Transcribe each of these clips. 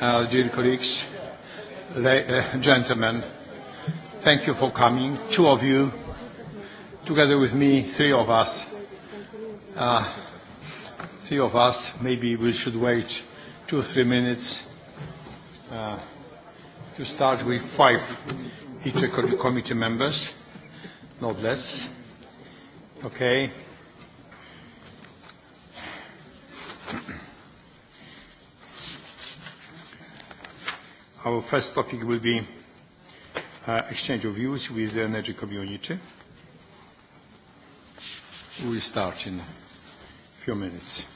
uh, dear colleagues, uh, gentlemen, thank you for coming. Two of you, together with me, three of us. Uh, three of us, maybe we should wait two or three minutes uh, to start with five each committee members, not less. Okay. Our first topic will be uh, exchange of views with the energy community. We will start in a few minutes.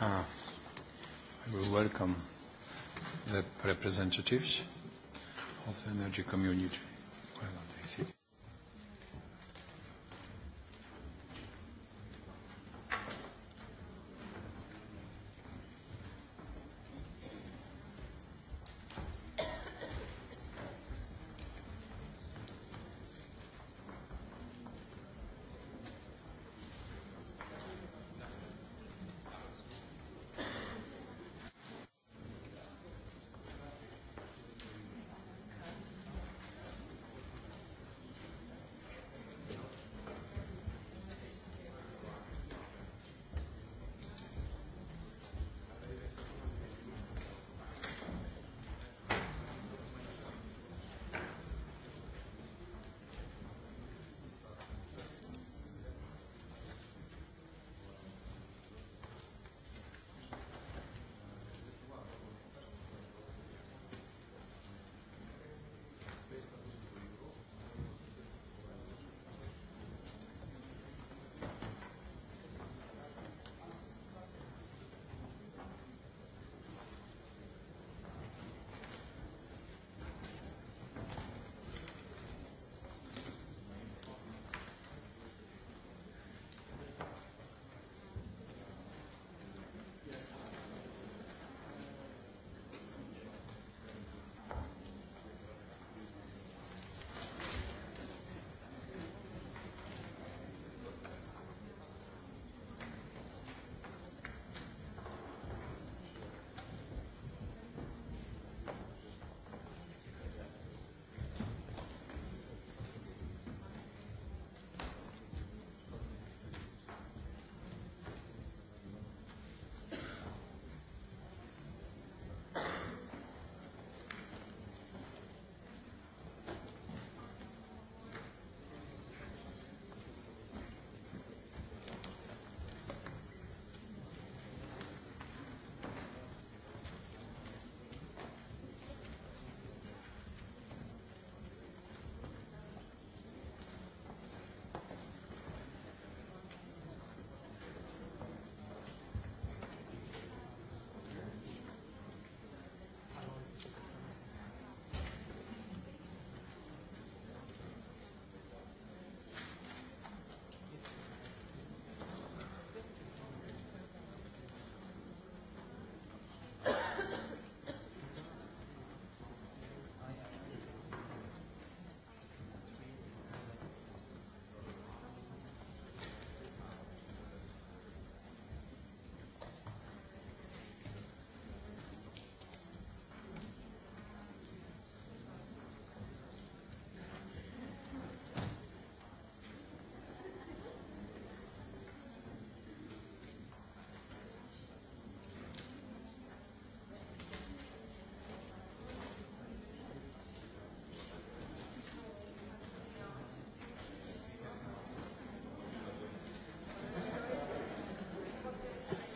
Uh, I will welcome the representatives of the energy community.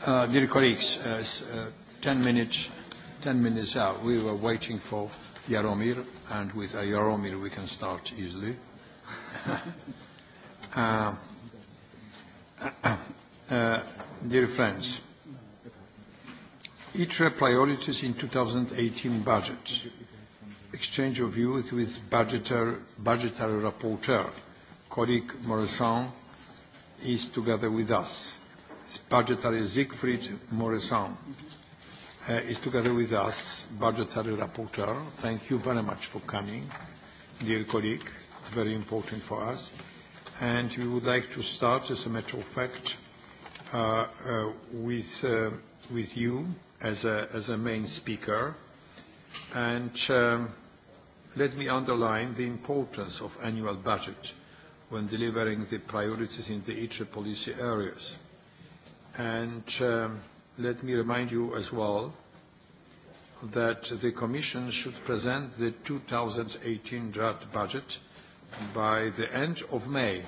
Uh, dear colleagues, uh, uh, ten minutes, ten minutes out. We were waiting for Jaromir, and with uh, Jaromir we can start easily. Uh, uh, uh, dear friends, ITRE priorities in 2018 budget. Exchange of views with budgeter, budgetary rapporteur, colleague Morisson, is together with us budgetary Siegfried Morisson uh, is together with us, budgetary rapporteur. Thank you very much for coming, dear colleague. Very important for us. And we would like to start, as a matter of fact, uh, uh, with, uh, with you as a, as a main speaker. And um, let me underline the importance of annual budget when delivering the priorities in the ITRE policy areas. And um, let me remind you as well that the Commission should present the 2018 draft budget by the end of May,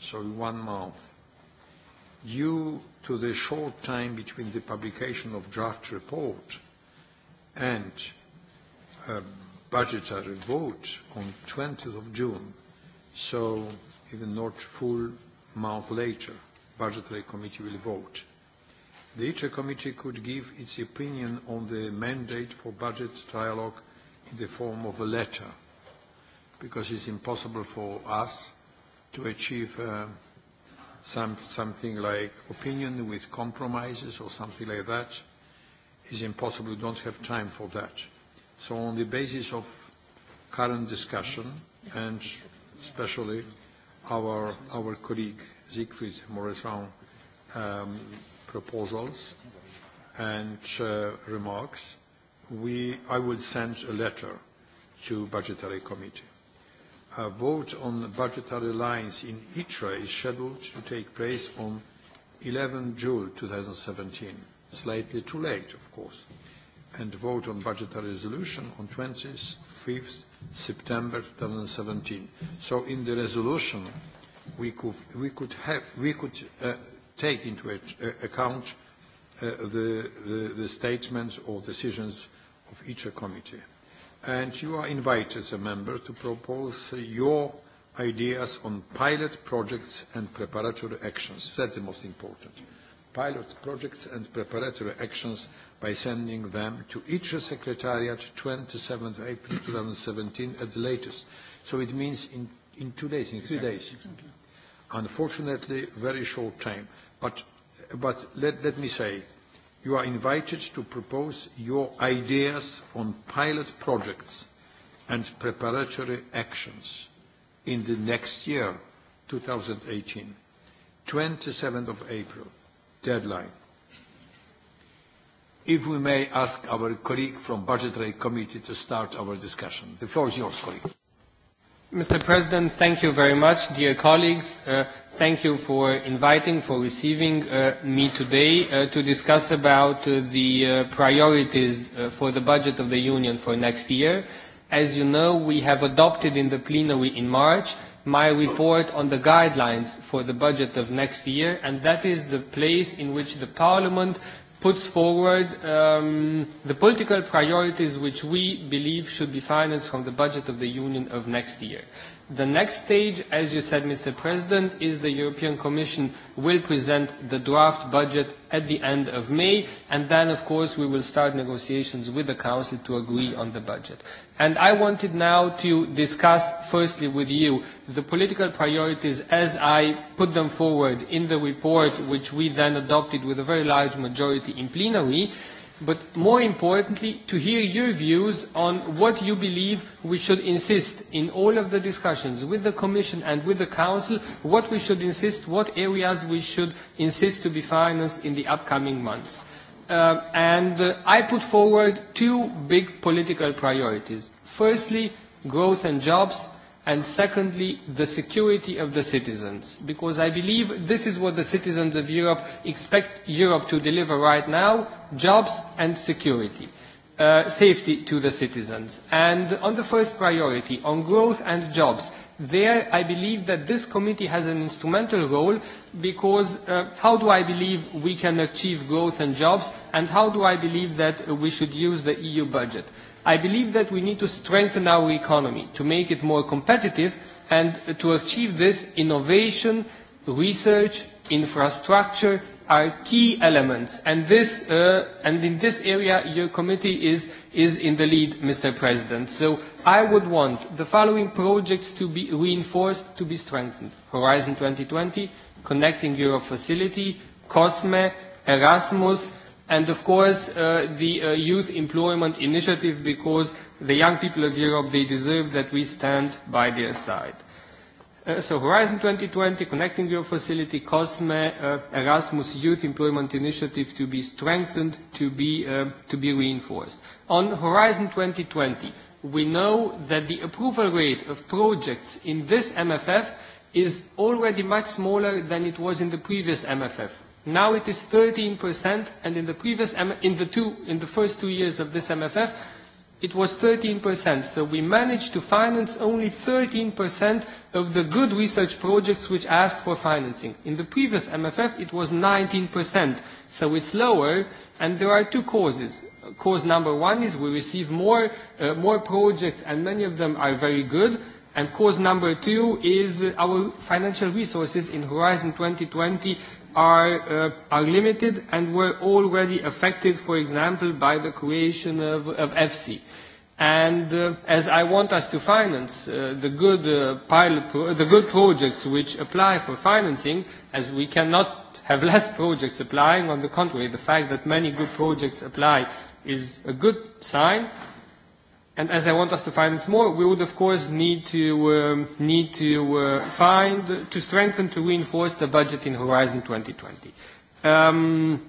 so in one month. Due to the short time between the publication of draft report and um, budgetary vote on 20th of June, so even not full month later, Budgetary Committee will vote. The ITRE Committee could give its opinion on the mandate for budget dialogue in the form of a letter, because it's impossible for us to achieve uh, some, something like opinion with compromises or something like that. It's impossible, we don't have time for that. So on the basis of current discussion and especially our, our colleague, Siegfried Morrison um, proposals and uh, remarks, we, I will send a letter to budgetary committee. A vote on the budgetary lines in ITRA is scheduled to take place on 11 June 2017, slightly too late, of course, and vote on budgetary resolution on 25th September 2017. So in the resolution, we could, we could, have, we could uh, take into a, a account uh, the, the, the statements or decisions of each committee. And you are invited as a member to propose uh, your ideas on pilot projects and preparatory actions. That's the most important. Pilot projects and preparatory actions by sending them to each secretariat 27th April 2017 at the latest. So it means in, in two days, in three exactly. days. Exactly unfortunately very short time but but let, let me say you are invited to propose your ideas on pilot projects and preparatory actions in the next year 2018 27th of april deadline if we may ask our colleague from budgetary committee to start our discussion the floor is yours colleague Mr. President, thank you very much. Dear colleagues, uh, thank you for inviting, for receiving uh, me today uh, to discuss about uh, the uh, priorities uh, for the budget of the Union for next year. As you know, we have adopted in the plenary in March my report on the guidelines for the budget of next year, and that is the place in which the Parliament puts forward um, the political priorities which we believe should be financed from the budget of the Union of next year. The next stage, as you said, Mr. President, is the European Commission will present the draft budget at the end of May, and then, of course, we will start negotiations with the Council to agree on the budget. And I wanted now to discuss, firstly, with you, the political priorities as I put them forward in the report, which we then adopted with a very large majority in plenary, but more importantly, to hear your views on what you believe we should insist in all of the discussions with the Commission and with the Council, what we should insist, what areas we should insist to be financed in the upcoming months. Uh, and uh, I put forward two big political priorities. Firstly, growth and jobs, and secondly, the security of the citizens. Because I believe this is what the citizens of Europe expect Europe to deliver right now, jobs and security, uh, safety to the citizens. And on the first priority, on growth and jobs, there I believe that this committee has an instrumental role because uh, how do I believe we can achieve growth and jobs and how do I believe that we should use the EU budget? I believe that we need to strengthen our economy to make it more competitive and to achieve this innovation, research, infrastructure are key elements and, this, uh, and in this area your committee is, is in the lead, Mr. President. So I would want the following projects to be reinforced, to be strengthened. Horizon 2020, Connecting Europe Facility, COSME, Erasmus, And of course, uh, the uh, Youth Employment Initiative, because the young people of Europe, they deserve that we stand by their side. Uh, so Horizon 2020, Connecting Europe Facility, COSME, uh, Erasmus Youth Employment Initiative to be strengthened, to be, uh, to be reinforced. On Horizon 2020, we know that the approval rate of projects in this MFF is already much smaller than it was in the previous MFF. Now it is 13%, and in the first two years of this MFF, it was 13%. We managed to finance only 13% of the good research projects which asked for financing. In the previous MFF, it was 19%, so it's lower, and there are two causes. Cause number one is we receive more uh, projects, and many of them are very good. Cause number two is our financial resources in Horizon 2020 Uh, are limited and were already affected, for example, by the creation of EFSI. Uh, as I want us to finance uh, the good projects which apply for financing, as we cannot have less projects applying, on the contrary, the fact that many good projects apply is a good sign. And as I want us to find this more, we would of course need to um, need to uh, find to strengthen to reinforce the budget in Horizon 2020. Um,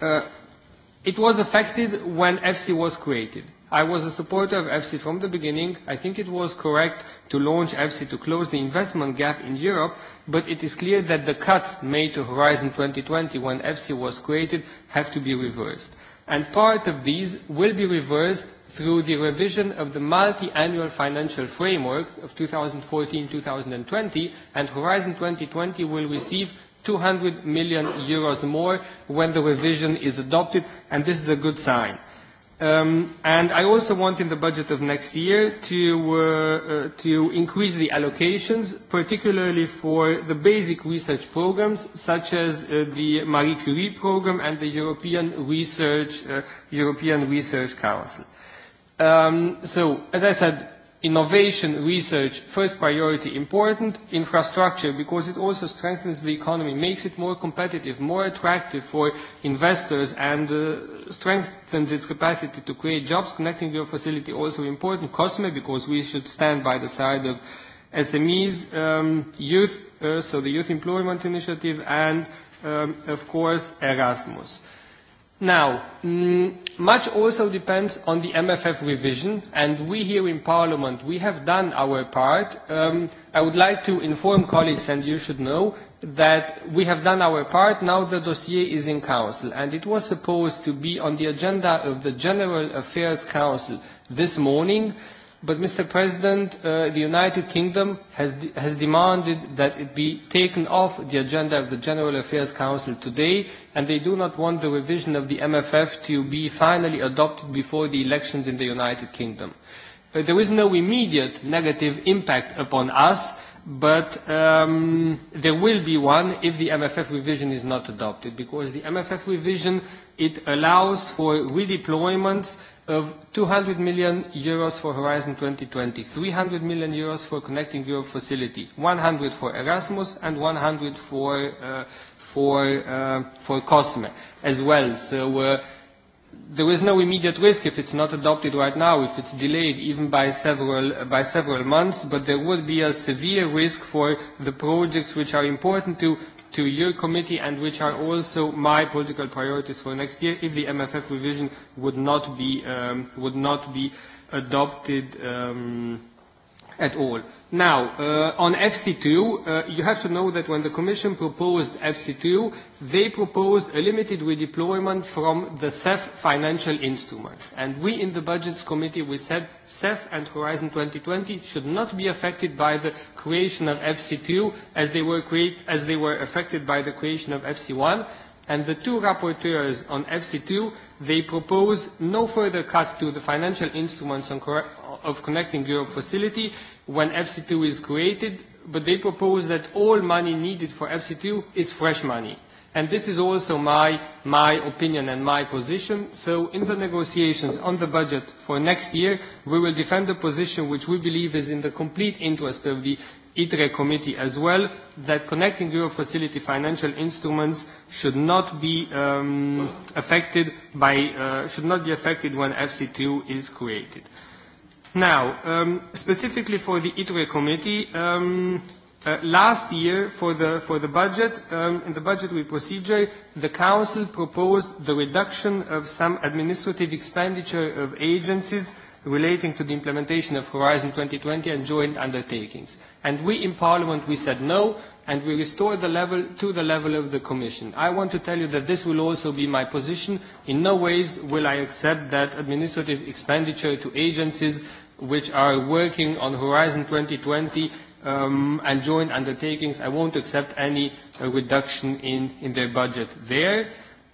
uh, it was affected when FC was created. I was a supporter of FC from the beginning. I think it was correct to launch FC to close the investment gap in Europe, but it is clear that the cuts made to Horizon 2020 when FC was created have to be reversed. And part of these will be reversed through the revision of the multi-annual financial framework of 2014-2020 and Horizon 2020 will receive 200 million euros more when the revision is adopted and this is a good sign. Um, and I also want in the budget of next year to, uh, uh, to increase the allocations, particularly for the basic research programs, such as uh, the Marie Curie program and the European Research, uh, European research Council. Um, so, as I said, innovation, research, first priority, important infrastructure because it also strengthens the economy, makes it more competitive, more attractive for investors, and uh, strengthens its capacity to create jobs. Connecting your facility also important. Cosme, because we should stand by the side of SMEs, um, youth, uh, so the Youth Employment Initiative, and, um, of course, Erasmus. Now, mm, much also depends on the MFF revision, and we here in Parliament, we have done our part. Um, I would like to inform colleagues, and you should know, that we have done our part. Now the dossier is in council, and it was supposed to be on the agenda of the General Affairs Council this morning. But Mr. President, uh, the United Kingdom has, de has demanded that it be taken off the agenda of the General Affairs Council today, and they do not want the revision of the MFF to be finally adopted before the elections in the United Kingdom. Uh, there is no immediate negative impact upon us but um, there will be one if the MFF revision is not adopted, because the MFF revision, it allows for redeployments of 200 million euros for Horizon 2020, 300 million euros for Connecting Europe Facility, 100 for Erasmus, and 100 for, uh, for, uh, for COSME as well. So, uh, there is no immediate risk if it's not adopted right now, if it's delayed even by several, by several months, but there would be a severe risk for the projects which are important to, to your committee and which are also my political priorities for next year if the MFF revision would not be, um, would not be adopted um, at all. Now, uh, on FC2, uh, you have to know that when the Commission proposed FC2, they proposed a limited redeployment from the CEF financial instruments. And we in the Budgets Committee, we said CEF and Horizon 2020 should not be affected by the creation of FC2 as they were, create, as they were affected by the creation of FC1. And the two rapporteurs on FC2, they propose no further cut to the financial instruments on cor of connecting Europe facility, when FC2 is created, but they propose that all money needed for FC2 is fresh money. And this is also my, my opinion and my position. So in the negotiations on the budget for next year, we will defend a position which we believe is in the complete interest of the ITRE committee as well, that connecting euro facility financial instruments should not be um, affected by, uh, should not be affected when FC2 is created. Now, um, specifically for the ITWE committee, um, uh, last year for the, for the budget, um, in the budgetary procedure, the Council proposed the reduction of some administrative expenditure of agencies relating to the implementation of Horizon 2020 and joint undertakings. And we in Parliament, we said no, and we restored the level to the level of the Commission. I want to tell you that this will also be my position. In no ways will I accept that administrative expenditure to agencies which are working on Horizon 2020 um, and joint undertakings. I won't accept any uh, reduction in, in their budget there.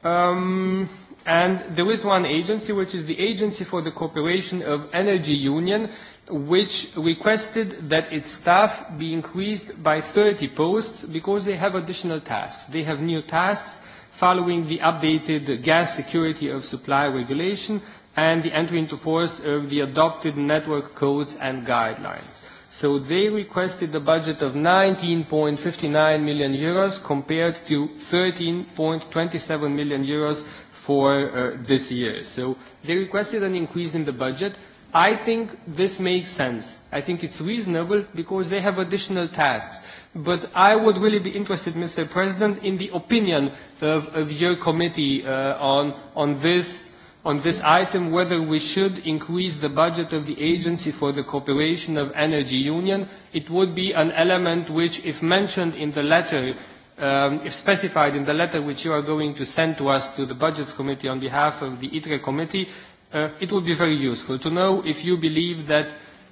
Um, And there is one agency, which is the Agency for the Cooperation of Energy Union, which requested that its staff be increased by 30 posts because they have additional tasks. They have new tasks following the updated gas security of supply regulation and the entry into force of the adopted network codes and guidelines. So they requested a budget of 19.59 million euros compared to 13.27 million euros for uh, this year. So they requested an increase in the budget. I think this makes sense. I think it's reasonable because they have additional tasks. But I would really be interested, Mr. President, in the opinion of, of your committee uh, on, on, this, on this item, whether we should increase the budget of the Agency for the Cooperation of Energy Union. It would be an element which, if mentioned in the letter Um, if specified in the letter which you are going to send to us to the Budgets Committee on behalf of the ITRE Committee, uh, it would be very useful to know if you believe that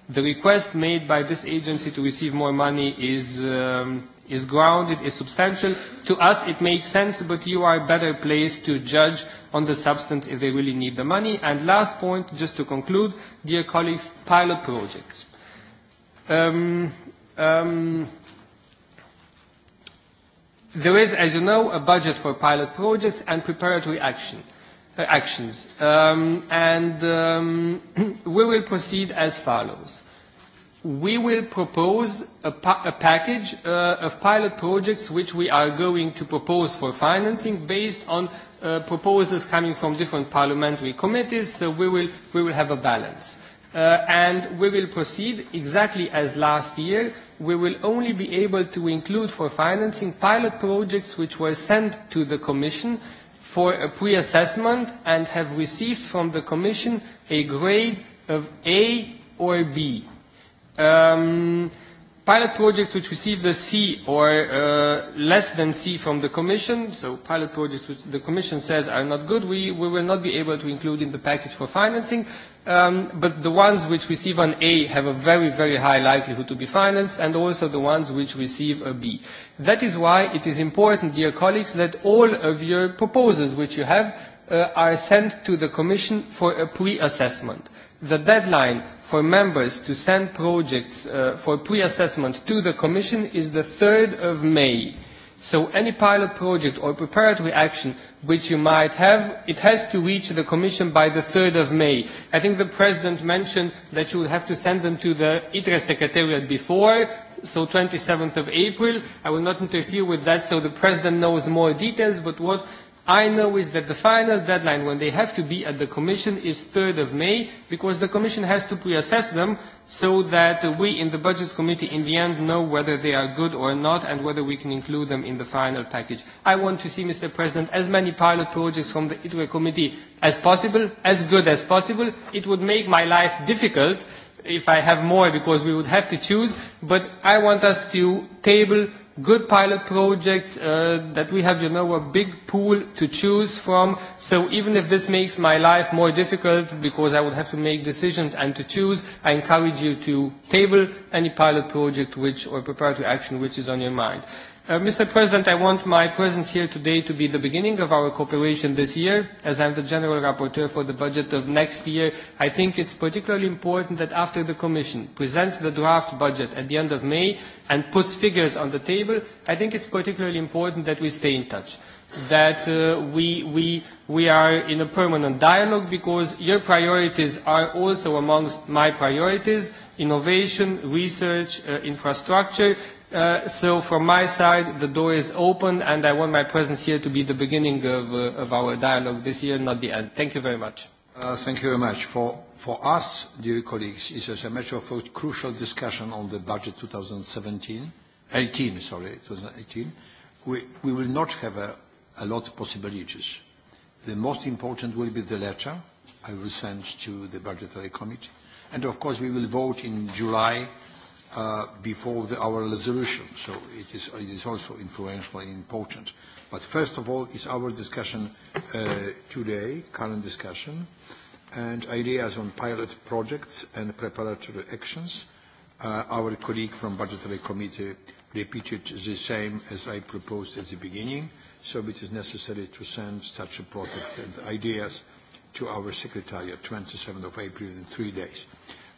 the request made by this agency to receive more money is, um, is grounded, is substantial. To us it makes sense, but you are better placed to judge on the substance if they really need the money. And last point, just to conclude, dear colleagues, pilot projects. Um, um, There is, as you know, a budget for pilot projects and preparatory action, uh, actions. Um, and um, we will proceed as follows. We will propose a, pa a package uh, of pilot projects which we are going to propose for financing based on uh, proposals coming from different parliamentary committees, so we will, we will have a balance. Uh, and we will proceed exactly as last year, we will only be able to include for financing pilot projects which were sent to the Commission for a pre-assessment and have received from the Commission a grade of A or B. Um, pilot projects which receive the C or uh, less than C from the Commission, so pilot projects which the Commission says are not good, we, we will not be able to include in the package for financing. Um, but the ones which receive an A have a very, very high likelihood to be financed, and also the ones which receive a B. That is why it is important, dear colleagues, that all of your proposals which you have uh, are sent to the Commission for a pre-assessment. The deadline for members to send projects uh, for pre-assessment to the Commission is the 3rd of May. So any pilot project or preparatory action which you might have, it has to reach the Commission by the 3rd of May. I think the President mentioned that you would have to send them to the ITRE Secretariat before, so 27th of April. I will not interfere with that, so the President knows more details, but what I know is that the final deadline when they have to be at the Commission is 3rd of May, because the Commission has to pre-assess them so that we in the Budget Committee in the end know whether they are good or not and whether we can include them in the final package. I want to see, Mr. President, as many pilot projects from the ITWE Committee as possible, as good as possible. It would make my life difficult if I have more because we would have to choose, but I want us to table good pilot projects uh, that we have, you know, a big pool to choose from. So even if this makes my life more difficult because I would have to make decisions and to choose, I encourage you to table any pilot project which, or preparatory action which is on your mind. Uh, Mr. President, I want my presence here today to be the beginning of our cooperation this year. As I'm the General Rapporteur for the budget of next year, I think it's particularly important that after the Commission presents the draft budget at the end of May and puts figures on the table, I think it's particularly important that we stay in touch, that uh, we, we, we are in a permanent dialogue because your priorities are also amongst my priorities, innovation, research, uh, infrastructure, Uh, so from my side, the door is open, and I want my presence here to be the beginning of uh, our dialogue this year, not the end. Thank you very much. Uh, thank you very much. For us, dear colleagues, it's as a matter of fact, crucial discussion on the budget 2017, 2018, sorry, 2018. We will not have a lot of possibilities. The most important will be the letter I will send to the Budgetary Committee, and of course, we will vote in July Uh, before the, our resolution, so it is, it is also influential and important. But first of all, it's our discussion uh, today, current discussion, and ideas on pilot projects and preparatory actions. Uh, our colleague from Budgetary Committee repeated the same as I proposed at the beginning, so it is necessary to send such projects and ideas to our secretariat, 27th of April, in three days.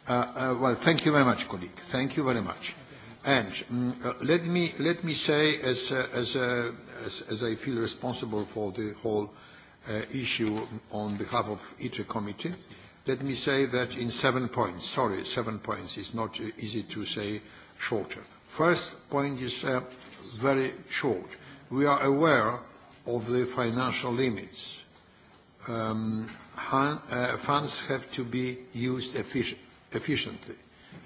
Uh, uh, well, thank you very much, colleague. Thank you very much. And mm, uh, let, me, let me say, as, uh, as, uh, as, as I feel responsible for the whole uh, issue on behalf of ITRE committee, let me say that in seven points, sorry, seven points is not easy to say shorter. First point is uh, very short. We are aware of the financial limits. Um, han, uh, funds have to be used efficiently efficiently.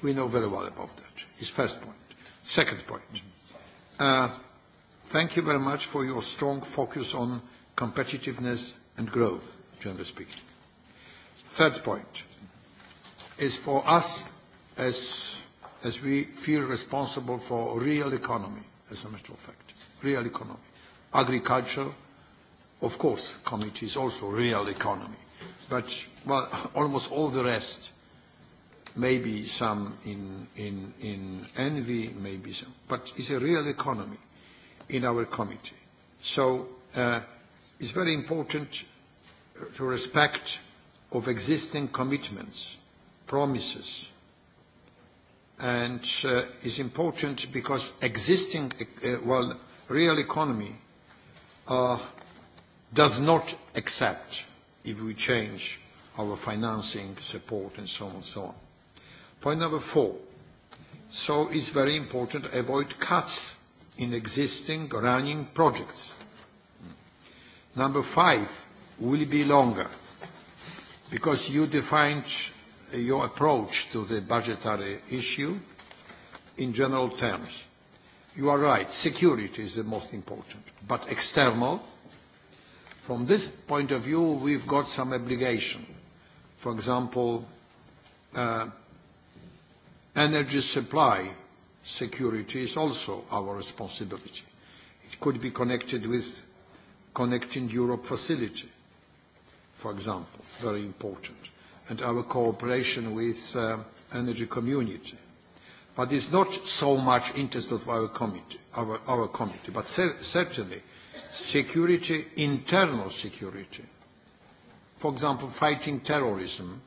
We know very well about that. His first point. Second point. Uh, thank you very much for your strong focus on competitiveness and growth, generally speaking. Third point is for us as, as we feel responsible for real economy, as a matter of fact, real economy. Agriculture, of course, committee is also real economy. But, well, almost all the rest maybe some in, in, in envy, maybe some, but it's a real economy in our committee. So uh, it's very important to respect of existing commitments, promises, and uh, is important because existing, uh, well, real economy uh, does not accept if we change our financing support and so on and so on. Point number four. So it's very important to avoid cuts in existing running projects. Number five will be longer because you defined your approach to the budgetary issue in general terms. You are right, security is the most important, but external, from this point of view, we've got some obligation. For example, uh, Energy supply security is also our responsibility. It could be connected with connecting Europe facility, for example, very important, and our cooperation with uh, energy community. But it's not so much interest of our committee, our, our committee, but se certainly security, internal security, for example, fighting terrorism,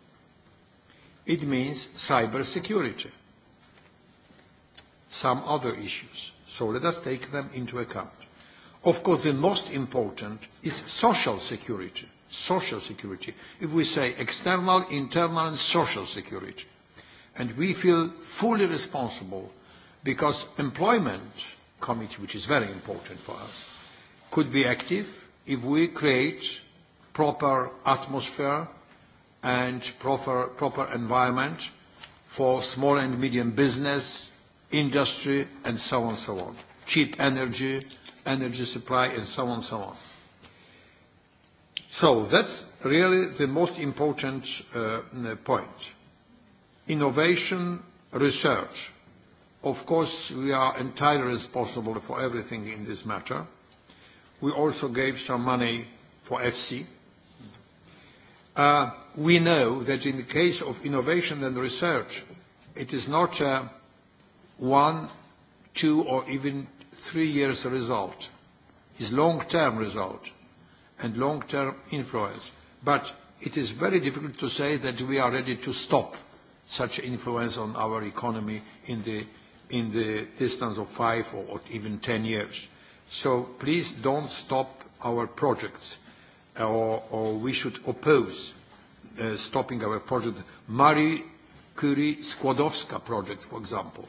it means cybersecurity, some other issues. So let us take them into account. Of course, the most important is social security. Social security. If we say external, internal, and social security. And we feel fully responsible because employment committee, which is very important for us, could be active if we create proper atmosphere and proper environment for small and medium business, industry, and so on and so on, cheap energy, energy supply, and so on and so on. So that's really the most important uh, point. Innovation, research. Of course, we are entirely responsible for everything in this matter. We also gave some money for FC. Uh, we know that in the case of innovation and research, it is not a one, two, or even three years result. It's long-term result and long-term influence. But it is very difficult to say that we are ready to stop such influence on our economy in the, in the distance of five or, or even ten years. So please don't stop our projects or, or we should oppose E, stopping our project. Marie Curie Skłodowska projects, for example,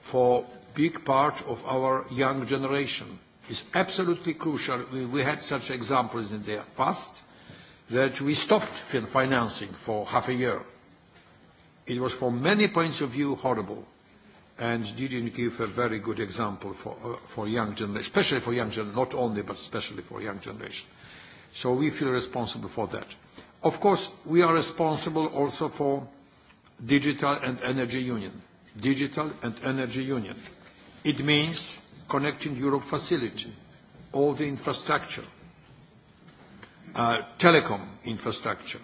for big part of our young generation is absolutely crucial. We, we had such examples in the past that we stopped financing for half a year. It was from many points of view horrible and didn't give a very good example for, uh, for young generation, especially for young generation, not only, but especially for young generation. So we feel responsible for that. Of course, we are responsible also for digital and energy union. Digital and energy union. It means connecting Europe facility, all the infrastructure, uh, telecom infrastructure.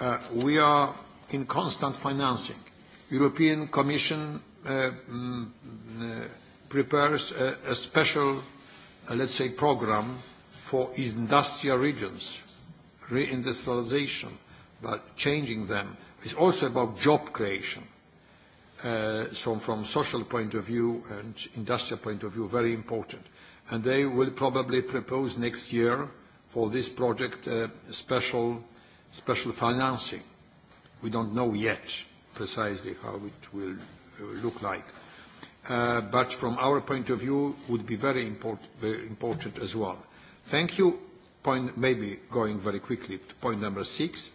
Uh, we are in constant financing. European Commission uh, mm, uh, prepares a, a special, uh, let's say, program for industrial regions reindustrialization, about changing them. It's also about job creation. Uh, so from social point of view and industrial point of view, very important. And they will probably propose next year for this project uh, special, special financing. We don't know yet precisely how it will uh, look like. Uh, but from our point of view, it would be very import- important as well. Thank you point, maybe going very quickly to point number six,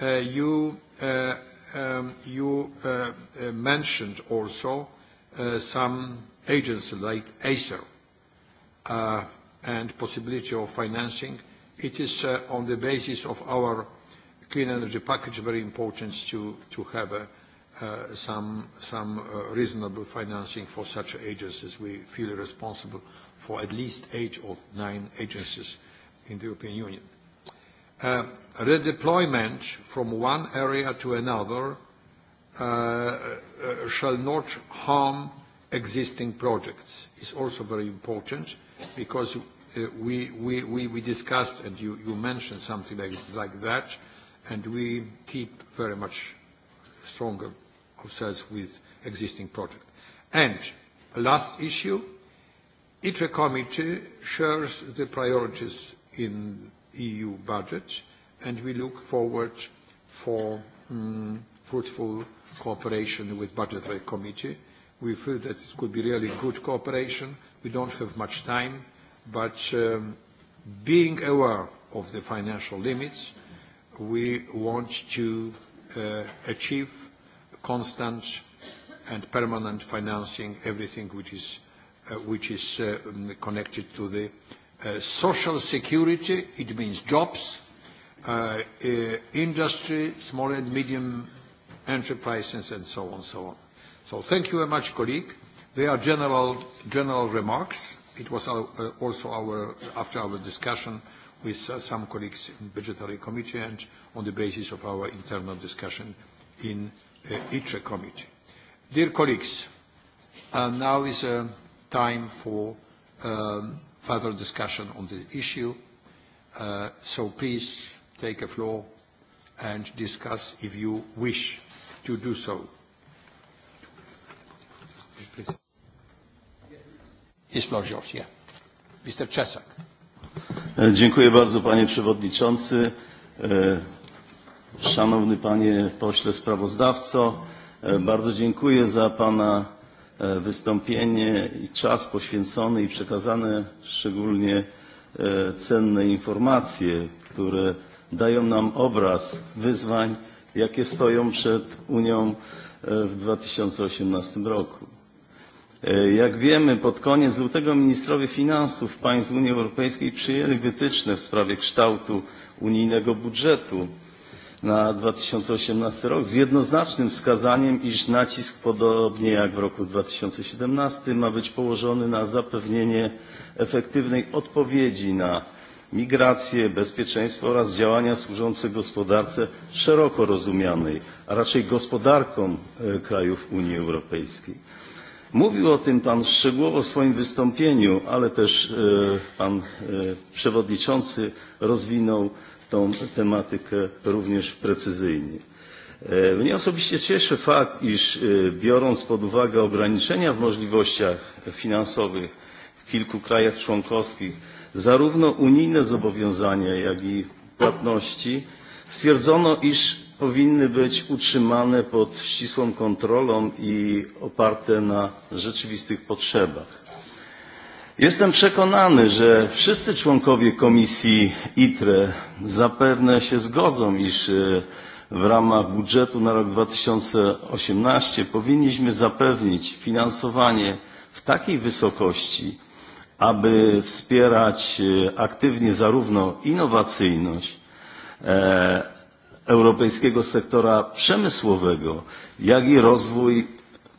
uh, you, uh, um, you uh, uh, mentioned also uh, some agency like Acer uh, and possibility of financing. It is uh, on the basis of our clean energy package very important to, to have uh, uh, some, some uh, reasonable financing for such agencies. We feel responsible for at least eight or nine agencies in the European Union. Uh, redeployment from one area to another uh, uh, shall not harm existing projects is also very important because uh, we, we, we, we discussed and you, you mentioned something like, like that and we keep very much stronger ourselves with existing projects. And last issue, each committee shares the priorities in EU budget and we look forward for um, fruitful cooperation with budgetary committee. We feel that it could be really good cooperation. We don't have much time, but um, being aware of the financial limits, we want to uh, achieve constant and permanent financing, everything which is, uh, which is uh, connected to the uh, Uh, social security, it means jobs, uh, uh, industry, small and medium enterprises, and so on, so on. So thank you very much, colleague. They are general, general remarks. It was our, uh, also our, after our discussion with uh, some colleagues in budgetary committee and on the basis of our internal discussion in uh, each committee. Dear colleagues, uh, now is uh, time for um, further discussion on the issue. Uh, so please take a floor and discuss if you wish to do so. Yes, floor yours, yeah. Mr. Czesak. E, dziękuję bardzo, panie przewodniczący. E, szanowny panie pośle sprawozdawco, e, bardzo dziękuję za pana E, wystąpienie i czas poświęcony i przekazane szczególnie e, cenne informacje, które dają nam obraz wyzwań, jakie stoją przed Unią e, w 2018 roku. Jak wiemy, pod koniec lutego ministrowie finansów państw Unii Europejskiej przyjęli wytyczne w sprawie kształtu unijnego budżetu na 2018 rok z jednoznacznym wskazaniem, iż nacisk, podobnie jak w roku 2017, ma być położony na zapewnienie efektywnej odpowiedzi na migrację, bezpieczeństwo oraz działania służące gospodarce szeroko rozumianej, a raczej gospodarkom e, krajów Unii Europejskiej. Mówił o tym Pan szczegółowo w swoim wystąpieniu, ale też e, Pan e, Przewodniczący rozwinął tą tematykę również precyzyjnie. E, mnie osobiście cieszy fakt, iż e, biorąc pod uwagę ograniczenia w możliwościach finansowych w kilku krajach członkowskich, zarówno unijne zobowiązania, jak i płatności, stwierdzono, iż powinny być utrzymane pod ścisłą kontrolą i oparte na rzeczywistych potrzebach. Jestem przekonany, że wszyscy członkowie komisji ITRE zapewne się zgodzą, iż e, w ramach budżetu na rok 2018 powinniśmy zapewnić finansowanie w takiej wysokości, aby wspierać e, aktywnie zarówno innowacyjność e, europejskiego sektora przemysłowego, jak i rozwój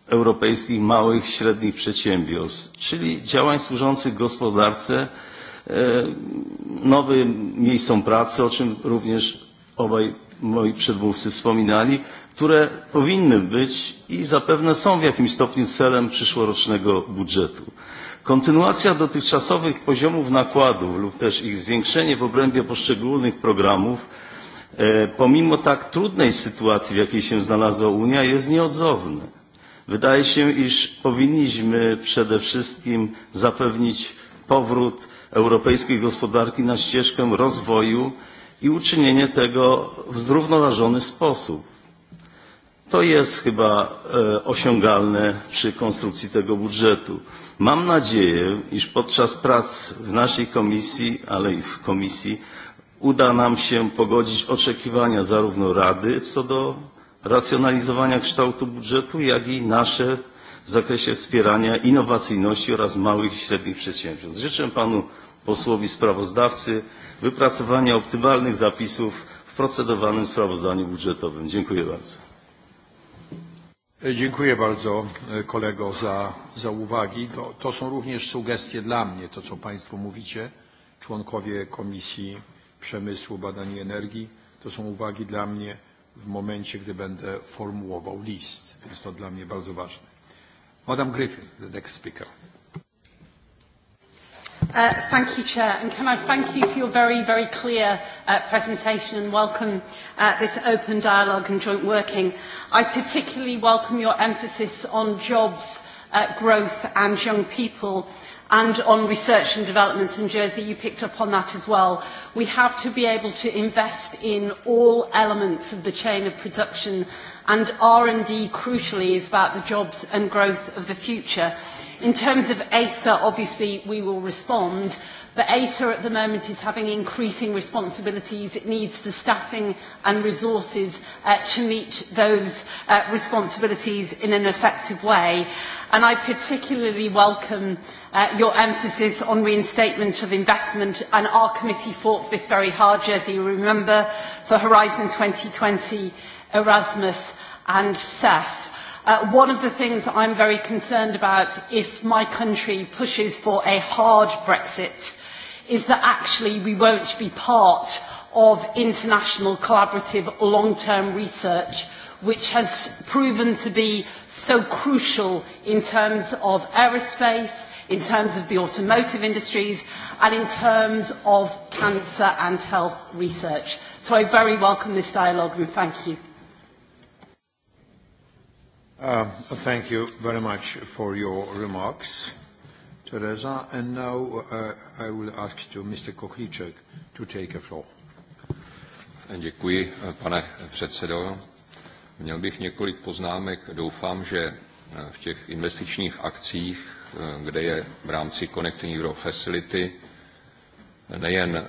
europejskich małych i średnich przedsiębiorstw, czyli działań służących gospodarce, e, nowym miejscom pracy, o czym również obaj moi przedmówcy wspominali, które powinny być i zapewne są w jakimś stopniu celem przyszłorocznego budżetu. Kontynuacja dotychczasowych poziomów nakładów lub też ich zwiększenie w obrębie poszczególnych programów e, pomimo tak trudnej sytuacji, w jakiej się znalazła Unia, jest nieodzowne. Wydaje się, iż powinniśmy przede wszystkim zapewnić powrót europejskiej gospodarki na ścieżkę rozwoju i uczynienie tego w zrównoważony sposób. To jest chyba e, osiągalne przy konstrukcji tego budżetu. Mam nadzieję, iż podczas prac w naszej komisji, ale i w komisji, uda nam się pogodzić oczekiwania zarówno Rady co do racjonalizowania kształtu budżetu, jak i nasze w zakresie wspierania innowacyjności oraz małych i średnich przedsiębiorstw. Życzę panu posłowi sprawozdawcy wypracowania optymalnych zapisów w procedowanym sprawozdaniu budżetowym. Dziękuję bardzo. Dziękuję bardzo e, kolego za, za uwagi. To, to są również sugestie dla mnie, to co państwo mówicie, członkowie Komisji Przemysłu, Badań i Energii. To są uwagi dla mnie w momencie, gdy będę formułował list. Więc to dla mnie bardzo ważne. Madam Griffin, the next speaker. Uh, thank you, Chair. And can I thank you for your very, very clear uh, presentation and welcome uh, this open dialogue and joint working. I particularly welcome your emphasis on jobs, uh, growth and young people and on research and developments in Jersey, you picked up on that as well. We have to be able to invest in all elements of the chain of production, and R&D, crucially, is about the jobs and growth of the future. In terms of ASA, obviously, we will respond. But ASA at the moment is having increasing responsibilities. It needs the staffing and resources uh, to meet those uh, responsibilities in an effective way. And I particularly welcome uh, your emphasis on reinstatement of investment. And our committee fought this very hard, as you remember, for Horizon 2020, Erasmus and CEF. Uh, one of the things I'm very concerned about if my country pushes for a hard Brexit is that actually we won't be part of international collaborative long-term research which has proven to be so crucial in terms of aerospace, in terms of the automotive industries, and in terms of cancer and health research. So I very welcome this dialogue and thank you. Uh, thank you very much for your remarks, Teresa. And now uh, I will ask to Mr. Kochlicek to take the floor. Děkuji, uh, pane předsedo. Měl bych několik poznámek. Doufám, že uh, v těch investičních akcích, kde je v rámci Connecting Euro Facility nejen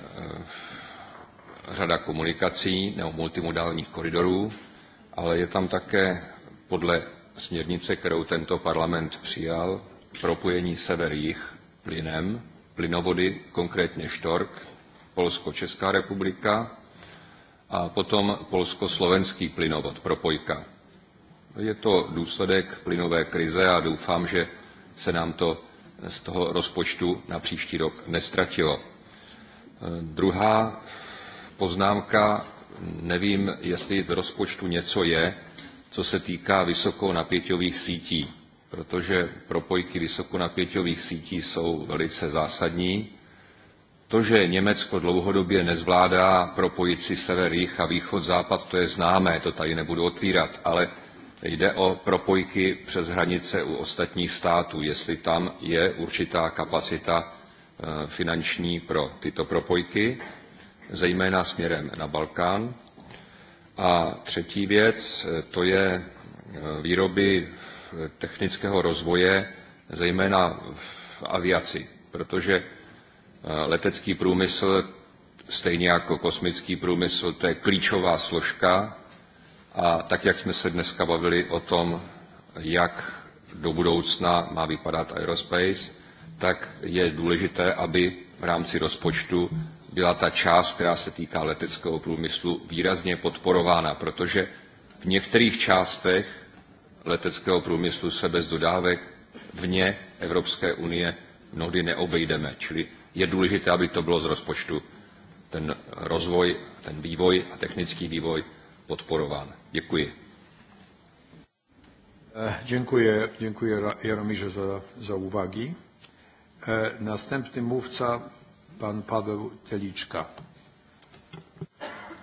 řada komunikací nebo multimodálních koridorů, ale je tam také podle směrnice, kterou tento parlament přijal, propojení sever-jih plynem, plynovody, konkrétně Štork, Polsko-Česká republika a potom Polsko-Slovenský plynovod, propojka. Je to důsledek plynové krize a doufám, že se nám to z toho rozpočtu na příští rok nestratilo. Druhá poznámka, nevím, jestli v rozpočtu něco je, co se týká vysokonapěťových sítí, protože propojky vysokonapěťových sítí jsou velice zásadní. To, že Německo dlouhodobě nezvládá propojit si sever, jich a východ, západ, to je známé, to tady nebudu otvírat, ale jde o propojky přes hranice u ostatních států, jestli tam je určitá kapacita eh, finanční pro tyto propojky, zejména směrem na Balkán, A třetí věc, eh, to je eh, výroby eh, technického rozvoje, zejména v aviaci, protože letecký průmysl, stejně jako kosmický průmysl, to je klíčová složka a tak, jak jsme se dneska bavili o tom, jak do budoucna má vypadat aerospace, tak je důležité, aby v rámci rozpočtu byla ta část, která se týká leteckého průmyslu, výrazně podporována, protože v některých částech leteckého průmyslu se bez dodávek vně Evropské unie mnohdy neobejdeme. Čili je důležité, aby to bylo z rozpočtu ten rozvoj, ten vývoj a technický vývoj podporován. Děkuji. Eh, dziękuję, dziękuję Jaromirze za, za uwagi. Eh, Następny mówca pan Paweł Telička.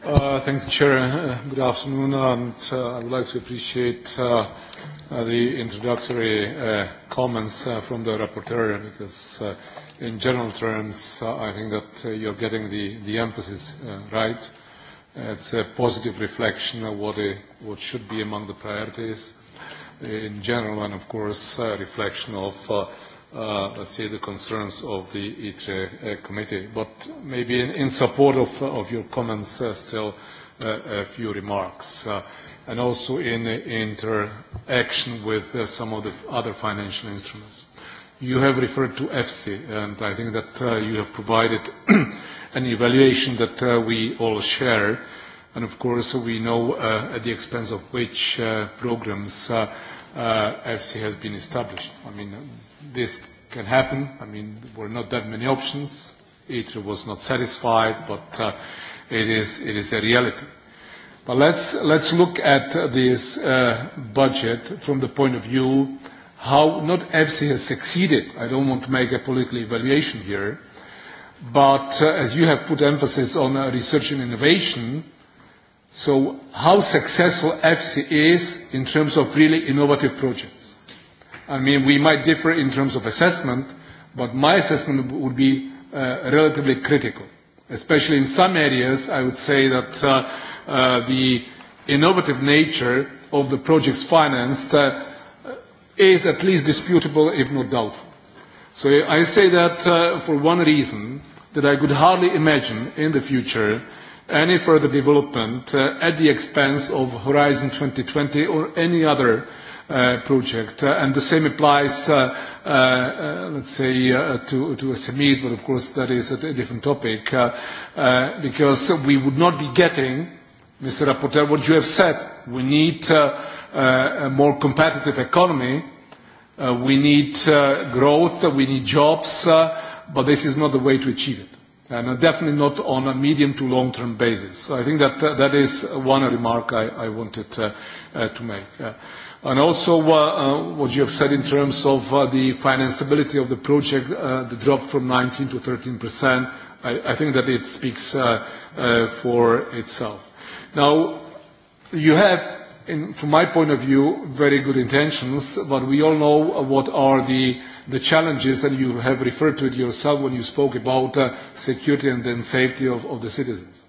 Uh, thank you, Chair. Uh, good afternoon, and um, I would like to appreciate uh, the introductory comments from the rapporteur, because in general terms, I think that you're getting the emphasis right. It's a positive reflection of what should be among the priorities in general, and of course, a reflection of uh, let's say, the concerns of the ITRE uh, committee. But maybe in, in support of, uh, of your comments, uh, still uh, a few remarks. Uh, and also in uh, interaction with uh, some of the other financial instruments. You have referred to EFSI, and I think that uh, you have provided an evaluation that uh, we all share. And of course, we know uh, at the expense of which uh, programs uh, uh, EFSI has been established. I mean, this can happen. I mean, there were not that many options. ITRE was not satisfied, but uh, it, is, it is a reality. But let's, let's look at this uh, budget from the point of view how not FC has succeeded. I don't want to make a political evaluation here. But uh, as you have put emphasis on uh, research and innovation, so how successful FC is in terms of really innovative projects. I mean, we might differ in terms of assessment, but my assessment would be uh, relatively critical, especially in some areas. I would say that uh, uh, the innovative nature of the projects financed uh, is at least disputable, if not doubtful. So I say that uh, for one reason, that I could hardly imagine in the future any further development uh, at the expense of Horizon 2020 or any other uh, Uh, project. Uh, and the same applies, uh, uh, uh, let's say, uh, to, to SMEs, but of course that is a different topic, uh, uh, because we would not be getting, Mr. Rapporteur, what you have said. We need uh, uh, a more competitive economy, uh, we need uh, growth, we need jobs, uh, but this is not the way to achieve it and definitely not on a medium to long-term basis. So I think that uh, that is one remark I, I wanted uh, uh, to make. Uh, And also, uh, uh, what you have said in terms of uh, the financeability of the project, uh, the drop from 19 to 13 percent, I think that it speaks uh, uh, for itself. Now, you have, in, from my point of view, very good intentions, but we all know uh, what are the, the challenges, and you have referred to it yourself when you spoke about uh, security and then safety of, of the citizens.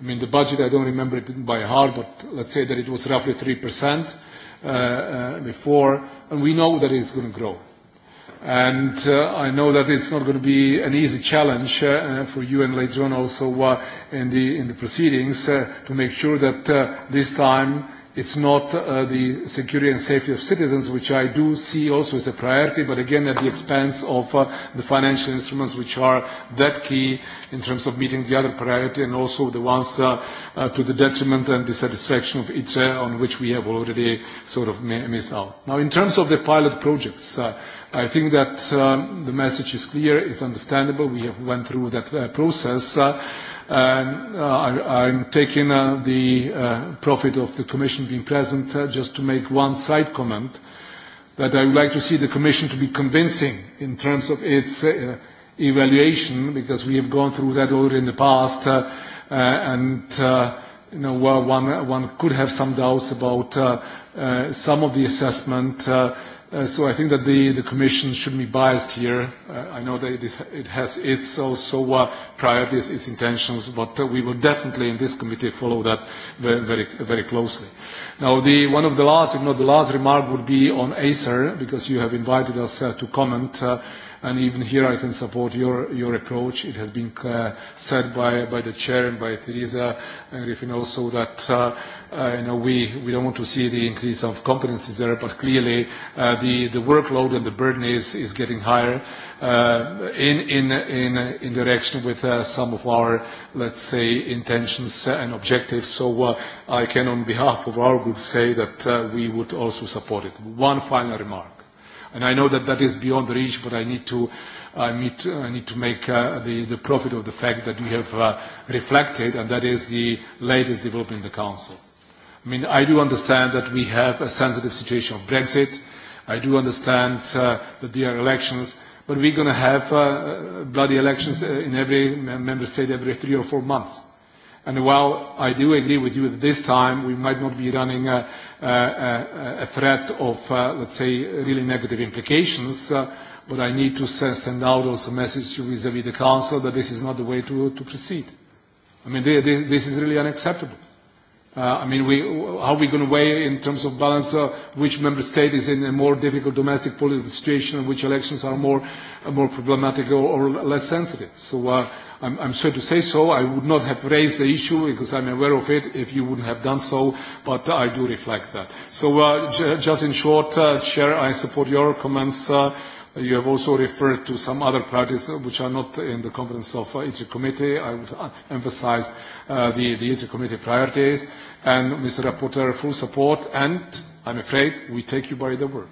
I mean, the budget, I don't remember it by heart, but let's say that it was roughly 3 percent. Uh, uh, before, and we know that it's going to grow. And uh, I know that it's not going to be an easy challenge uh, for you and later on also uh, in, the, in the proceedings uh, to make sure that uh, this time it's not uh, the security and safety of citizens, which I do see also as a priority, but again at the expense of uh, the financial instruments, which are that key in terms of meeting the other priority and also the ones uh, uh, to the detriment and dissatisfaction of each uh, on which we have already sort of missed out. Now, in terms of the pilot projects, uh, I think that um, the message is clear, it's understandable, we have went through that uh, process. Uh, Uh, I'm taking uh, the uh, profit of the commission being present just to make one side comment, that I would like to see the commission to be convincing in terms of its evaluation, because we have gone through that already in the past, and well, one could have some doubts about some of the assessment. Uh, so I think that the, the Commission shouldn't be biased here. Uh, I know that it, is, it has its also uh, priorities, its intentions, but uh, we will definitely in this committee follow that very, very, very closely. Now, the, one of the last, if not the last remark, would be on Acer, because you have invited us uh, to comment. Uh, and even here I can support your, your approach. It has been uh, said by, by the chair and by Theresa Griffin also that uh, Uh, you know, we, we don't want to see the increase of competencies there, but clearly uh, the, the workload and the burden is, is getting higher uh, in, in, in, in direction with uh, some of our, let's say, intentions and objectives. So uh, I can, on behalf of our group, say that uh, we would also support it. One final remark. And I know that that is beyond reach, but I need to, I need to, I need to make uh, the, the profit of the fact that we have uh, reflected, and that is the latest development in the Council. I mean, I do understand that we have a sensitive situation of Brexit. I do understand uh, that there are elections, but we're going to have uh, uh, bloody elections uh, in every member state every three or four months. And while I do agree with you that this time we might not be running a, a, a threat of, uh, let's say, really negative implications, uh, but I need to send out also a message vis-à-vis the Council that this is not the way to, to proceed. I mean, they, they, this is really unacceptable. Uh, I mean, we, how are we going to weigh in terms of balance uh, which member state is in a more difficult domestic political situation and which elections are more, uh, more problematic or, or less sensitive? So uh, I'm, I'm sorry to say so. I would not have raised the issue because I'm aware of it if you wouldn't have done so, but I do reflect that. So uh, j- just in short, uh, Chair, I support your comments. Uh, You have also referred to some other priorities which are not in the competence of uh, the committee. I would uh, emphasize uh, the, the committee priorities. And Mr. Rapporteur, full support. And I'm afraid we take you by the word.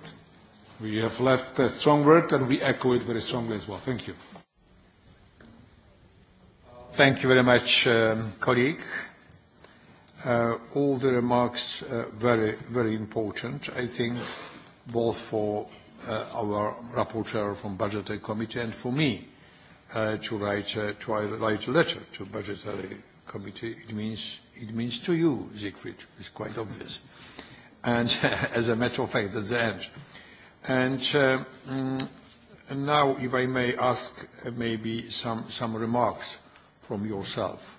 We have left a strong word and we echo it very strongly as well. Thank you. Thank you very much, um, colleague. Uh, all the remarks uh, very, very important, I think, both for uh, our rapporteur from Budgetary Committee and for me uh, to, write, uh, to write a letter to Budgetary Committee. It means, it means to you, Siegfried, it's quite obvious. And uh, as a matter of fact, that's the end. And uh, mm, now, if I may ask uh, maybe some, some remarks from yourself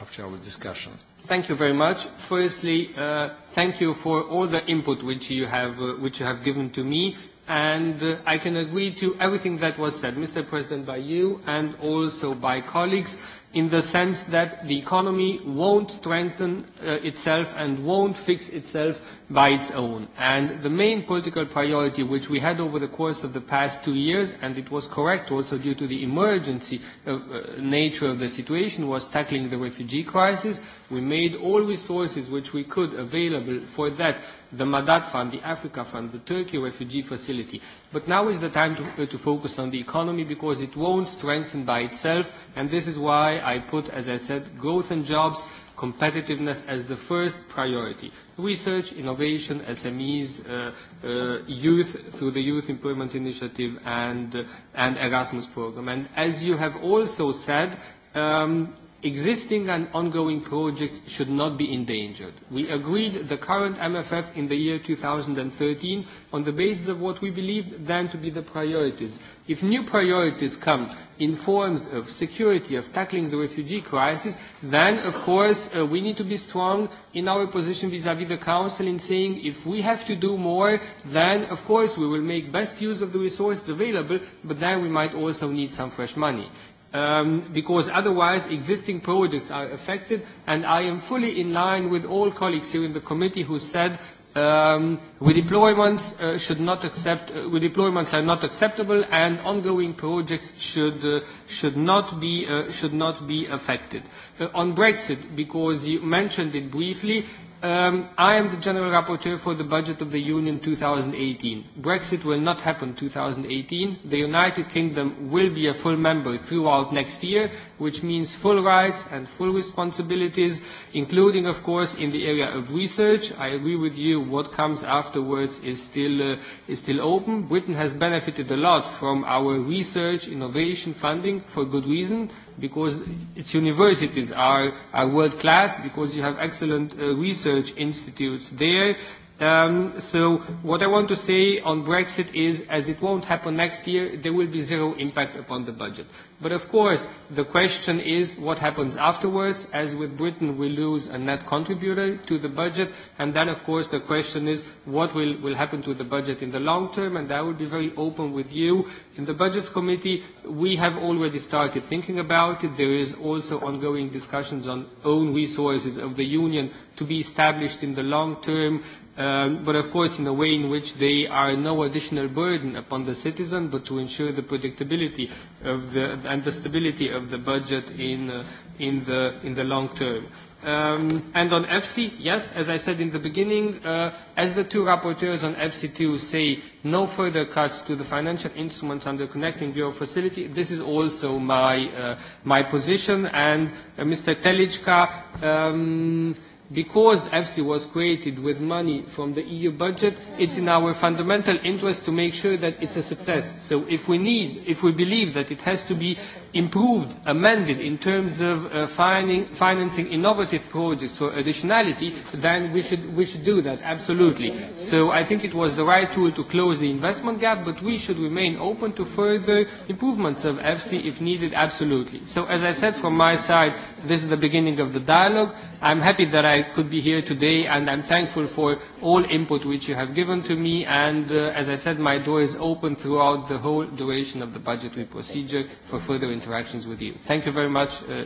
after our discussion. Thank you very much. Firstly, uh, thank you for all the input which you have, uh, which you have given to me. And uh, I can agree to everything that was said, Mr. President, by you and also by colleagues in the sense that the economy won't strengthen uh, itself and won't fix itself by its own. And the main political priority which we had over the course of the past two years, and it was correct also due to the emergency uh, uh nature of the situation, was tackling the refugee crisis. We made all resources which we could available for that the Madad Fund, the Africa Fund, the Turkey Refugee Facility. But now is the time to, uh, to focus on the economy because it won't strengthen by itself. And this is why I put, as I said, growth and jobs, competitiveness as the first priority. Research, innovation, SMEs, uh, uh, youth through the Youth Employment Initiative and, uh, and Erasmus Program. And as you have also said, um, existing and ongoing projects should not be endangered. We agreed the current MFF in the year 2013 on the basis of what we believed then to be the priorities. If new priorities come in forms of security, of tackling the refugee crisis, then, of course, uh, we need to be strong in our position vis-à-vis -vis the Council in saying if we have to do more, then, of course, we will make best use of the resources available, but then we might also need some fresh money. Um, because otherwise existing projects are affected, and I am fully in line with all colleagues here in the committee who said um, redeployments uh, should not accept, uh, redeployments are not acceptable and ongoing projects should, uh, should, not, be, uh, should not be affected. Uh, on Brexit, because you mentioned it briefly, Um, I am the General Rapporteur for the Budget of the Union 2018. Brexit will not happen 2018. The United Kingdom will be a full member throughout next year, which means full rights and full responsibilities, including, of course, in the area of research. I agree with you, what comes afterwards is still, uh, is still open. Britain has benefited a lot from our research innovation funding for good reason because its universities are, are world class, because you have excellent uh, research institutes there. Um, so what I want to say on Brexit is, as it won't happen next year, there will be zero impact upon the budget. But of course, the question is what happens afterwards. As with Britain, we lose a net contributor to the budget. And then, of course, the question is what will, will happen to the budget in the long term. And I will be very open with you. In the Budgets Committee, we have already started thinking about it. There is also ongoing discussions on own resources of the Union to be established in the long term um, but of course in a way in which they are no additional burden upon the citizen, but to ensure the predictability of the, and the stability of the budget in, uh, in, the, in the long term. Um, and on FC, yes, as I said in the beginning, uh, as the two rapporteurs on FC2 say, no further cuts to the financial instruments under connecting your facility, this is also my, uh, my position. And uh, Mr. Telichka, um, because EFSI was created with money from the EU budget, it's in our fundamental interest to make sure that it's a success. So if we need, if we believe that it has to be improved, amended in terms of uh, finding, financing innovative projects for additionality, then we should, we should do that, absolutely. So I think it was the right tool to close the investment gap, but we should remain open to further improvements of FC if needed, absolutely. So as I said from my side, this is the beginning of the dialogue. I'm happy that I could be here today, and I'm thankful for all input which you have given to me. And uh, as I said, my door is open throughout the whole duration of the budgetary procedure for further interactions with you. Thank you very much, uh,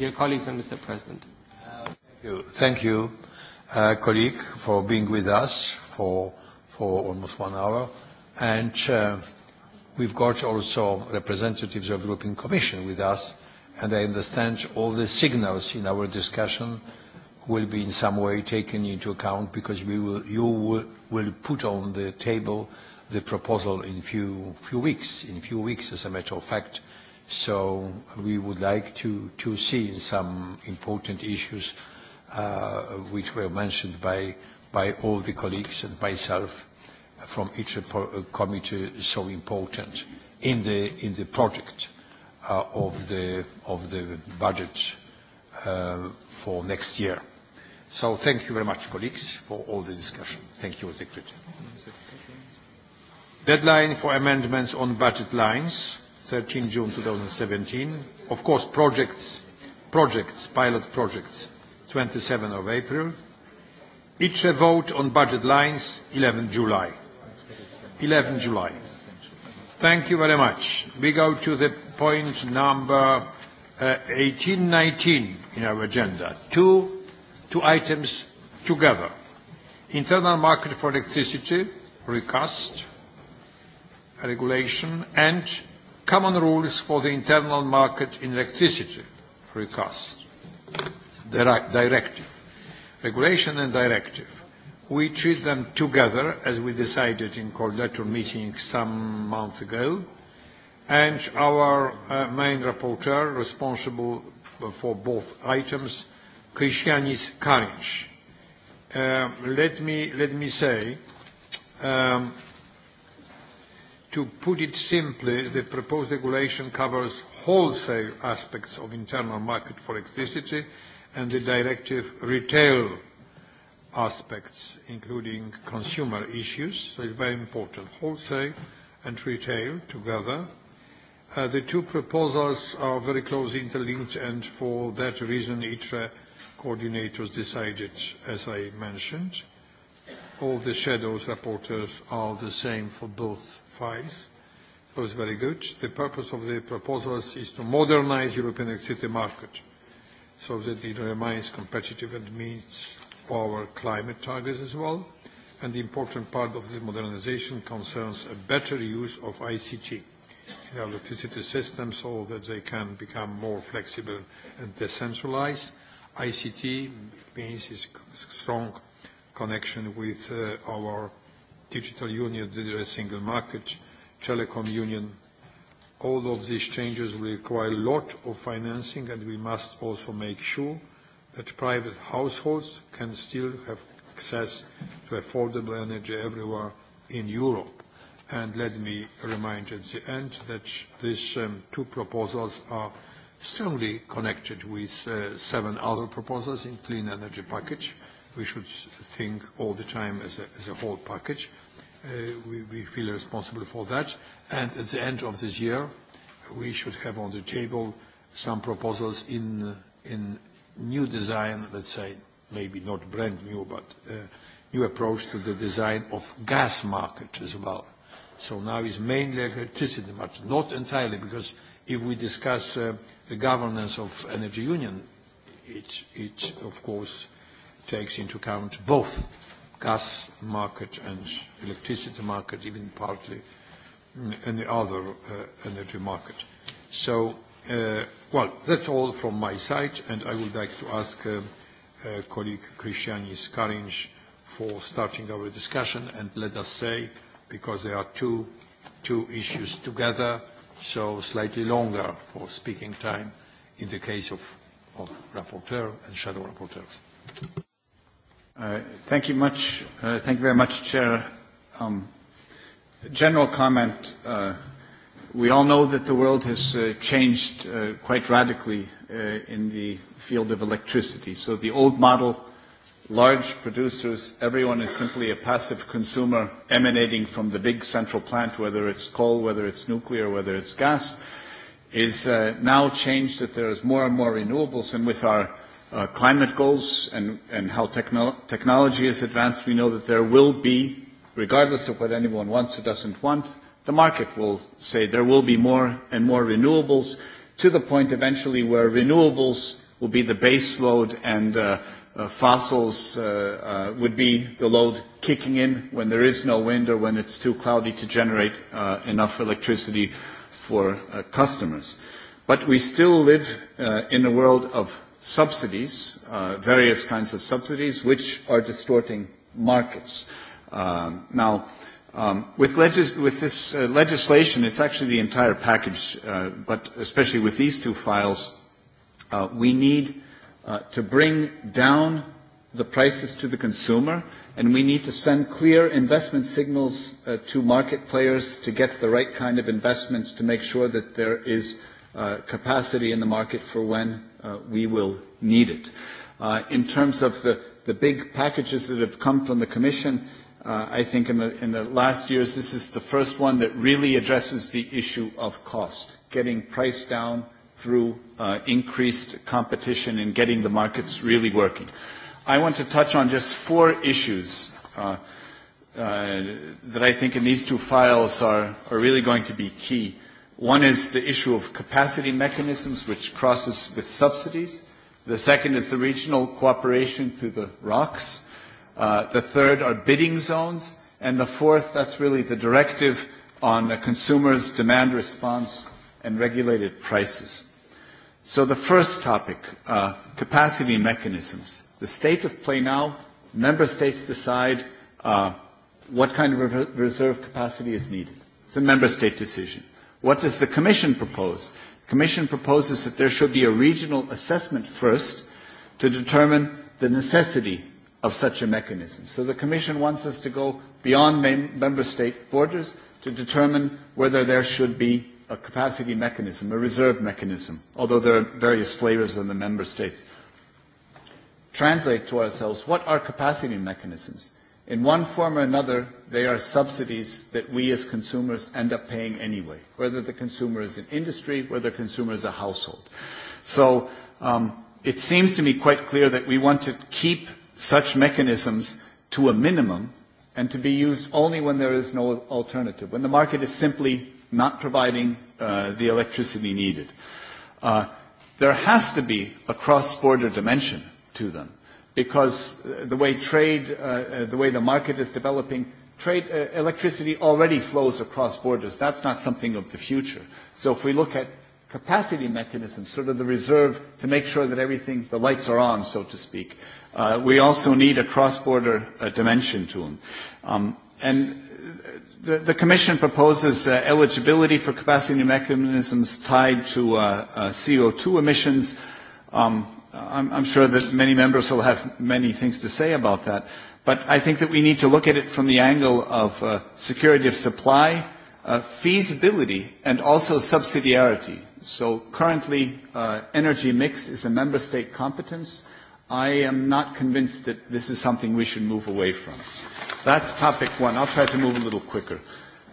dear colleagues and Mr. President. Thank you, Thank you uh, colleague, for being with us for, for almost one hour. And uh, we've got also representatives of the European Commission with us, and I understand all the signals in our discussion will be in some way taken into account because we will, you will, will put on the table the proposal in few few weeks, in few weeks as a matter of fact, So we would like to, to see in some important issues uh, which were mentioned by, by all the colleagues and myself from each uh, committee so important in the, in the project uh, of, the, of the budget uh, for next year. So thank you very much, colleagues, for all the discussion. Thank you, Secretary. Deadline for amendments on budget lines. 13 June 2017. Of course, projects, projects, pilot projects, 27 of April. Each a vote on budget lines, 11 July. 11 July. Thank you very much. We go to the point number uh, 1819 in our agenda. Two, two items together. Internal market for electricity, recast, regulation, and common rules for the internal market in electricity, free cost, direct, directive, regulation and directive. We treat them together, as we decided in coordinator meeting some months ago, and our uh, main rapporteur, responsible for both items, Christianis Karinch. Uh, let me let me say um, To put it simply, the proposed regulation covers wholesale aspects of internal market for electricity and the directive retail aspects, including consumer issues, so it's very important, wholesale and retail together. Uh, the two proposals are very closely interlinked and for that reason ITRE coordinators decided, as I mentioned. All the shadows reporters are the same for both files. That was very good. The purpose of the proposals is to modernize European electricity market so that it remains competitive and meets our climate targets as well. The important part of the modernization concerns a better use of ICT in our electricity system so that they can become more flexible and decentralized. ICT means strong connection with uh, our digital union, digital single market, telecom union, all of these changes will require a lot of financing and we must also make sure that private households can still have access to affordable energy everywhere in Europe. And let me remind at the end that these um, two proposals are strongly connected with uh, seven other proposals in clean energy package we should think all the time as a, as a whole package. Uh, we, we feel responsible for that. And at the end of this year, we should have on the table some proposals in, in new design, let's say, maybe not brand new, but a uh, new approach to the design of gas market as well. So now it's mainly electricity, but not entirely, because if we discuss uh, the governance of energy union, it, it of course, takes into account both gas market and electricity market, even partly in mm, the other uh, energy market. So, uh, well, that's all from my side, and I would like to ask uh, uh, colleague Christianis Karinj for starting our discussion, and let us say, because there are two, two issues together, so slightly longer for speaking time in the case of, of rapporteur and shadow rapporteurs. Thank you. Uh, thank you much. Uh, thank you very much, Chair. Um, general comment. Uh, we all know that the world has uh, changed uh, quite radically uh, in the field of electricity. So the old model, large producers, everyone is simply a passive consumer emanating from the big central plant, whether it's coal, whether it's nuclear, whether it's gas, is uh, now changed that there is more and more renewables. And with our uh, climate goals and, and how technolo- technology is advanced, we know that there will be, regardless of what anyone wants or doesn't want, the market will say there will be more and more renewables to the point eventually where renewables will be the base load and uh, uh, fossils uh, uh, would be the load kicking in when there is no wind or when it's too cloudy to generate uh, enough electricity for uh, customers. But we still live uh, in a world of subsidies, uh, various kinds of subsidies, which are distorting markets. Uh, now, um, with, legis with this uh, legislation, it's actually the entire package, uh, but especially with these two files, uh, we need uh, to bring down the prices to the consumer, and we need to send clear investment signals uh, to market players to get the right kind of investments to make sure that there is Uh, capacity in the market for when uh, we will need it. Uh, in terms of the, the big packages that have come from the Commission, uh, I think in the, in the last years, this is the first one that really addresses the issue of cost, getting price down through uh, increased competition and getting the markets really working. I want to touch on just four issues uh, uh, that I think in these two files are, are really going to be key. Uh, One is the issue of capacity mechanisms, which crosses with subsidies. The second is the regional cooperation through the rocks. Uh, the third are bidding zones. And the fourth, that's really the directive on the consumer's demand response and regulated prices. So the first topic, uh, capacity mechanisms. The state of play now, member states decide uh, what kind of re reserve capacity is needed. It's a member state decision. What does the Commission propose? The Commission proposes that there should be a regional assessment first to determine the necessity of such a mechanism. So the Commission wants us to go beyond mem member state borders to determine whether there should be a capacity mechanism, a reserve mechanism, although there are various flavors in the member states. Translate to ourselves, what are capacity mechanisms? In one form or another, they are subsidies that we as consumers end up paying anyway, whether the consumer is an industry, whether the consumer is a household. So um, it seems to me quite clear that we want to keep such mechanisms to a minimum and to be used only when there is no alternative, when the market is simply not providing uh, the electricity needed. Uh, there has to be a cross-border dimension to them because uh, the way trade, uh, uh, the way the market is developing, trade electricity already flows across borders. That's not something of the future. So if we look at capacity mechanisms, sort of the reserve to make sure that everything, the lights are on, so to speak, we also need a cross-border dimension to them. Um, and the commission proposes eligibility for capacity mechanisms tied to CO2 emissions. Um, I'm sure that many members will have many things to say about that. But I think that we need to look at it from the angle of uh, security of supply, uh, feasibility, and also subsidiarity. So currently, uh, energy mix is a member state competence. I am not convinced that this is something we should move away from. That's topic one. I'll try to move a little quicker.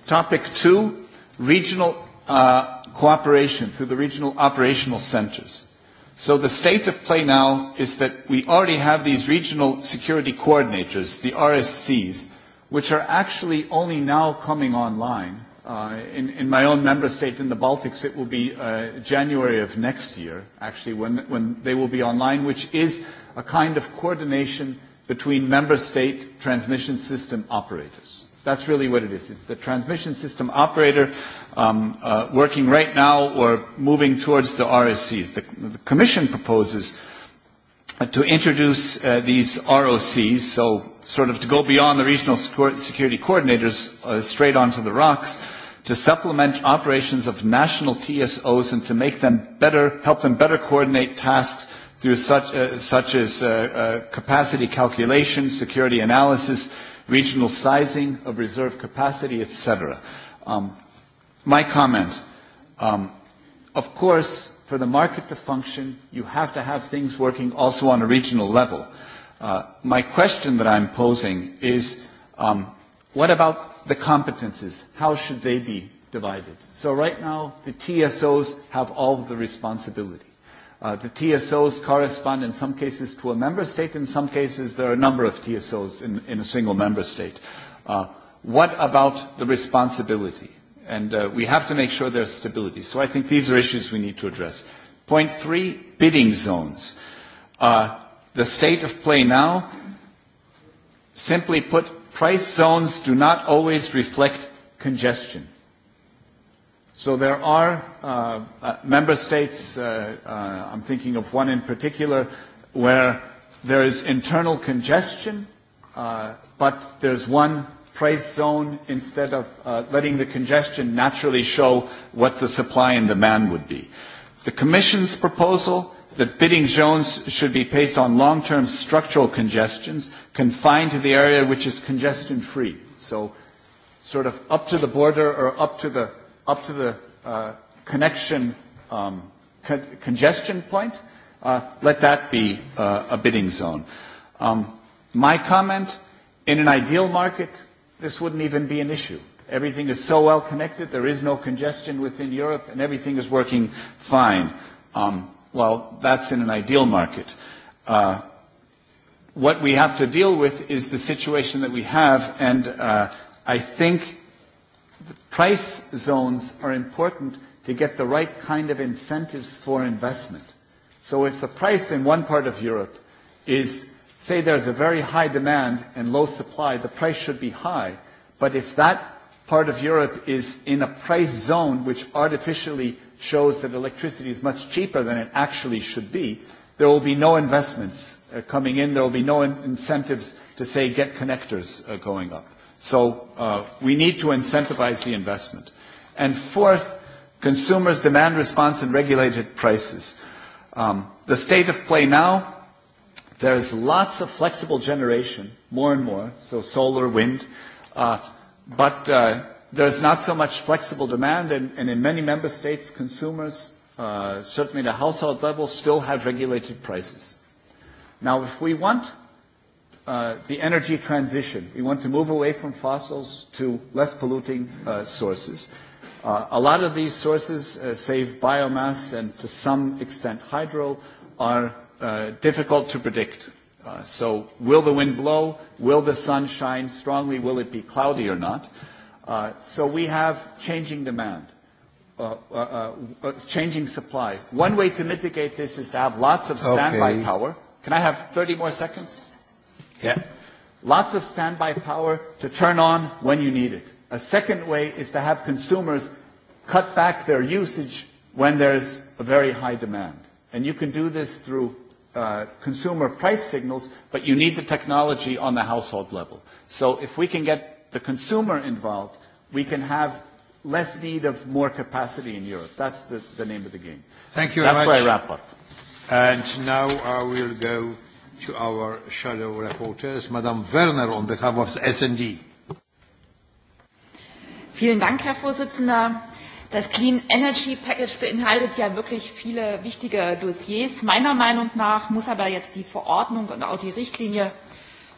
Topic two, regional uh, cooperation through the regional operational centers. So the state of play now is that we already have these regional security coordinators, the RSCs, which are actually only now coming online. Uh, in, in my own member state in the Baltics, it will be uh, January of next year, actually, when, when they will be online, which is a kind of coordination between member state transmission system operators. That's really what it is. It's the transmission system operator um, uh, working right now or moving towards the RSCs. The, the Commission proposes uh, to introduce uh, these ROCs, so sort of to go beyond the regional security coordinators uh, straight onto the rocks, to supplement operations of national TSOs and to make them better, help them better coordinate tasks through such, uh, such as uh, uh, capacity calculation, security analysis, regional sizing of reserve capacity, etc. Um, my comment. Um, of course, for the market to function, you have to have things working also on a regional level. Uh, my question that I'm posing is, um, what about the competences? How should they be divided? So right now, the TSOs have all the responsibility. Uh, the TSOs correspond in some cases to a member state. In some cases, there are a number of TSOs in, in a single member state. Uh, what about the responsibility? and uh, we have to make sure there's stability. So I think these are issues we need to address. Point three, bidding zones. Uh, the state of play now, simply put, price zones do not always reflect congestion. So there are uh, uh, member states, uh, uh, I'm thinking of one in particular, where there is internal congestion, uh, but there's one price zone instead of uh, letting the congestion naturally show what the supply and demand would be. The Commission's proposal that bidding zones should be based on long-term structural congestions confined to the area which is congestion-free. So sort of up to the border or up to the, up to the uh, connection um, co congestion point, uh, let that be uh, a bidding zone. Um, my comment, in an ideal market, this wouldn't even be an issue. Everything is so well connected, there is no congestion within Europe, and everything is working fine. Um, well, that's in an ideal market. Uh, what we have to deal with is the situation that we have, and uh, I think the price zones are important to get the right kind of incentives for investment. So if the price in one part of Europe is say there's a very high demand and low supply, the price should be high. But if that part of Europe is in a price zone which artificially shows that electricity is much cheaper than it actually should be, there will be no investments uh, coming in. There will be no in incentives to, say, get connectors uh, going up. So uh, we need to incentivize the investment. And fourth, consumers' demand response and regulated prices. Um, the state of play now There's lots of flexible generation, more and more, so solar, wind, uh, but uh, there's not so much flexible demand, and, and in many member states, consumers, uh, certainly at a household level, still have regulated prices. Now, if we want uh, the energy transition, we want to move away from fossils to less polluting uh, sources. Uh, a lot of these sources uh, save biomass and to some extent hydro are Uh, difficult to predict. Uh, so will the wind blow? Will the sun shine strongly? Will it be cloudy or not? Uh, so we have changing demand, uh, uh, uh, uh changing supply. One way to mitigate this is to have lots of standby okay. power. Can I have 30 more seconds? Yeah. Lots of standby power to turn on when you need it. A second way is to have consumers cut back their usage when there's a very high demand. And you can do this through Uh, consumer price signals, but you need the technology on the household level. So if we can get the consumer involved, we can have less need of more capacity in Europe. That's the, the name of the game. Thank you That's very much. That's where I wrap up. And now I will go to our shadow reporters, Madame Werner on behalf of SND. Vielen Dank, Herr Vorsitzender. Das Clean Energy Package beinhaltet ja wirklich viele wichtige Dossiers. Meiner Meinung nach muss aber jetzt die Verordnung und auch die Richtlinie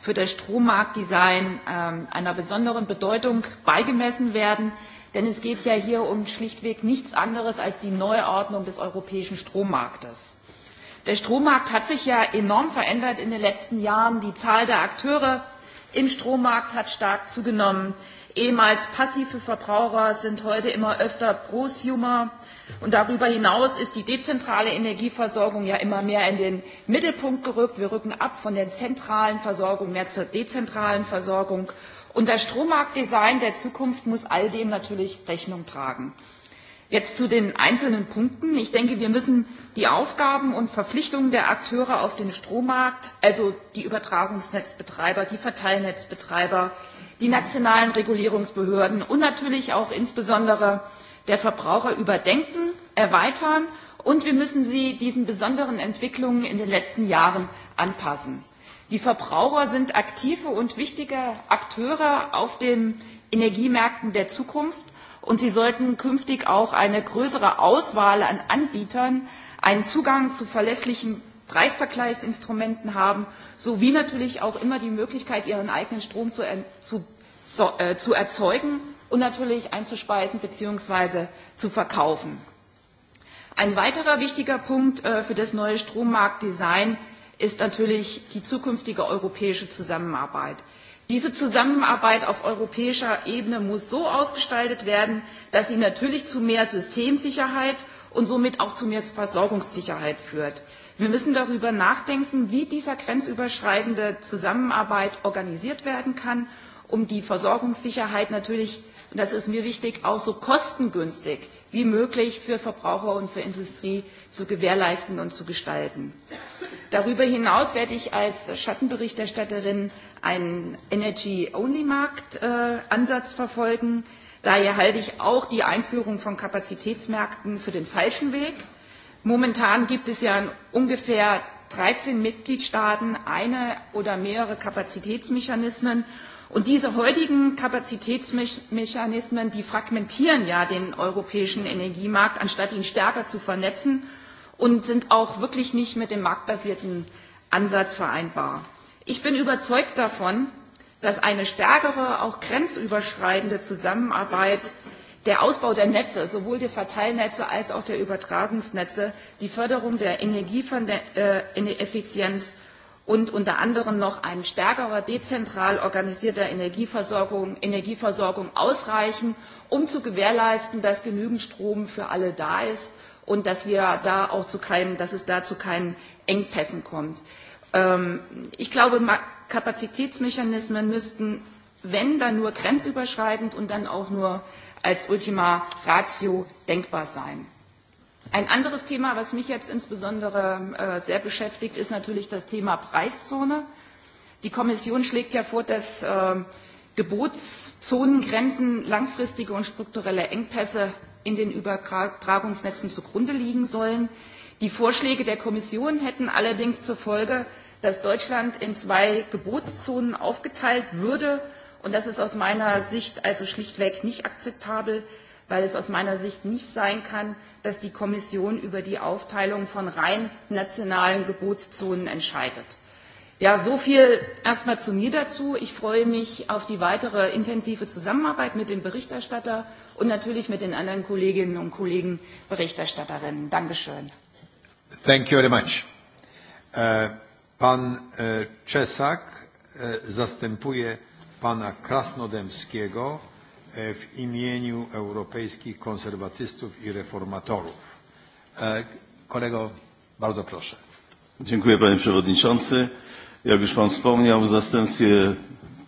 für das Strommarktdesign ähm, einer besonderen Bedeutung beigemessen werden. Denn es geht ja hier um schlichtweg nichts anderes als die Neuordnung des europäischen Strommarktes. Der Strommarkt hat sich ja enorm verändert in den letzten Jahren. Die Zahl der Akteure im Strommarkt hat stark zugenommen. Ehemals passive Verbraucher sind heute immer öfter Prosumer. Und darüber hinaus ist die dezentrale Energieversorgung ja immer mehr in den Mittelpunkt gerückt. Wir rücken ab von der zentralen Versorgung mehr zur dezentralen Versorgung. Und das Strommarktdesign der Zukunft muss all dem natürlich Rechnung tragen. Jetzt zu den einzelnen Punkten. Ich denke, wir müssen die Aufgaben und Verpflichtungen der Akteure auf den Strommarkt, also die Übertragungsnetzbetreiber, die Verteilnetzbetreiber, die nationalen Regulierungsbehörden und natürlich auch insbesondere der Verbraucher überdenken, erweitern und wir müssen sie diesen besonderen Entwicklungen in den letzten Jahren anpassen. Die Verbraucher sind aktive und wichtige Akteure auf den Energiemärkten der Zukunft und sie sollten künftig auch eine größere Auswahl an Anbietern, einen Zugang zu verlässlichen Preisvergleichsinstrumenten haben, sowie natürlich auch immer die Möglichkeit, ihren eigenen Strom zu, zu, äh, zu erzeugen und natürlich einzuspeisen bzw. zu verkaufen. Ein weiterer wichtiger Punkt äh, für das neue Strommarktdesign ist natürlich die zukünftige europäische Zusammenarbeit. Diese Zusammenarbeit auf europäischer Ebene muss so ausgestaltet werden, dass sie natürlich zu mehr Systemsicherheit und somit auch zu mehr Versorgungssicherheit führt. Wir müssen darüber nachdenken, wie dieser grenzüberschreitende Zusammenarbeit organisiert werden kann, um die Versorgungssicherheit natürlich, und das ist mir wichtig, auch so kostengünstig wie möglich für Verbraucher und für Industrie zu gewährleisten und zu gestalten. Darüber hinaus werde ich als Schattenberichterstatterin einen Energy-Only-Markt-Ansatz äh, verfolgen. Daher halte ich auch die Einführung von Kapazitätsmärkten für den falschen Weg. Momentan gibt es ja in ungefähr 13 Mitgliedstaaten eine oder mehrere Kapazitätsmechanismen. Und diese heutigen Kapazitätsmechanismen, die fragmentieren ja den europäischen Energiemarkt, anstatt ihn stärker zu vernetzen und sind auch wirklich nicht mit dem marktbasierten Ansatz vereinbar. Ich bin überzeugt davon, dass eine stärkere, auch grenzüberschreitende Zusammenarbeit Der Ausbau der Netze, sowohl der Verteilnetze als auch der Übertragungsnetze, die Förderung der Energieeffizienz äh, und unter anderem noch ein stärkerer dezentral organisierter Energieversorgung, Energieversorgung ausreichen, um zu gewährleisten, dass genügend Strom für alle da ist und dass, wir da auch zu keinen, dass es da zu keinen Engpässen kommt. Ähm, ich glaube, Kapazitätsmechanismen müssten, wenn dann nur grenzüberschreitend und dann auch nur äh, als Ultima Ratio denkbar sein. Ein anderes Thema, was mich jetzt insbesondere äh, sehr beschäftigt, ist natürlich das Thema Preiszone. Die Kommission schlägt ja vor, dass ähm, Gebotszonengrenzen langfristige und strukturelle Engpässe in den Übertragungsnetzen zugrunde liegen sollen. Die Vorschläge der Kommission hätten allerdings zur Folge, dass Deutschland in zwei Gebotszonen aufgeteilt würde Und das ist aus meiner Sicht also schlichtweg nicht akzeptabel, weil es aus meiner Sicht nicht sein kann, dass die Kommission über die Aufteilung von rein nationalen Gebotszonen entscheidet. Ja, so viel erstmal zu mir dazu. Ich freue mich auf die weitere intensive Zusammenarbeit mit dem Berichterstatter und natürlich mit den anderen Kolleginnen und Kollegen Berichterstatterinnen. Dankeschön. Thank you very much. Uh, pan uh, Czesak uh, zastępuje pana Krasnodemskiego e, w imieniu Europejskich Konserwatystów i Reformatorów. E, kolego, bardzo proszę. Dziękuję panie przewodniczący. Jak już pan wspomniał, w zastępstwie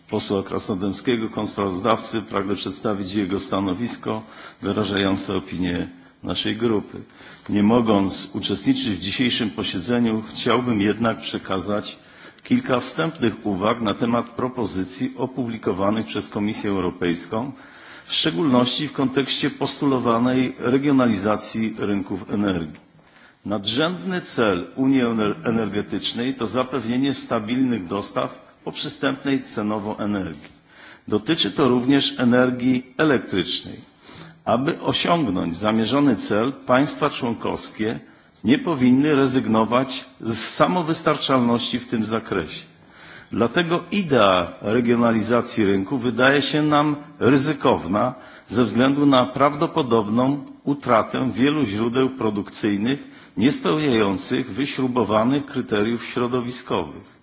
posła Krasnodemskiego, konsprawozdawcy, pragnę przedstawić jego stanowisko wyrażające opinię naszej grupy. Nie mogąc uczestniczyć w dzisiejszym posiedzeniu, chciałbym jednak przekazać Kilka wstępnych uwag na temat propozycji opublikowanych przez Komisję Europejską, w szczególności w kontekście postulowanej regionalizacji rynków energii. Nadrzędny cel Unii Energetycznej to zapewnienie stabilnych dostaw o przystępnej cenowo energii. Dotyczy to również energii elektrycznej. Aby osiągnąć zamierzony cel, państwa członkowskie nie powinny rezygnować z samowystarczalności w tym zakresie. Dlatego idea regionalizacji rynku wydaje się nam ryzykowna ze względu na prawdopodobną utratę wielu źródeł produkcyjnych niespełniających wyśrubowanych kryteriów środowiskowych.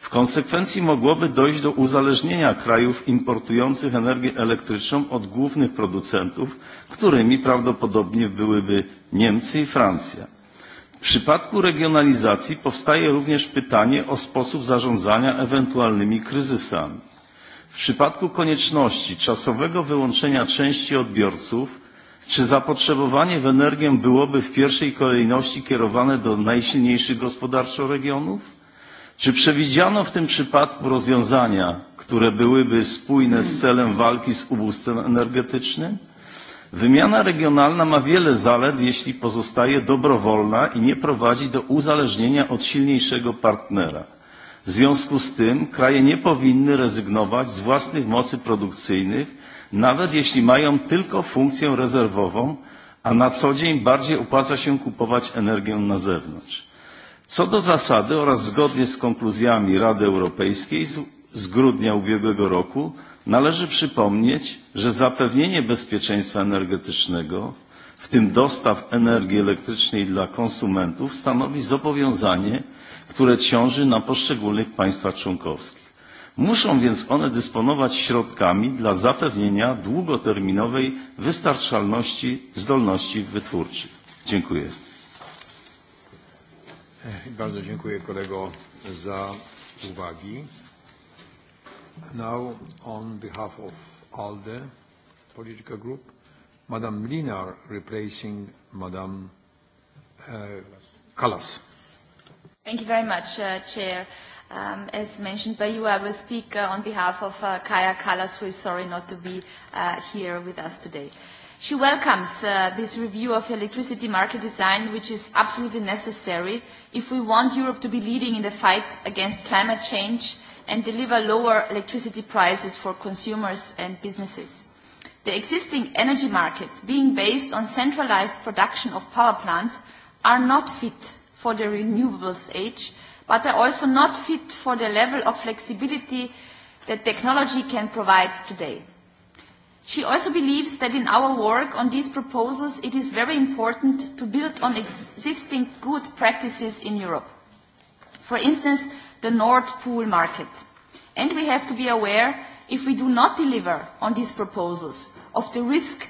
W konsekwencji mogłoby dojść do uzależnienia krajów importujących energię elektryczną od głównych producentów, którymi prawdopodobnie byłyby Niemcy i Francja. W przypadku regionalizacji powstaje również pytanie o sposób zarządzania ewentualnymi kryzysami. W przypadku konieczności czasowego wyłączenia części odbiorców, czy zapotrzebowanie w energię byłoby w pierwszej kolejności kierowane do najsilniejszych gospodarczo regionów? Czy przewidziano w tym przypadku rozwiązania, które byłyby spójne z celem walki z ubóstwem energetycznym? Wymiana regionalna ma wiele zalet, jeśli pozostaje dobrowolna i nie prowadzi do uzależnienia od silniejszego partnera. W związku z tym kraje nie powinny rezygnować z własnych mocy produkcyjnych, nawet jeśli mają tylko funkcję rezerwową, a na co dzień bardziej opłaca się kupować energię na zewnątrz. Co do zasady oraz zgodnie z konkluzjami Rady Europejskiej z, z grudnia ubiegłego roku, Należy przypomnieć, że zapewnienie bezpieczeństwa energetycznego, w tym dostaw energii elektrycznej dla konsumentów, stanowi zobowiązanie, które ciąży na poszczególnych państwach członkowskich. Muszą więc one dysponować środkami dla zapewnienia długoterminowej wystarczalności zdolności wytwórczych. Dziękuję. Bardzo dziękuję kolego za uwagi. Now, on behalf of ALDE political group, Madame Linar replacing Madame uh, Callas. Thank you very much, uh, Chair. Um, as mentioned by you, I will speak uh, on behalf of uh, Kaya Callas, who is sorry not to be uh, here with us today. She welcomes uh, this review of electricity market design, which is absolutely necessary if we want Europe to be leading in the fight against climate change and deliver lower electricity prices for consumers and businesses. The existing energy markets, being based on centralized production of power plants, are not fit for the renewables age, but are also not fit for the level of flexibility that technology can provide today. She also believes that in our work on these proposals, it is very important to build on existing good practices in Europe. For instance, the Nord Pool market. And we have to be aware, if we do not deliver on these proposals, of the risk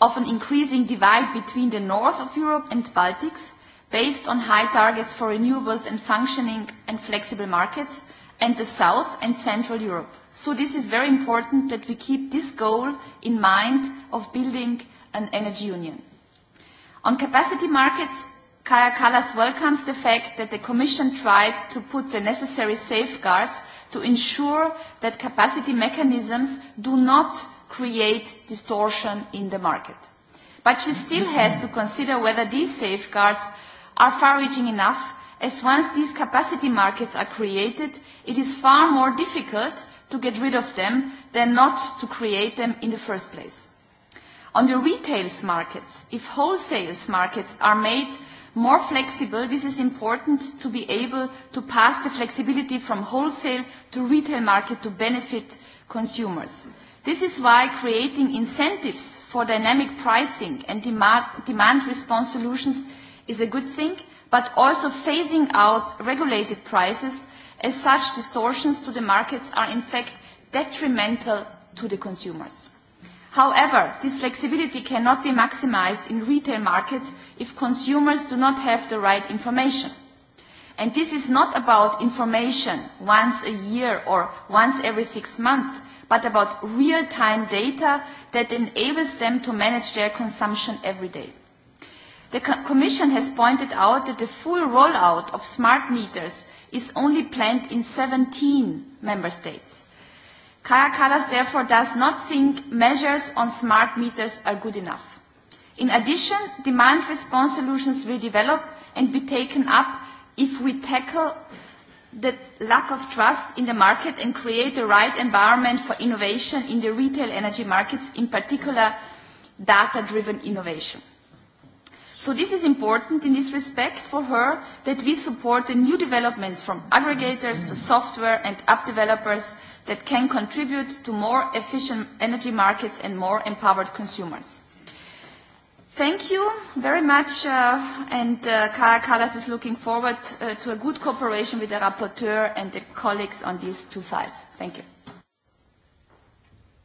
of an increasing divide between the north of Europe and Baltics, based on high targets for renewables and functioning and flexible markets, and the south and central Europe. So this is very important that we keep this goal in mind of building an energy union. On capacity markets, Kaya Kallas welcomes the fact that the Commission tried to put the necessary safeguards to ensure that capacity mechanisms do not create distortion in the market. But she still has to consider whether these safeguards are far-reaching enough, as once these capacity markets are created, it is far more difficult to get rid of them than not to create them in the first place. On the retail markets, if wholesale markets are made more flexible. This is important to be able to pass the flexibility from wholesale to retail market to benefit consumers. This is why creating incentives for dynamic pricing and demand, demand response solutions is a good thing, but also phasing out regulated prices as such distortions to the markets are in fact detrimental to the consumers. However, this flexibility cannot be maximized in retail markets if consumers do not have the right information. And this is not about information once a year or once every six months, but about real-time data that enables them to manage their consumption every day. The co Commission has pointed out that the full rollout of smart meters is only planned in 17 member states. Kaya Kallas therefore does not think measures on smart meters are good enough. In addition, demand response solutions will develop and be taken up if we tackle the lack of trust in the market and create the right environment for innovation in the retail energy markets, in particular data-driven innovation. So this is important in this respect for her that we support the new developments from aggregators to software and app developers that can contribute to more efficient energy markets and more empowered consumers. Thank you very much, uh, and uh, Kaya Kallas is looking forward uh, to a good cooperation with the rapporteur and the colleagues on these two files. Thank you.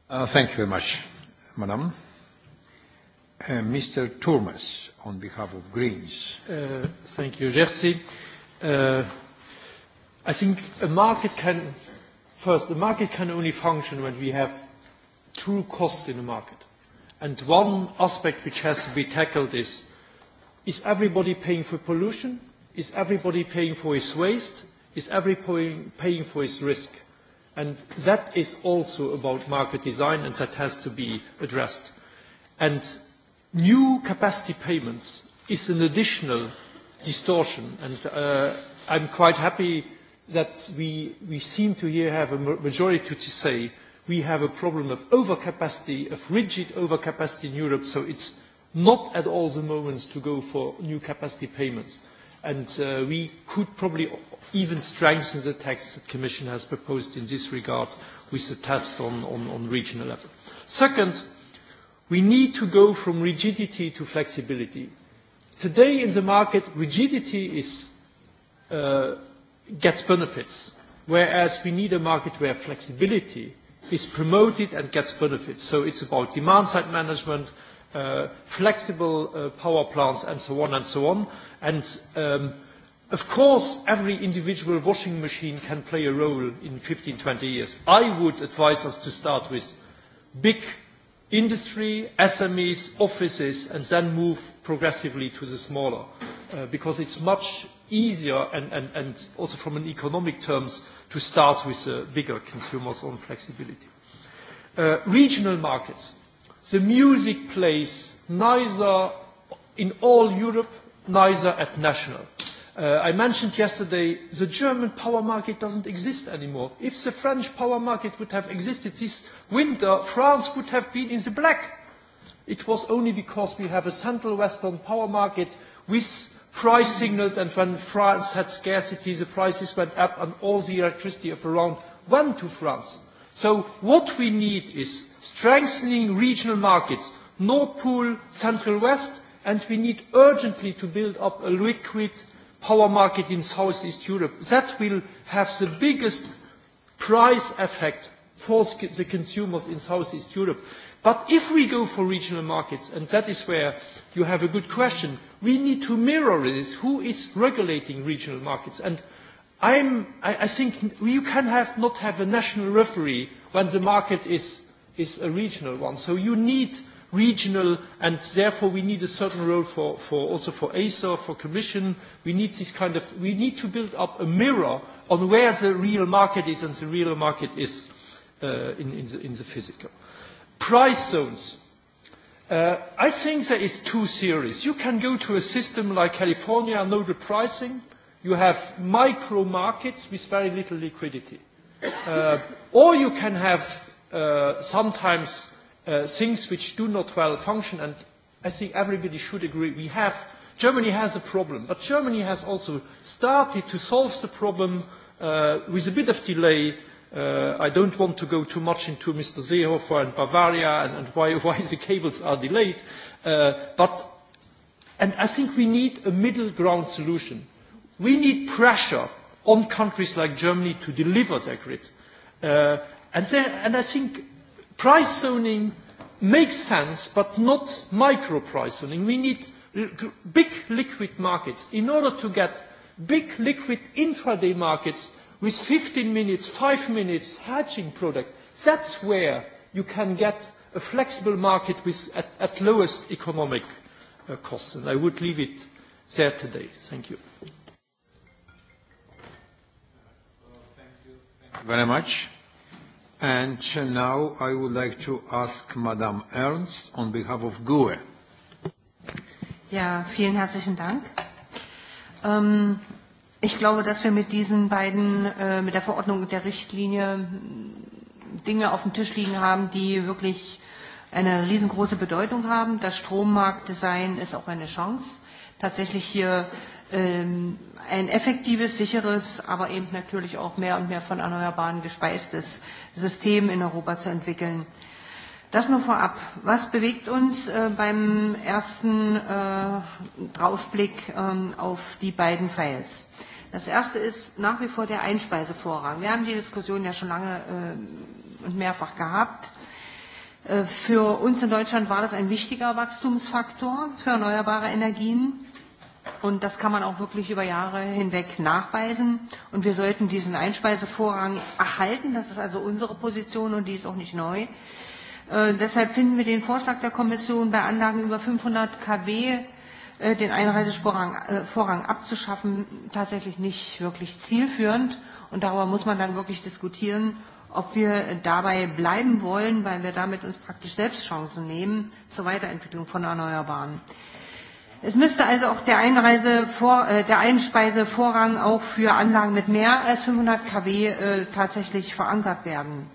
Uh, thank you very much, Madam. Uh, Mr. Turmes, on behalf of Greens. Uh, thank you, Jersey. Uh, I think a market can, first, the market can only function when we have true costs in the market. And one aspect which has to be tackled is, is everybody paying for pollution? Is everybody paying for its waste? Is everybody paying for its risk? And that is also about market design and that has to be addressed. And new capacity payments is an additional distortion. And uh, I'm quite happy that we, we seem to here have a majority to say we have a problem of overcapacity, of rigid overcapacity in Europe, so it's not at all the moment to go for new capacity payments. And uh, we could probably even strengthen the text that the Commission has proposed in this regard with the test on, on, on regional level. Second, we need to go from rigidity to flexibility. Today in the market, rigidity is, uh, gets benefits, whereas we need a market where flexibility is promoted and gets benefits. So it's about demand side management, uh, flexible uh, power plants, and so on and so on. And um, of course, every individual washing machine can play a role in 15, 20 years. I would advise us to start with big industry, SMEs, offices, and then move progressively to the smaller, uh, because it's much easier and also from an economic terms to start with the uh, bigger consumers on flexibility. Uh, regional markets. The music plays neither in all Europe, neither at national. Uh, I mentioned yesterday, the German power market doesn't exist anymore. If the French power market would have existed this winter, France would have been in the black. It was only because we have a Central Western power market with price signals and when France had scarcity, the prices went up on all the electricity of around one to France. So what we need is strengthening regional markets, Nord Pool, Central West, and we need urgently to build up a liquid power market in Southeast Europe. That will have the biggest price effect for the consumers in Southeast Europe. If we go for regional markets, and that is where you have a good question, we need to mirror this. Who is regulating regional markets? I think you cannot not have a national referee when the market is a regional one. You need regional, and therefore we need a certain role also for ASO, for commission. We need to build up a mirror on where the real market is and the real market is uh, in the physical price zones. Uh, I think that is too serious. You can go to a system like California, know the pricing. You have micro markets with very little liquidity. Uh, or you can have uh, sometimes uh, things which do not well function, and I think everybody should agree. We have, Germany has a problem, but Germany has also started to solve the problem uh, with a bit of delay Uh, I don't want to go too much into Mr. Seehofer and Bavaria and, and why, why the cables are delayed, uh, but and I think we need a middle ground solution. We need pressure on countries like Germany to deliver their grid. Uh, and, there, and I think price zoning makes sense, but not micro price zoning. We need li big liquid markets in order to get big liquid intraday markets with 15 minutes, 5 minutes hedging products. That's where you can get a flexible market with at, at lowest economic uh, costs. And I would leave it there today. Thank you. Very much. And now I would like to ask Madame Ernst on behalf of GUE. Ja, vielen herzlichen Dank. Ähm, Ich glaube, dass wir mit diesen beiden, äh, mit der Verordnung und der Richtlinie Dinge auf dem Tisch liegen haben, die wirklich eine riesengroße Bedeutung haben. Das Strommarktdesign ist auch eine Chance, tatsächlich hier ähm, ein effektives, sicheres, aber eben natürlich auch mehr und mehr von Erneuerbaren gespeistes System in Europa zu entwickeln. Das nur vorab. Was bewegt uns äh, beim ersten äh, Draufblick äh, auf die beiden Files? Das erste ist nach wie vor der Einspeisevorrang. Wir haben die Diskussion ja schon lange äh, und äh, mehrfach gehabt. Äh, für uns in Deutschland war das ein wichtiger Wachstumsfaktor für erneuerbare Energien. Und das kann man auch wirklich über Jahre hinweg nachweisen. Und wir sollten diesen Einspeisevorrang erhalten. Das ist also unsere Position und die ist auch nicht neu. Äh, deshalb finden wir den Vorschlag der Kommission bei Anlagen über 500 kW Äh, den Einreisevorrang äh, Vorrang abzuschaffen, tatsächlich nicht wirklich zielführend. Und darüber muss man dann wirklich diskutieren, ob wir dabei bleiben wollen, weil wir damit uns praktisch selbst Chancen nehmen zur Weiterentwicklung von Erneuerbaren. Es müsste also auch der, Einreise vor, äh, der Einspeisevorrang auch für Anlagen mit mehr als 500 kW äh, tatsächlich verankert werden.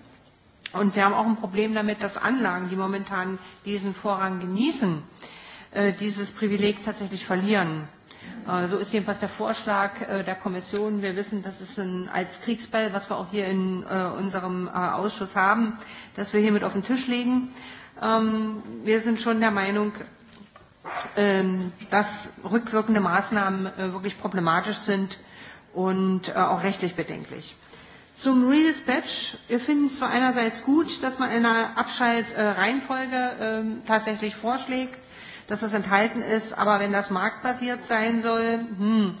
Und wir haben auch ein Problem damit, dass Anlagen, die momentan diesen Vorrang genießen, äh, Äh, dieses Privileg tatsächlich verlieren. Äh, so ist jedenfalls der Vorschlag äh, der Kommission. Wir wissen, das ist ein, als Kriegsbell, was wir auch hier in unserem Ausschuss haben, dass wir hiermit auf den Tisch legen. Ähm, wir sind schon der Meinung, ähm, dass rückwirkende Maßnahmen wirklich problematisch sind und auch rechtlich bedenklich. Zum Redispatch. Wir finden es zwar einerseits gut, dass man eine Abschaltreihenfolge äh, äh, tatsächlich vorschlägt, dass das enthalten ist. Aber wenn das marktbasiert sein soll, hm,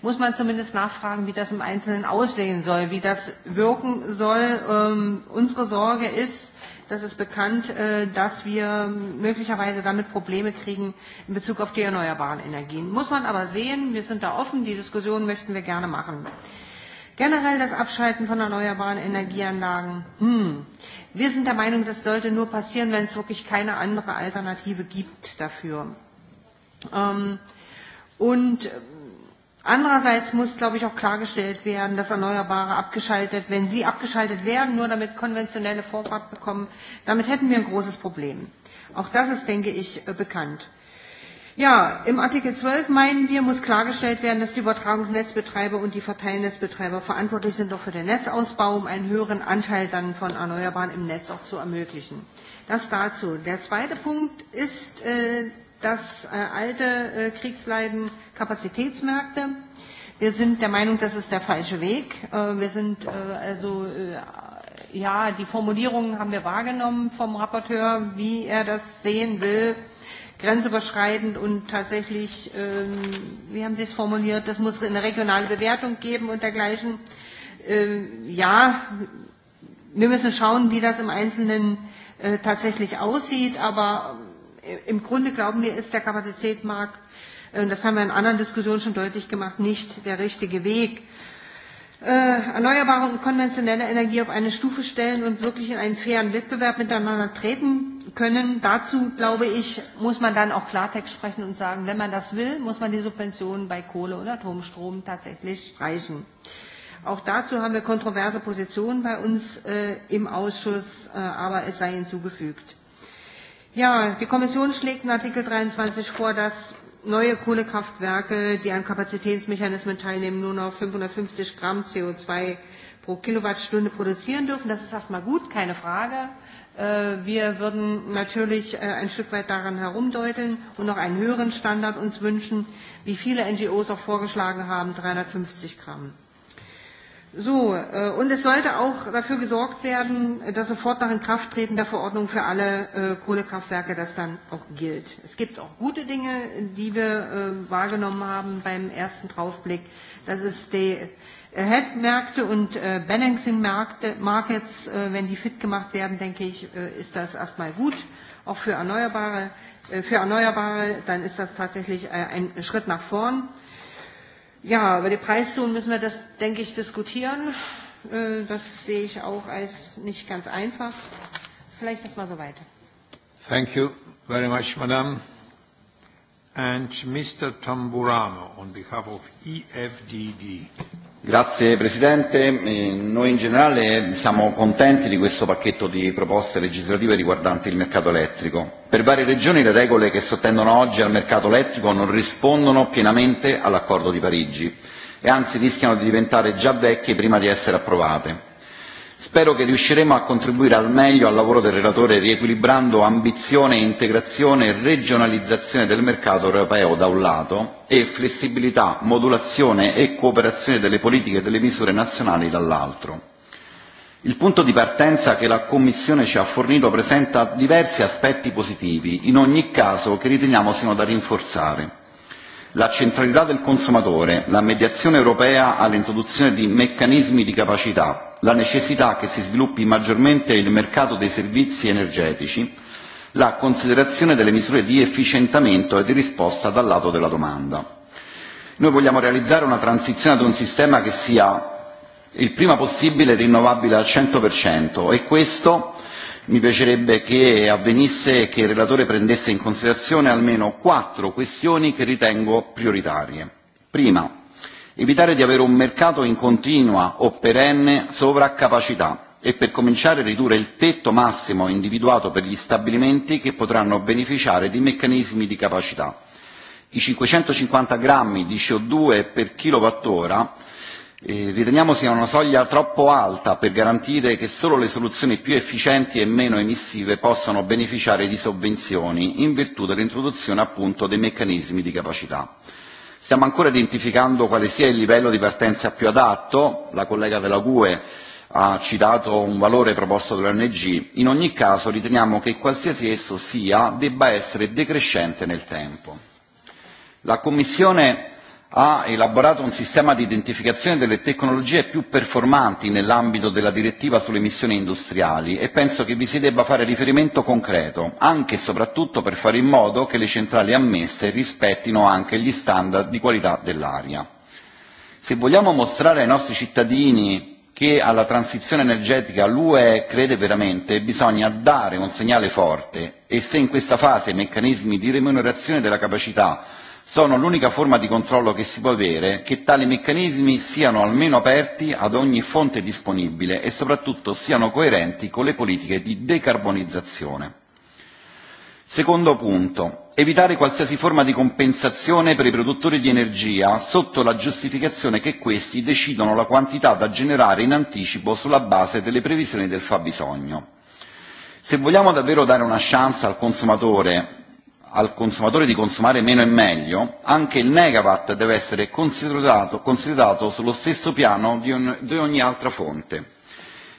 muss man zumindest nachfragen, wie das im Einzelnen aussehen soll, wie das wirken soll. Ähm, unsere Sorge ist, das ist bekannt, äh, dass wir möglicherweise damit Probleme kriegen in Bezug auf die erneuerbaren Energien. Muss man aber sehen, wir sind da offen, die Diskussion möchten wir gerne machen. Generell das Abschalten von erneuerbaren Energieanlagen. Hm. Wir sind der Meinung, das sollte nur passieren, wenn es wirklich keine andere Alternative gibt dafür. Ähm, und äh, andererseits muss, glaube ich, auch klargestellt werden, dass Erneuerbare abgeschaltet, wenn sie abgeschaltet werden, nur damit konventionelle Vorfahrt bekommen, damit hätten wir ein großes Problem. Auch das ist, denke ich, äh, bekannt. Ja, im Artikel 12 meinen wir, muss klargestellt werden, dass die Übertragungsnetzbetreiber und die Verteilnetzbetreiber verantwortlich sind, auch für den Netzausbau, um einen höheren Anteil dann von Erneuerbaren im Netz auch zu ermöglichen. Das dazu. Der zweite Punkt ist äh, das äh, alte äh, Kriegsleiden Kapazitätsmärkte. Wir sind der Meinung, das ist der falsche Weg. Äh, wir sind äh, also, äh, ja, die Formulierungen haben wir wahrgenommen vom Rapporteur, wie er das sehen will grenzüberschreitend und tatsächlich, ähm, wie haben Sie es formuliert, das muss eine regionale Bewertung geben und dergleichen. Ähm, ja, wir müssen schauen, wie das im Einzelnen äh, tatsächlich aussieht, aber äh, im Grunde glauben wir, ist der Kapazitätsmarkt, äh, das haben wir in anderen Diskussionen schon deutlich gemacht, nicht der richtige Weg. Äh, Erneuerbare und konventionelle Energie auf eine Stufe stellen und wirklich in einen fairen Wettbewerb miteinander treten können. Dazu, glaube ich, muss man dann auch Klartext sprechen und sagen, wenn man das will, muss man die Subventionen bei Kohle und Atomstrom tatsächlich streichen. Auch dazu haben wir kontroverse Positionen bei uns äh, im Ausschuss, äh, aber es sei hinzugefügt. Ja, die Kommission schlägt in Artikel 23 vor, dass neue Kohlekraftwerke, die an Kapazitätsmechanismen teilnehmen, nur noch 550 Gramm CO2 pro Kilowattstunde produzieren dürfen. Das ist erstmal gut, keine Frage. Äh, wir würden natürlich äh, ein Stück weit daran herumdeuteln und noch einen höheren Standard uns wünschen, wie viele NGOs auch vorgeschlagen haben, 350 Gramm. So, äh, und es sollte auch dafür gesorgt werden, dass sofort nach Inkrafttreten der Verordnung für alle Kohlekraftwerke das dann auch gilt. Es gibt auch gute Dinge, die wir wahrgenommen haben beim ersten Draufblick. Das ist die Head-Märkte und äh, Balancing-Markets, äh, wenn die fit gemacht werden, denke ich, äh, ist das erstmal gut, auch für Erneuerbare. Äh, für Erneuerbare, dann ist das tatsächlich äh, ein Schritt nach vorn. Ja, über die Preiszonen müssen wir das, denke ich, diskutieren. Äh, das sehe ich auch als nicht ganz einfach. Vielleicht das mal so weiter. Thank you very much, Madame. And Mr. Tamburano on behalf of EFDD. Grazie Presidente, e noi in generale siamo contenti di questo pacchetto di proposte legislative riguardanti il mercato elettrico. Per varie regioni le regole che sottendono oggi al mercato elettrico non rispondono pienamente all'accordo di Parigi e anzi rischiano di diventare già vecchie prima di essere approvate. Spero che riusciremo a contribuire al meglio al lavoro del relatore riequilibrando ambizione, integrazione e regionalizzazione del mercato europeo da un lato e flessibilità, modulazione e cooperazione delle politiche e delle misure nazionali dall'altro. Il punto di partenza che la Commissione ci ha fornito presenta diversi aspetti positivi, in ogni caso che riteniamo siano da rinforzare. La centralità del consumatore, la mediazione europea all'introduzione di meccanismi di capacità, la necessità che si sviluppi maggiormente il mercato dei servizi energetici, la considerazione delle misure di efficientamento e di risposta dal lato della domanda. Noi vogliamo realizzare una transizione ad un sistema che sia il prima possibile rinnovabile al 100% e questo mi piacerebbe che avvenisse e che il relatore prendesse in considerazione almeno quattro questioni che ritengo prioritarie. Prima, evitare di avere un mercato in continua o perenne sovraccapacità e per cominciare a ridurre il tetto massimo individuato per gli stabilimenti che potranno beneficiare di meccanismi di capacità. I 550 grammi di CO2 per kilowattora eh, riteniamo sia una soglia troppo alta per garantire che solo le soluzioni più efficienti e meno emissive possano beneficiare di sovvenzioni in virtù dell'introduzione appunto dei meccanismi di capacità. Stiamo ancora identificando quale sia il livello di partenza più adatto, la collega Velague ha citato un valore proposto dall'ONG, in ogni caso riteniamo che qualsiasi esso sia debba essere decrescente nel tempo. La Commissione ha elaborato un sistema di identificazione delle tecnologie più performanti nell'ambito della direttiva sulle emissioni industriali e penso che vi si debba fare riferimento concreto, anche e soprattutto per fare in modo che le centrali ammesse rispettino anche gli standard di qualità dell'aria. Se vogliamo mostrare ai nostri cittadini che alla transizione energetica l'UE crede veramente, bisogna dare un segnale forte e se in questa fase i meccanismi di remunerazione della capacità sono l'unica forma di controllo che si può avere che tali meccanismi siano almeno aperti ad ogni fonte disponibile e soprattutto siano coerenti con le politiche di decarbonizzazione. Secondo punto, evitare qualsiasi forma di compensazione per i produttori di energia sotto la giustificazione che questi decidono la quantità da generare in anticipo sulla base delle previsioni del fabbisogno. Se vogliamo davvero dare una chance al consumatore al consumatore di consumare meno e meglio, anche il megawatt deve essere considerato, considerato sullo stesso piano di, un, di ogni altra fonte.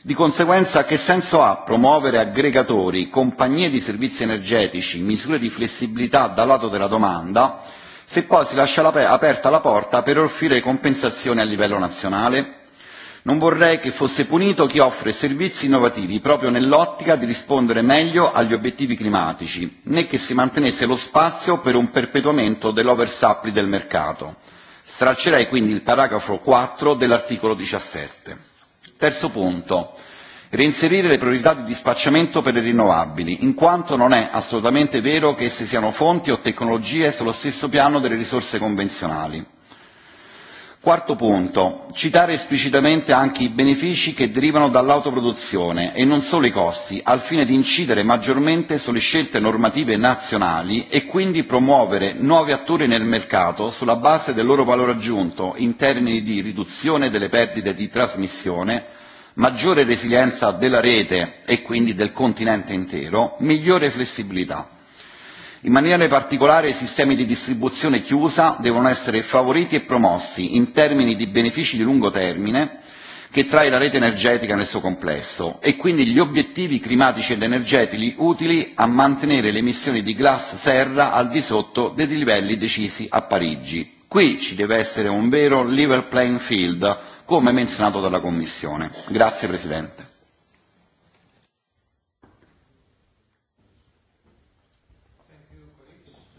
Di conseguenza, che senso ha promuovere aggregatori, compagnie di servizi energetici, misure di flessibilità dal lato della domanda, se poi si lascia aperta la porta per offrire compensazioni a livello nazionale? Non vorrei che fosse punito chi offre servizi innovativi proprio nell'ottica di rispondere meglio agli obiettivi climatici, né che si mantenesse lo spazio per un perpetuamento dell'oversupply del mercato. Straccerei quindi il paragrafo 4 dell'articolo 17. Terzo punto. Reinserire le priorità di dispacciamento per le rinnovabili, in quanto non è assolutamente vero che esse siano fonti o tecnologie sullo stesso piano delle risorse convenzionali. Quarto punto, citare esplicitamente anche i benefici che derivano dall'autoproduzione e non solo i costi, al fine di incidere maggiormente sulle scelte normative nazionali e quindi promuovere nuovi attori nel mercato sulla base del loro valore aggiunto in termini di riduzione delle perdite di trasmissione, maggiore resilienza della rete e quindi del continente intero, migliore flessibilità. In maniera particolare i sistemi di distribuzione chiusa devono essere favoriti e promossi in termini di benefici di lungo termine che trae la rete energetica nel suo complesso e quindi gli obiettivi climatici ed energetici utili a mantenere le emissioni di gas serra al di sotto dei livelli decisi a Parigi. Qui ci deve essere un vero level playing field, come menzionato dalla Commissione. Grazie Presidente.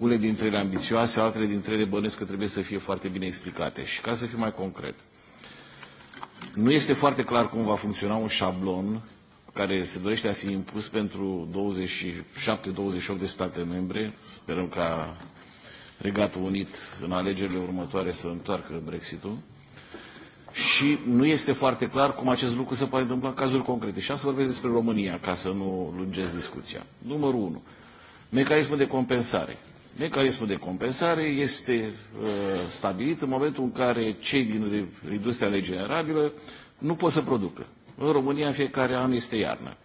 unele dintre ele ambițioase, altele dintre ele bănesc că trebuie să fie foarte bine explicate. Și ca să fiu mai concret, nu este foarte clar cum va funcționa un șablon care se dorește a fi impus pentru 27-28 de state membre. Sperăm ca Regatul Unit în alegerile următoare să întoarcă Brexit-ul. Și nu este foarte clar cum acest lucru se poate întâmpla în cazuri concrete. Și am să vorbesc despre România, ca să nu lungesc discuția. Numărul 1. Mecanismul de compensare. Mecanismul de compensare este uh, stabilit în momentul în care cei din industria regenerabilă nu pot să producă. În România în fiecare an este iarnă.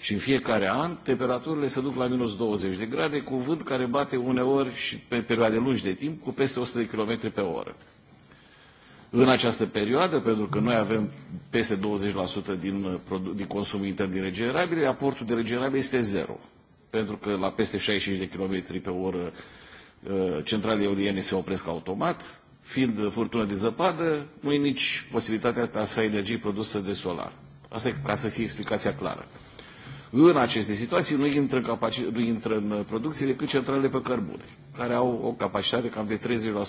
Și în fiecare an temperaturile se duc la minus 20 de grade cu vânt care bate uneori și pe perioade lungi de timp cu peste 100 de km pe oră. În această perioadă, pentru că noi avem peste 20% din, uh, din consumul intern din regenerabile, aportul de regenerabile este zero pentru că la peste 65 de km pe oră uh, centralele eoliene se opresc automat, fiind furtună de zăpadă, nu e nici posibilitatea ca să ai energie produsă de solar. Asta e ca să fie explicația clară. În aceste situații nu intră în, capac... nu intră în producție decât centralele pe cărbune, care au o capacitate cam de 30%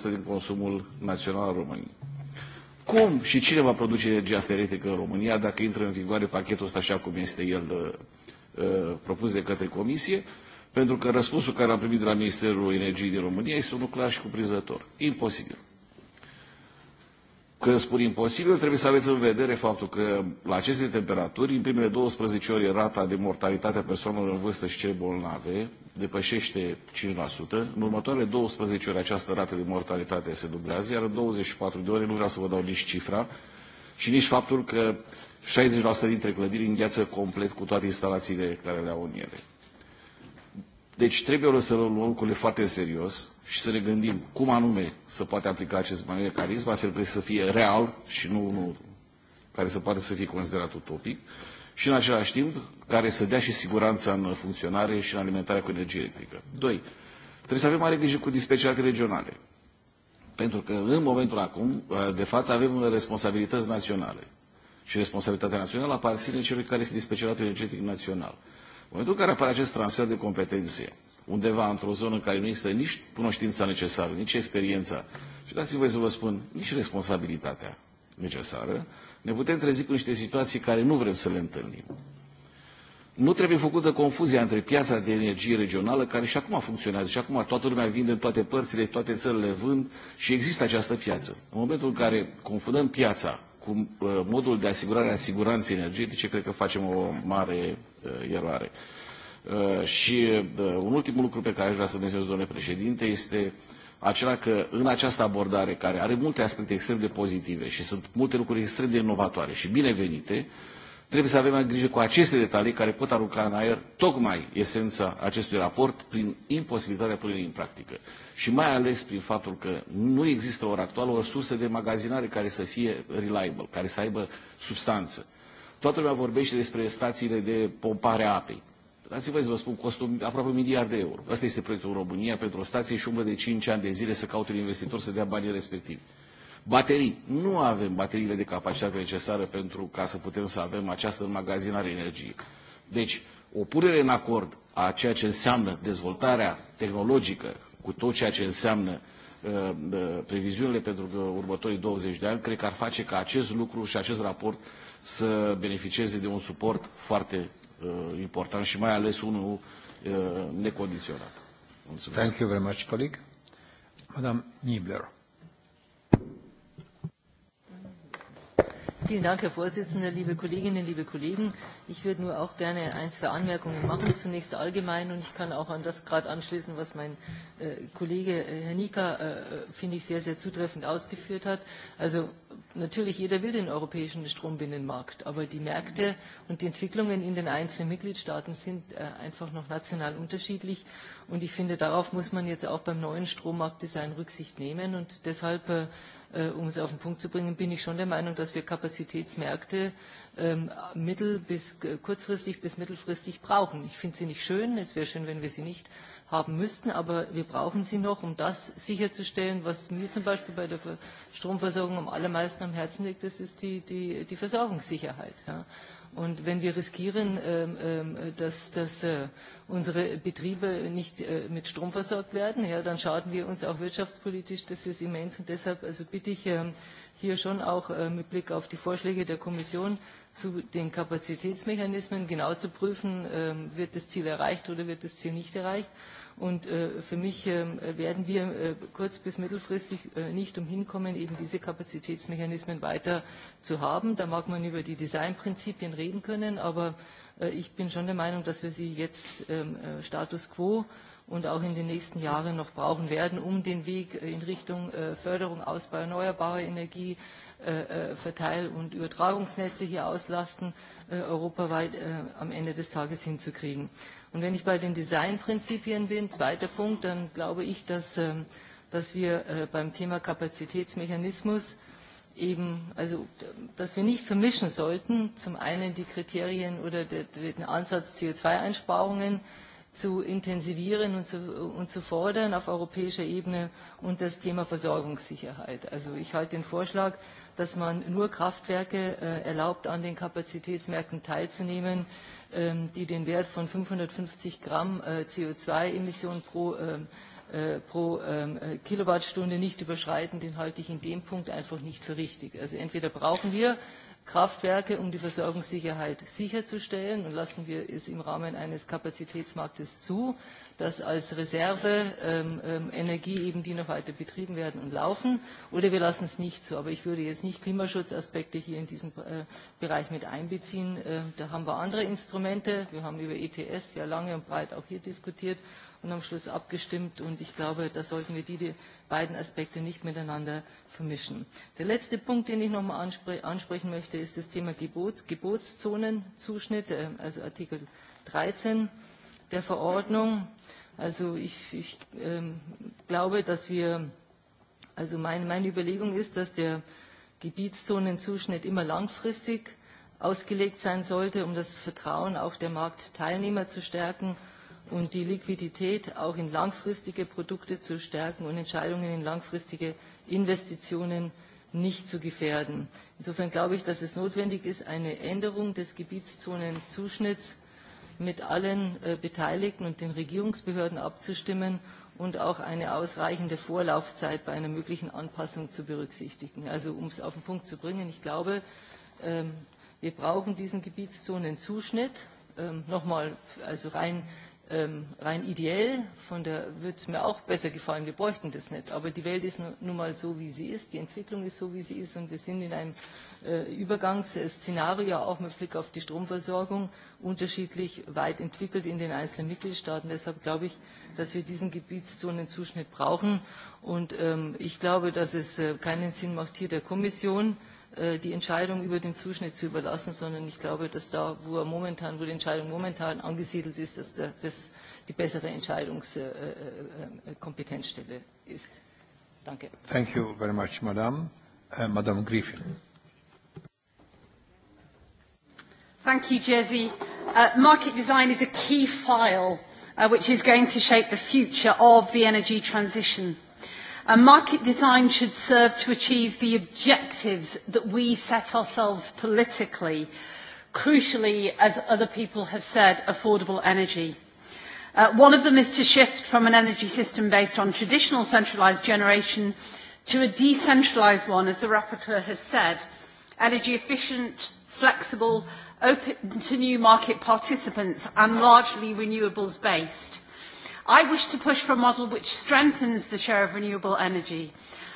din consumul național al României. Cum și cine va produce energia asta electrică în România dacă intră în vigoare pachetul ăsta așa cum este el uh, Uh, propus de către comisie, pentru că răspunsul care am primit de la Ministerul Energiei din România este unul clar și cuprinzător. Imposibil. Când spun imposibil, trebuie să aveți în vedere faptul că la aceste temperaturi, în primele 12 ore, rata de mortalitate a persoanelor în vârstă și cele bolnave depășește 5%. În următoarele 12 ore, această rată de mortalitate se dublează, iar în 24 de ore, nu vreau să vă dau nici cifra, și nici faptul că 60% dintre clădiri îngheață complet cu toate instalațiile care le au în ele. Deci trebuie să luăm lucrurile foarte serios și să ne gândim cum anume să poate aplica acest mecanism, astfel trebuie să fie real și nu unul care să poată să fie considerat utopic și în același timp care să dea și siguranța în funcționare și în alimentarea cu energie electrică. Doi, trebuie să avem mare grijă cu dispeciate regionale. Pentru că în momentul acum, de față, avem responsabilități naționale și responsabilitatea națională aparține celui care este dispecerator energetic național. În momentul în care apare acest transfer de competențe, undeva într-o zonă în care nu există nici cunoștința necesară, nici experiența, și dați-mi voi să vă spun, nici responsabilitatea necesară, ne putem trezi cu niște situații care nu vrem să le întâlnim. Nu trebuie făcută confuzia între piața de energie regională, care și acum funcționează, și acum toată lumea vinde în toate părțile, toate țările vând, și există această piață. În momentul în care confundăm piața cu uh, modul de asigurare a siguranței energetice, cred că facem o mare uh, eroare. Uh, și un ultim lucru pe care aș vrea să menționez, domnule președinte, este acela că în această abordare, care are multe aspecte extrem de pozitive și sunt multe lucruri extrem de inovatoare și binevenite, trebuie să avem grijă cu aceste detalii care pot arunca în aer tocmai esența acestui raport prin imposibilitatea punerii în practică și mai ales prin faptul că nu există ora actuală o sursă de magazinare care să fie reliable, care să aibă substanță. Toată lumea vorbește despre stațiile de pompare a apei. Dați-vă să vă spun, costă aproape un miliard de euro. Asta este proiectul în România pentru o stație și umbră de 5 ani de zile să caute un investitor să dea banii respectivi. Baterii. Nu avem bateriile de capacitate necesară pentru ca să putem să avem această magazinare energie. Deci, o punere în acord a ceea ce înseamnă dezvoltarea tehnologică cu tot ceea ce înseamnă uh, uh, previziunile pentru următorii 20 de ani, cred că ar face ca acest lucru și acest raport să beneficieze de un suport foarte uh, important și mai ales unul uh, necondiționat. Mulțumesc. Thank you very much, colleague. Madame Nibler. Vielen Dank, Herr Vorsitzender, liebe Kolleginnen, liebe Kollegen. Ich würde nur auch gerne ein, zwei Anmerkungen machen, zunächst allgemein. Und ich kann auch an das gerade anschließen, was mein äh, Kollege äh, Herr Nika, äh, äh, finde ich, sehr, sehr zutreffend ausgeführt hat. Also natürlich, jeder will den europäischen Strombinnenmarkt. Aber die Märkte und die Entwicklungen in den einzelnen Mitgliedstaaten sind äh, einfach noch national unterschiedlich. Und ich finde, darauf muss man jetzt auch beim neuen Strommarktdesign Rücksicht nehmen. Und deshalb... Äh, Äh, um es auf den Punkt zu bringen, bin ich schon der Meinung, dass wir Kapazitätsmärkte ähm, mittel- bis äh, kurzfristig bis mittelfristig brauchen. Ich finde sie nicht schön. Es wäre schön, wenn wir sie nicht haben müssten, aber wir brauchen sie noch, um das sicherzustellen, was mir zum Beispiel bei der Stromversorgung am allermeisten am Herzen liegt, das ist die, die, die Versorgungssicherheit. Ja. Und wenn wir riskieren, ähm, ähm, dass, dass äh, unsere Betriebe nicht äh, mit Strom versorgt werden, ja, dann schaden wir uns auch wirtschaftspolitisch. Das ist immens. Und deshalb also bitte ich ähm, hier schon auch äh, mit Blick auf die Vorschläge der Kommission zu den Kapazitätsmechanismen genau zu prüfen, wird das Ziel erreicht oder wird das Ziel nicht erreicht. Und äh, für mich äh, werden wir äh, kurz bis mittelfristig äh, nicht umhinkommen, eben diese Kapazitätsmechanismen weiter zu haben. Da mag man über die Designprinzipien reden können, aber äh, ich bin schon der Meinung, dass wir sie jetzt ähm, äh, Status quo und auch in den nächsten Jahren noch brauchen werden, um den Weg äh, in Richtung äh, Förderung, Ausbau erneuerbarer Energie, äh, Äh, äh, Verteil- und Übertragungsnetze hier auslasten, äh, europaweit am Ende des Tages hinzukriegen. Und wenn ich bei den Designprinzipien bin, zweiter Punkt, dann glaube ich, dass, ähm, dass wir beim Thema Kapazitätsmechanismus eben, also dass wir nicht vermischen sollten, zum einen die Kriterien oder den Ansatz CO2-Einsparungen, zu intensivieren und zu, und zu fordern auf europäischer Ebene und das Thema Versorgungssicherheit. Also ich halte den Vorschlag, dass man nur Kraftwerke äh, erlaubt, an den Kapazitätsmärkten teilzunehmen, ähm, die den Wert von 550 Gramm äh, CO2-Emissionen pro, ähm, äh, pro ähm, äh, Kilowattstunde nicht überschreiten, den halte ich in dem Punkt einfach nicht für richtig. Also entweder brauchen wir Kraftwerke, um die Versorgungssicherheit sicherzustellen und lassen wir es im Rahmen eines Kapazitätsmarktes zu, dass als Reserve ähm, ähm, Energie eben die noch weiter betrieben werden und laufen oder wir lassen es nicht zu. Aber ich würde jetzt nicht Klimaschutzaspekte hier in diesen äh, Bereich mit einbeziehen. Äh, da haben wir andere Instrumente. Wir haben über ETS ja lange und breit auch hier diskutiert und am Schluss abgestimmt. Und ich glaube, da sollten wir die, die beiden Aspekte nicht miteinander vermischen. Der letzte Punkt, den ich noch mal anspre ansprechen möchte, ist das Thema Gebot Gebotszonenzuschnitt, äh, also Artikel 13 der Verordnung. Also ich, ich äh, glaube, dass wir, also mein, meine Überlegung ist, dass der Gebietszonenzuschnitt immer langfristig ausgelegt sein sollte, um das Vertrauen auch der Marktteilnehmer zu stärken und die Liquidität auch in langfristige Produkte zu stärken und Entscheidungen in langfristige Investitionen nicht zu gefährden. Insofern glaube ich, dass es notwendig ist, eine Änderung des Gebietszonenzuschnitts mit allen äh, Beteiligten und den Regierungsbehörden abzustimmen und auch eine ausreichende Vorlaufzeit bei einer möglichen Anpassung zu berücksichtigen. Also um es auf den Punkt zu bringen, ich glaube, ähm, wir brauchen diesen Gebietszonenzuschnitt, ähm, nochmal also rein Ähm, rein ideell, von der würde es mir auch besser gefallen, wir bräuchten das nicht. Aber die Welt ist nun mal so, wie sie ist, die Entwicklung ist so, wie sie ist und wir sind in einem äh, Übergangsszenario, ja auch mit Blick auf die Stromversorgung, unterschiedlich weit entwickelt in den einzelnen Mitgliedstaaten. Deshalb glaube ich, dass wir diesen Gebietszonenzuschnitt brauchen und ähm, ich glaube, dass es äh, keinen Sinn macht, hier der Kommission äh, Äh, die Entscheidung über den Zuschnitt zu überlassen, sondern ich glaube, dass da, wo, er momentan, wo die Entscheidung momentan angesiedelt ist, dass der, das die bessere Entscheidungskompetenzstelle ist. Danke. Thank you very much, Madame. Uh, Madame Griffin. Thank you, Jesse. Uh, market design is a key file uh, which is going to shape the future of the energy transition. And market design should serve to achieve the objectives that we set ourselves politically, crucially, as other people have said, affordable energy. Uh, one of them is to shift from an energy system based on traditional centralized generation to a decentralized one, as the rapporteur has said, energy efficient, flexible, open to new market participants, and largely renewables based. I wish to push for a model which strengthens the share of renewable energy.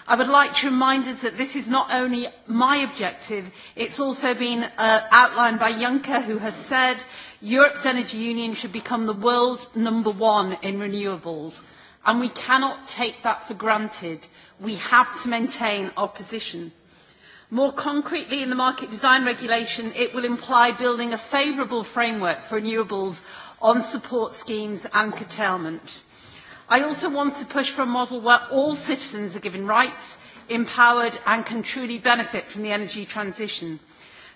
I would like to remind us that this is not only my objective, it's also been uh, outlined by Juncker, who has said Europe's energy union should become the world number one in renewables. And we cannot take that for granted. We have to maintain our position. More concretely, in the market design regulation, it will imply building a favourable framework for renewables on support schemes and curtailment. I also want to push for a model where all citizens are given rights, empowered and can truly benefit from the energy transition.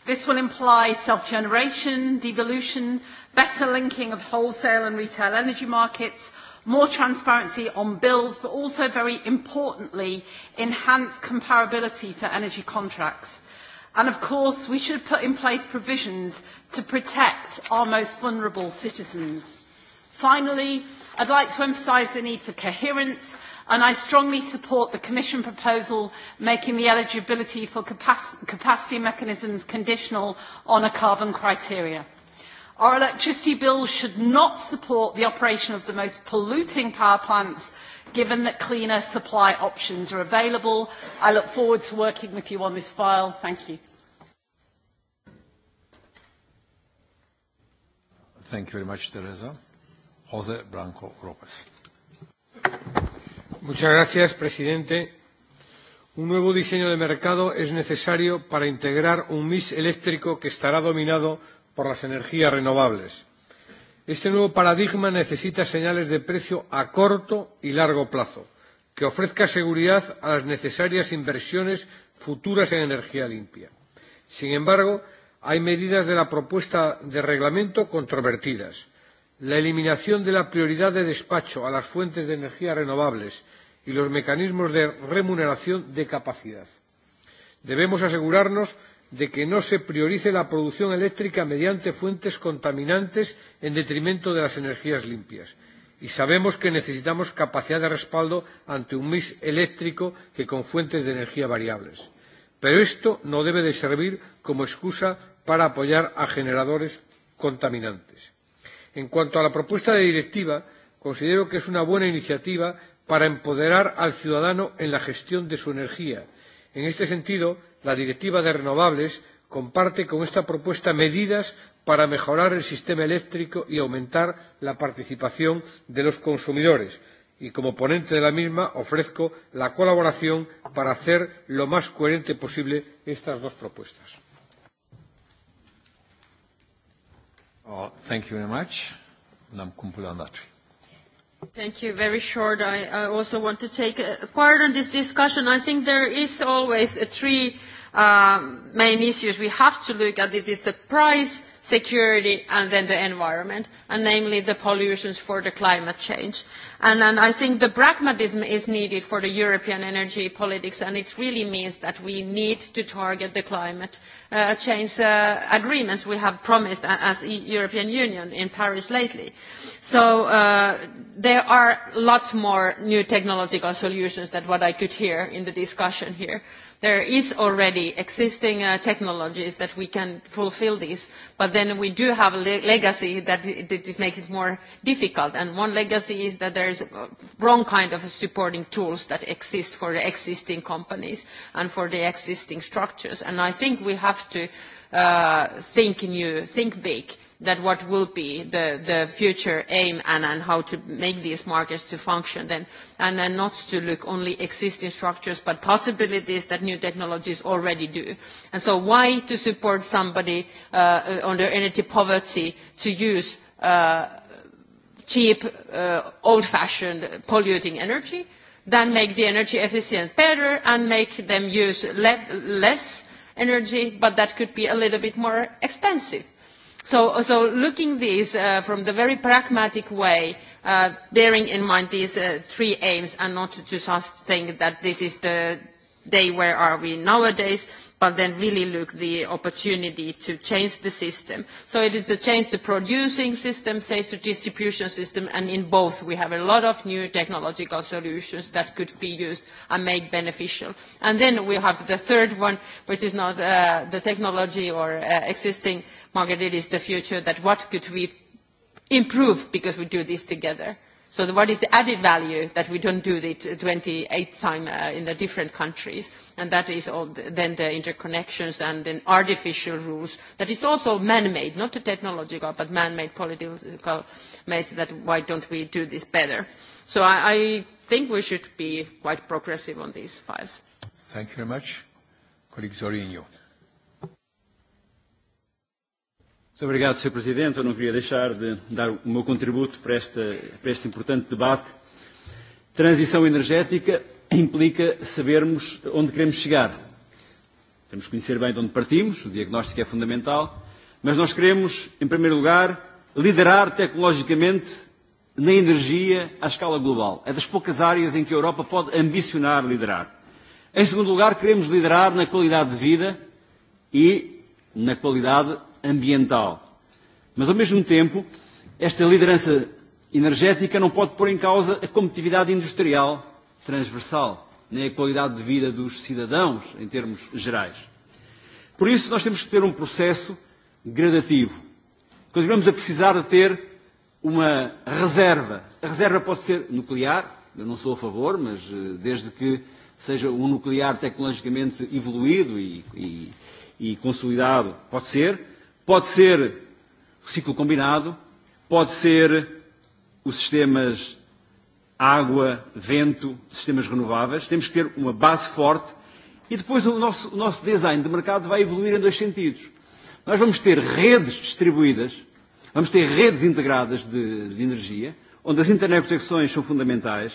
This will imply self-generation, devolution, better linking of wholesale and retail energy markets, more transparency on bills, but also very importantly, enhanced comparability for energy contracts. And of course, we should put in place provisions to protect our most vulnerable citizens. Finally, I'd like to emphasise the need for coherence, and I strongly support the Commission proposal making the eligibility for capac- capacity mechanisms conditional on a carbon criteria. Our electricity bills should not support the operation of the most polluting power plants. Given that cleaner supply options are available, I look forward to working with you on this file. Thank you. Thank you very much, Teresa. Jose Blanco Ropas. Muchas gracias, presidente. Un nuevo diseño de mercado es necesario para integrar un mix eléctrico que estará dominado por las energías renovables. Este nuevo paradigma necesita señales de precio a corto y largo plazo, que ofrezca seguridad a las necesarias inversiones futuras en energía limpia. Sin embargo, hay medidas de la propuesta de reglamento controvertidas. La eliminación de la prioridad de despacho a las fuentes de energía renovables y los mecanismos de remuneración de capacidad. Debemos asegurarnos de de que no se priorice la producción eléctrica mediante fuentes contaminantes en detrimento de las energías limpias. Y sabemos que necesitamos capacidad de respaldo ante un mix eléctrico que con fuentes de energía variables. Pero esto no debe de servir como excusa para apoyar a generadores contaminantes. En cuanto a la propuesta de directiva, considero que es una buena iniciativa para empoderar al ciudadano en la gestión de su energía. En este sentido, la directiva de renovables comparte con esta propuesta medidas para mejorar el sistema eléctrico y aumentar la participación de los consumidores. Y como ponente de la misma ofrezco la colaboración para hacer lo más coherente posible estas dos propuestas. Oh, thank you very much. Nam cumplió andatri. Thank you. Very short. I, I also want to take a part in this discussion. I think there is always a three um, main issues we have to look at. It is the price, security, and then the environment, and namely the pollutions for the climate change. And, and I think the pragmatism is needed for the European energy politics, and it really means that we need to target the climate uh, change uh, agreements we have promised as e, European Union in Paris lately. Uh, there are lots more new technological solutions than what I could hear in the discussion here. There is already existing uh, technologies that we can fulfill this, but then we do have a legacy that it makes it more difficult. One legacy is that there is wrong kind of supporting tools that exist for the existing companies and for the existing structures. I think we have to uh, think new, think big, that what will be the, the future aim and, and how to make these markets to function then and then not to look only existing structures but possibilities that new technologies already do. And so why to support somebody uh, under energy poverty to use uh, cheap, uh, old-fashioned polluting energy than make the energy efficient better and make them use le less energy but that could be a little bit more expensive. So, so looking this uh, from the very pragmatic way, uh, bearing in mind these uh, three aims and not just think that this is the day where are we nowadays, but then really look the opportunity to change the system. It is to change the producing system, change the distribution system, and in both, we have a lot of new technological solutions that could be used and made beneficial. Then we have the third one, which is not uh, the technology or uh, existing market. It is the future that what could we improve because we do this together. What is the added value that we don't do the 28th time uh, in the different countries? That is all then the interconnections and then artificial rules. That is also man-made, not technological, but man-made political means that why don't we do this better? I think we should be quite progressive on these files. Thank you very much. Colleague Zorzi, you. Muito obrigado, Sr. Presidente. Eu não queria deixar de dar o meu contributo para este, para este importante debate. Transição energética implica sabermos onde queremos chegar. Temos que conhecer bem de onde partimos, o diagnóstico é fundamental, mas nós queremos, em primeiro lugar, liderar tecnologicamente na energia à escala global. É das poucas áreas em que a Europa pode ambicionar liderar. Em segundo lugar, queremos liderar na qualidade de vida e na qualidade ambiental. Mas, ao mesmo tempo, esta liderança energética não pode pôr em causa a competitividade industrial transversal, nem a qualidade de vida dos cidadãos, em termos gerais. Por isso, nós temos que ter um processo gradativo. Continuamos a precisar de ter uma reserva. A reserva pode ser nuclear, eu não sou a favor, mas eh, desde que seja um nuclear tecnologicamente evoluído e, e, e consolidado, pode ser pode ser o ciclo combinado, pode ser os sistemas água, vento, sistemas renováveis. Temos que ter uma base forte e depois o nosso, o nosso design de mercado vai evoluir em dois sentidos. Nós vamos ter redes distribuídas, vamos ter redes integradas de, de energia, onde as interconexões são fundamentais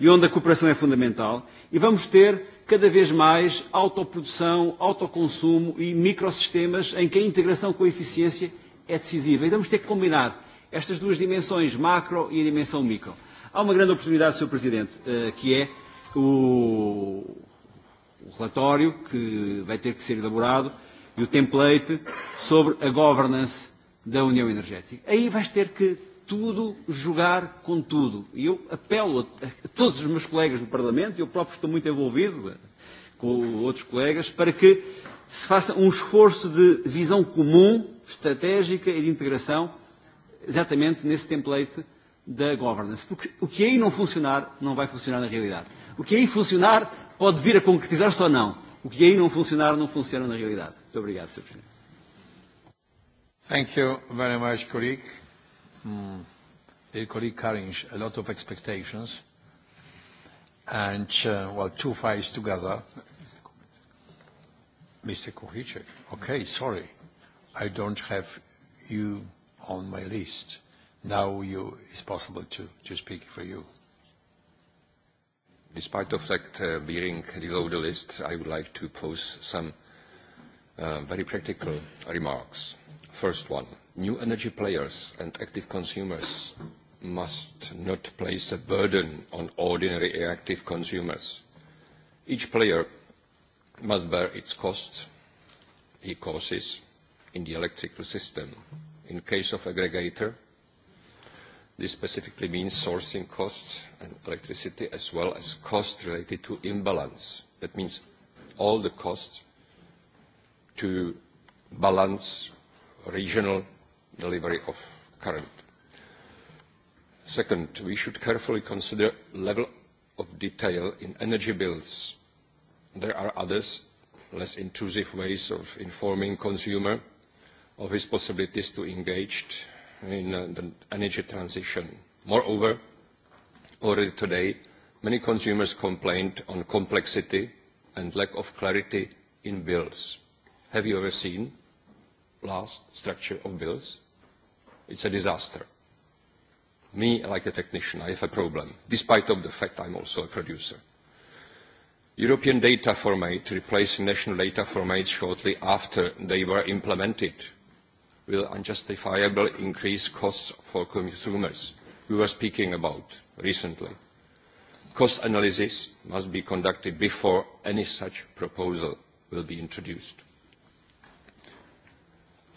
e onde a cooperação é fundamental e vamos ter cada vez mais autoprodução, autoconsumo e microsistemas em que a integração com a eficiência é decisiva. E vamos ter que combinar estas duas dimensões, macro e a dimensão micro. Há uma grande oportunidade, Sr. Presidente, eh, que é o, o relatório que vai ter que ser elaborado e o template sobre a governance da União Energética. Aí vais ter que tudo, jogar com tudo. E eu apelo a, a todos os meus colegas do Parlamento, eu próprio estou muito envolvido eh, com outros colegas, para que se faça um esforço de visão comum, estratégica e de integração, exatamente nesse template da governance. Porque o que aí não funcionar, não vai funcionar na realidade. O que aí funcionar, pode vir a concretizar-se ou não. O que aí não funcionar, não funciona na realidade. Muito obrigado, Sr. Presidente. Thank you very much, colleague it hmm. could encourage a lot of expectations and, uh, well, two files together. Mr. Kuhicek. Okay, sorry. I don't have you on my list. Now you, it's possible to, to speak for you. Despite the fact uh, being below the list, I would like to pose some uh, very practical remarks. First one new energy players and active consumers must not place a burden on ordinary active consumers. Each player must bear its costs he causes in the electrical system. In case of aggregator, this specifically means sourcing costs and electricity as well as costs related to imbalance. That means all the costs to balance regional delivery of current. Second, we should carefully consider level of detail in energy bills. There are others, less intrusive ways of informing consumer of his possibilities to engage in uh, the energy transition. Moreover, already today, many consumers complained on complexity and lack of clarity in bills. Have you ever seen last structure of bills? it's a disaster. Me, like a technician, I have a problem, despite of the fact I'm also a producer. European data format replacing national data formats shortly after they were implemented will unjustifiably increase costs for consumers. We were speaking about recently. Cost analysis must be conducted before any such proposal will be introduced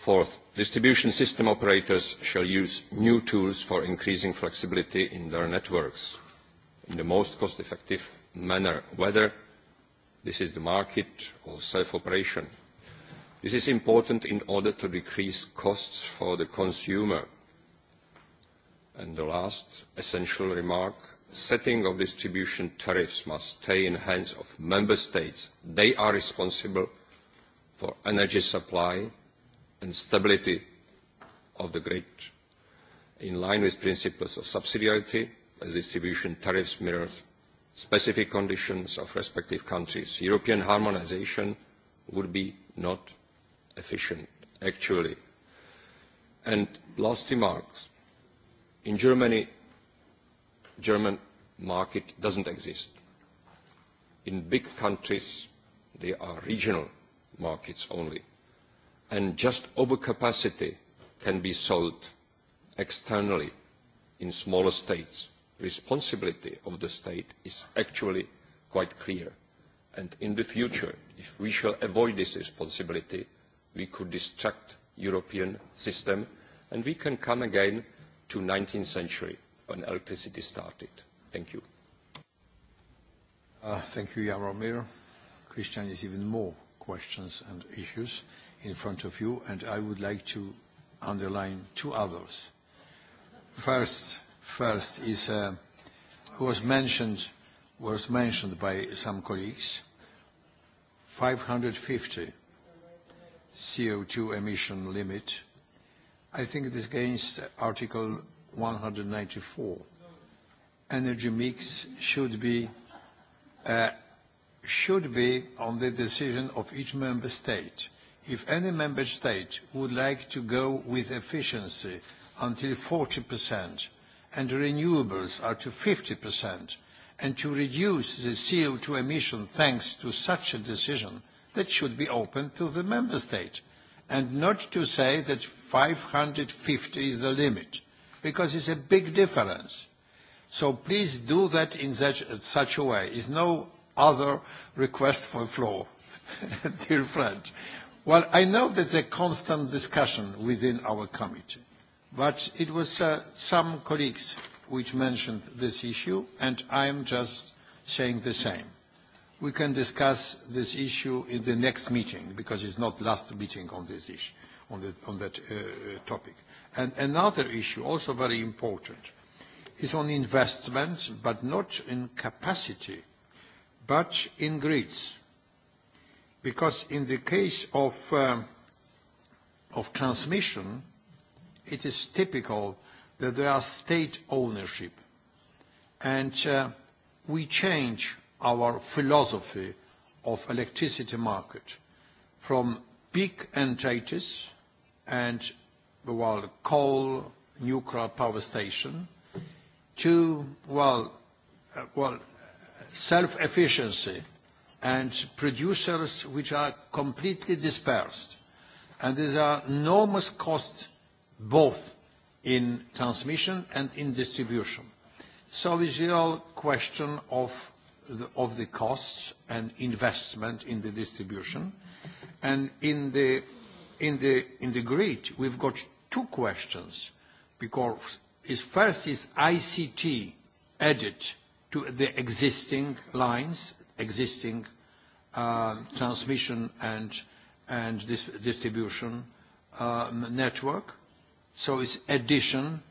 fourth distribution system operators shall use new tools for increasing flexibility in their networks in the most cost effective manner whether this is the market or self operation this is important in order to decrease costs for the consumer and the last essential remark setting of distribution tariffs must stay in hands of member states they are responsible for energy supply and stability of the grid in line with principles of subsidiarity, a distribution tariffs mirror specific conditions of respective countries. European harmonization would be not efficient, actually. And last remarks. In Germany, German market doesn't exist. In big countries, they are regional markets only and just overcapacity can be solved externally in smaller states. Responsibility of the state is actually quite clear. And in the future, if we shall avoid this responsibility, we could destruct European system and we can come again to 19th century when electricity started. Thank you. Uh, thank you, Jaromir. Christian has even more questions and issues in front of you, and I would like to underline two others. First, first is uh, was mentioned was mentioned by some colleagues. 550 CO2 emission limit. I think it is against Article 194. Energy mix should be uh, should be on the decision of each member state. If any member state would like to go with efficiency until 40% and renewables are to 50% and to reduce the CO2 emission thanks to such a decision, that should be open to the member state and not to say that 550 is the limit because it's a big difference. So please do that in such, such a way. There's no other request for floor. Dear friends. Well, I know there's a constant discussion within our committee, but it was uh, some colleagues which mentioned this issue, and I'm just saying the same. We can discuss this issue in the next meeting, because it's not last meeting on this issue, on, the, on that uh, uh, topic. And another issue, also very important, is on investment, but not in capacity, but in grids because in the case um, of transmission, it is typical that there are state ownership, and uh, we change our philosophy of electricity market from big entities and, well, coal, nuclear power station, to, well, uh, self-efficiency, and producers which are completely dispersed. And these are enormous costs both in transmission and in distribution. So it's a question of the, of the costs and investment in the distribution. And in the, in the, in the grid, we've got two questions. Because is, first is ICT added to the existing lines, existing uh, Uh, transmission and distribution um, network. So it's addition,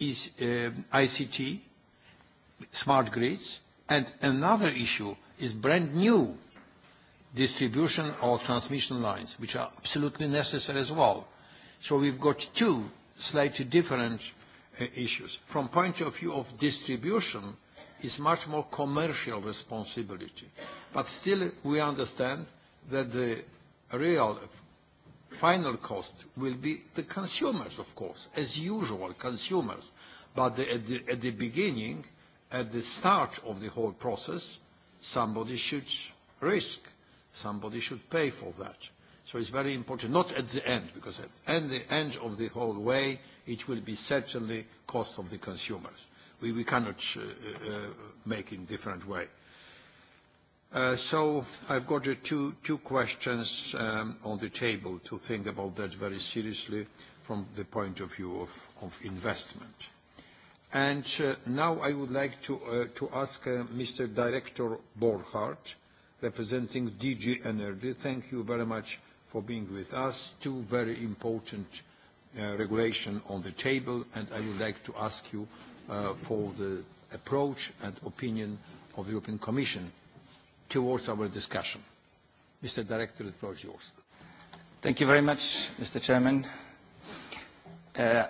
ICT, um, smart grids. And another issue is brand new distribution or transmission lines, which are absolutely necessary as well. So we've got two slightly different uh, issues. From point of view of distribution, it's much more commercial responsibility. But still, we understand that the real final cost will be the consumers, of course, as usual, consumers. But the, at, the, at the beginning, at the start of the whole process, somebody should risk, somebody should pay for that. So it's very important, not at the end, because at end, the end of the whole way, it will be certainly cost of the consumers. We, we cannot uh, uh, uh make it in different way. Uh, so I've got two questions um, on the table to think about that very seriously from the point of view of investment. And uh, now I would like to uh, ask Mr. Director Borchardt, representing DG Energy, thank you very much for being with us. Two very important regulations on the table, and I would like to ask you for the approach and opinion of the European Commission towards our discussion. Mr. Director, the floor is yours. Thank you very much, Mr. Chairman. Uh,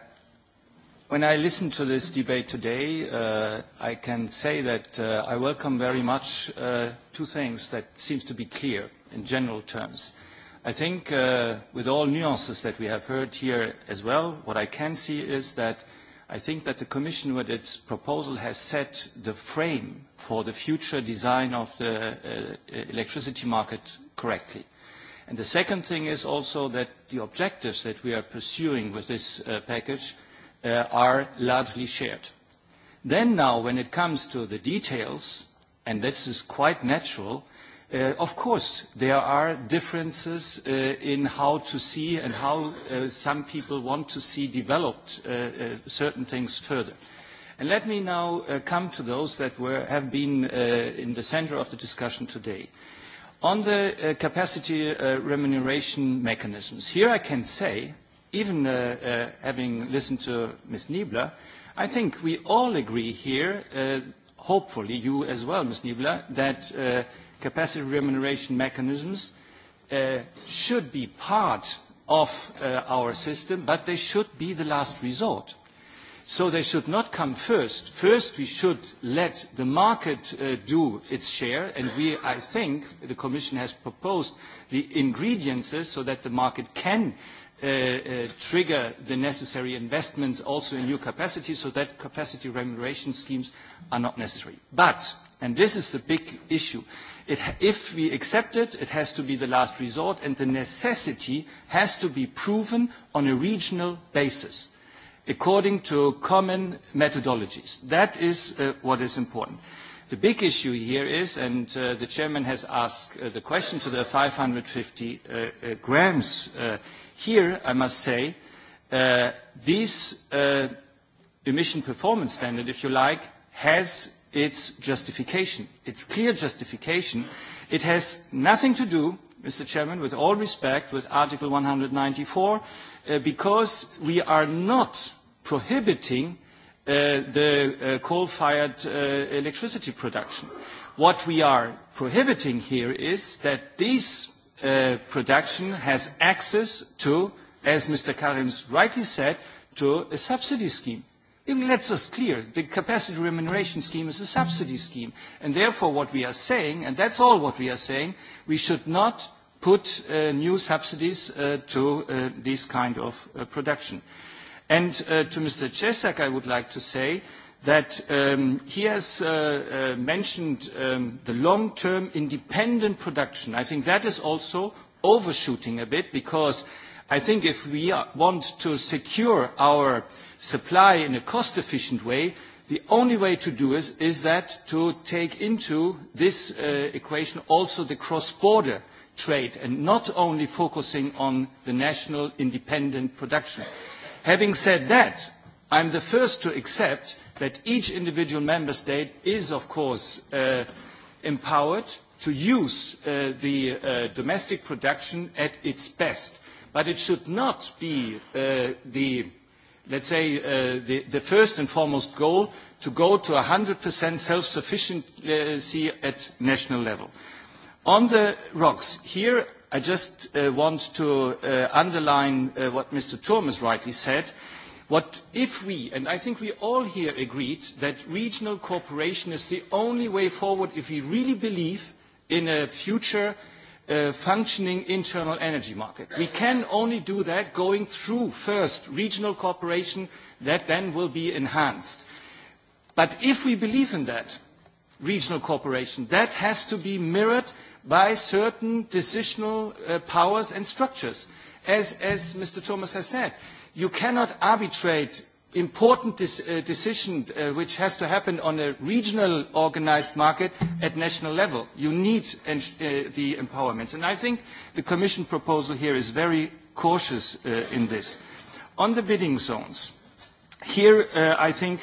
when I listen to this debate today, uh, I can say that uh, I welcome very much uh, two things that seem to be clear in general terms. I think uh, with all nuances that we have heard here as well, what I can see is that I think that the Commission, with its proposal, has set the frame for the future design of the uh, uh, electricity market correctly. And the second thing is also that the objectives that we are pursuing with this uh, package uh, are largely shared. Then now, when it comes to the details, and this is quite natural, Uh, of course, there are differences uh, in how to see and how uh, some people want to see developed uh, uh, certain things further. And let me now uh, come to those that were, have been uh, in the center of the discussion today. On the uh, capacity uh, remuneration mechanisms, here I can say, even uh, uh, having listened to Ms. Niebler, I think we all agree here, uh, hopefully you as well, Ms. Niebler, that uh, capacity remuneration mechanisms uh, should be part of uh, our system, but they should be the last resort. So they should not come first. First, we should let the market uh, do its share, and we, I think the Commission has proposed the ingredients so that the market can uh, uh, trigger the necessary investments also in new capacity, so that capacity remuneration schemes are not necessary. But, and this is the big issue, uh, if we accept it, it has to be the last resort, and the necessity has to be proven on a regional basis according to common methodologies. That is uh, what is important. The big issue here is, and uh, the chairman has asked uh, the question to the 550 uh, uh, grams. Uh, here, I must say, uh, this uh, emission performance standard, if you like, has its justification, its clear justification. It has nothing to do, Mr. Chairman, with all respect, with Article 194, uh, because we are not prohibiting uh, the uh, coal-fired uh, electricity production. What we are prohibiting here is that this uh, production has access to, as Mr. Karims rightly said, to a subsidy scheme. It lets us clear the capacity remuneration scheme is a subsidy scheme. And therefore what we are saying, and that's all what we are saying, we should not put uh, new subsidies uh, to uh, this kind of uh, production. And uh, to Mr. Cesak I would like to say that um, he has uh, uh, mentioned um, the long-term independent production. I think that is also overshooting a bit because I think if we are, want to secure our uh, supply in a cost-efficient way, the only way to do this is that to take into this uh, equation also the cross-border trade and not only focusing on the national independent production. Having said that, I'm the first to accept that each individual member state is, of course, uh, empowered to use uh, the uh, domestic production at its best. But it should not be uh, the let's say, uh, the, the first and foremost goal to go to 100% self-sufficiency at national level. On the rocks, here I just uh, want to uh, underline uh, what Mr. Turm has rightly said. What if we, and I think we all here agreed, that regional cooperation is the only way forward if we really believe in a future Uh, functioning internal energy market. We can only do that going through first regional cooperation that then will be enhanced. But if we believe in that regional cooperation, that has to be mirrored by certain decisional uh, powers and structures. As, as Mr. Thomas has said, you cannot arbitrate important dis uh, decision uh, which has to happen on a regional organized market at national level. You need uh, the empowerment. And I think the Commission proposal here is very cautious uh, in this. On the bidding zones, here uh, I think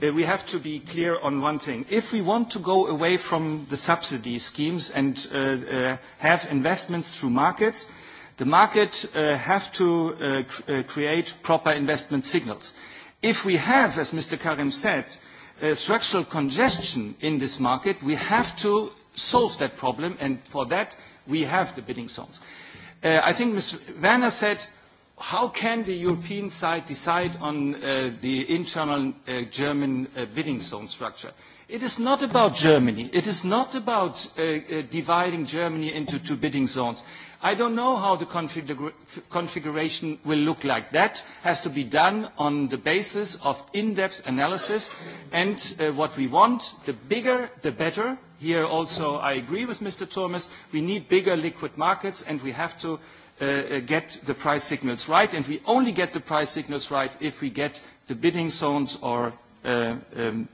uh, we have to be clear on one thing. If we want to go away from the subsidy schemes and uh, uh, have investments through markets, the market uh, have to uh, cr uh, create proper investment signals. Uh, If we have, as Mr. Karim said, a uh, structural congestion in this market, we have to solve that problem, and for that we have the bidding zones. Uh, I think Ms. Werner said, how can the European side decide on uh, the internal uh, German uh, bidding zone structure? It is not about Germany. It is not about uh, uh, dividing Germany into two bidding zones. I don't know how the configuration will look like. That has to be done on the basis of in-depth analysis. And uh, what we want, the bigger, the better. Here also I agree with Mr. Thomas. We need bigger liquid markets and we have to uh, uh, get the price signals right. And we only get the price signals right if we get the bidding zones or uh, um,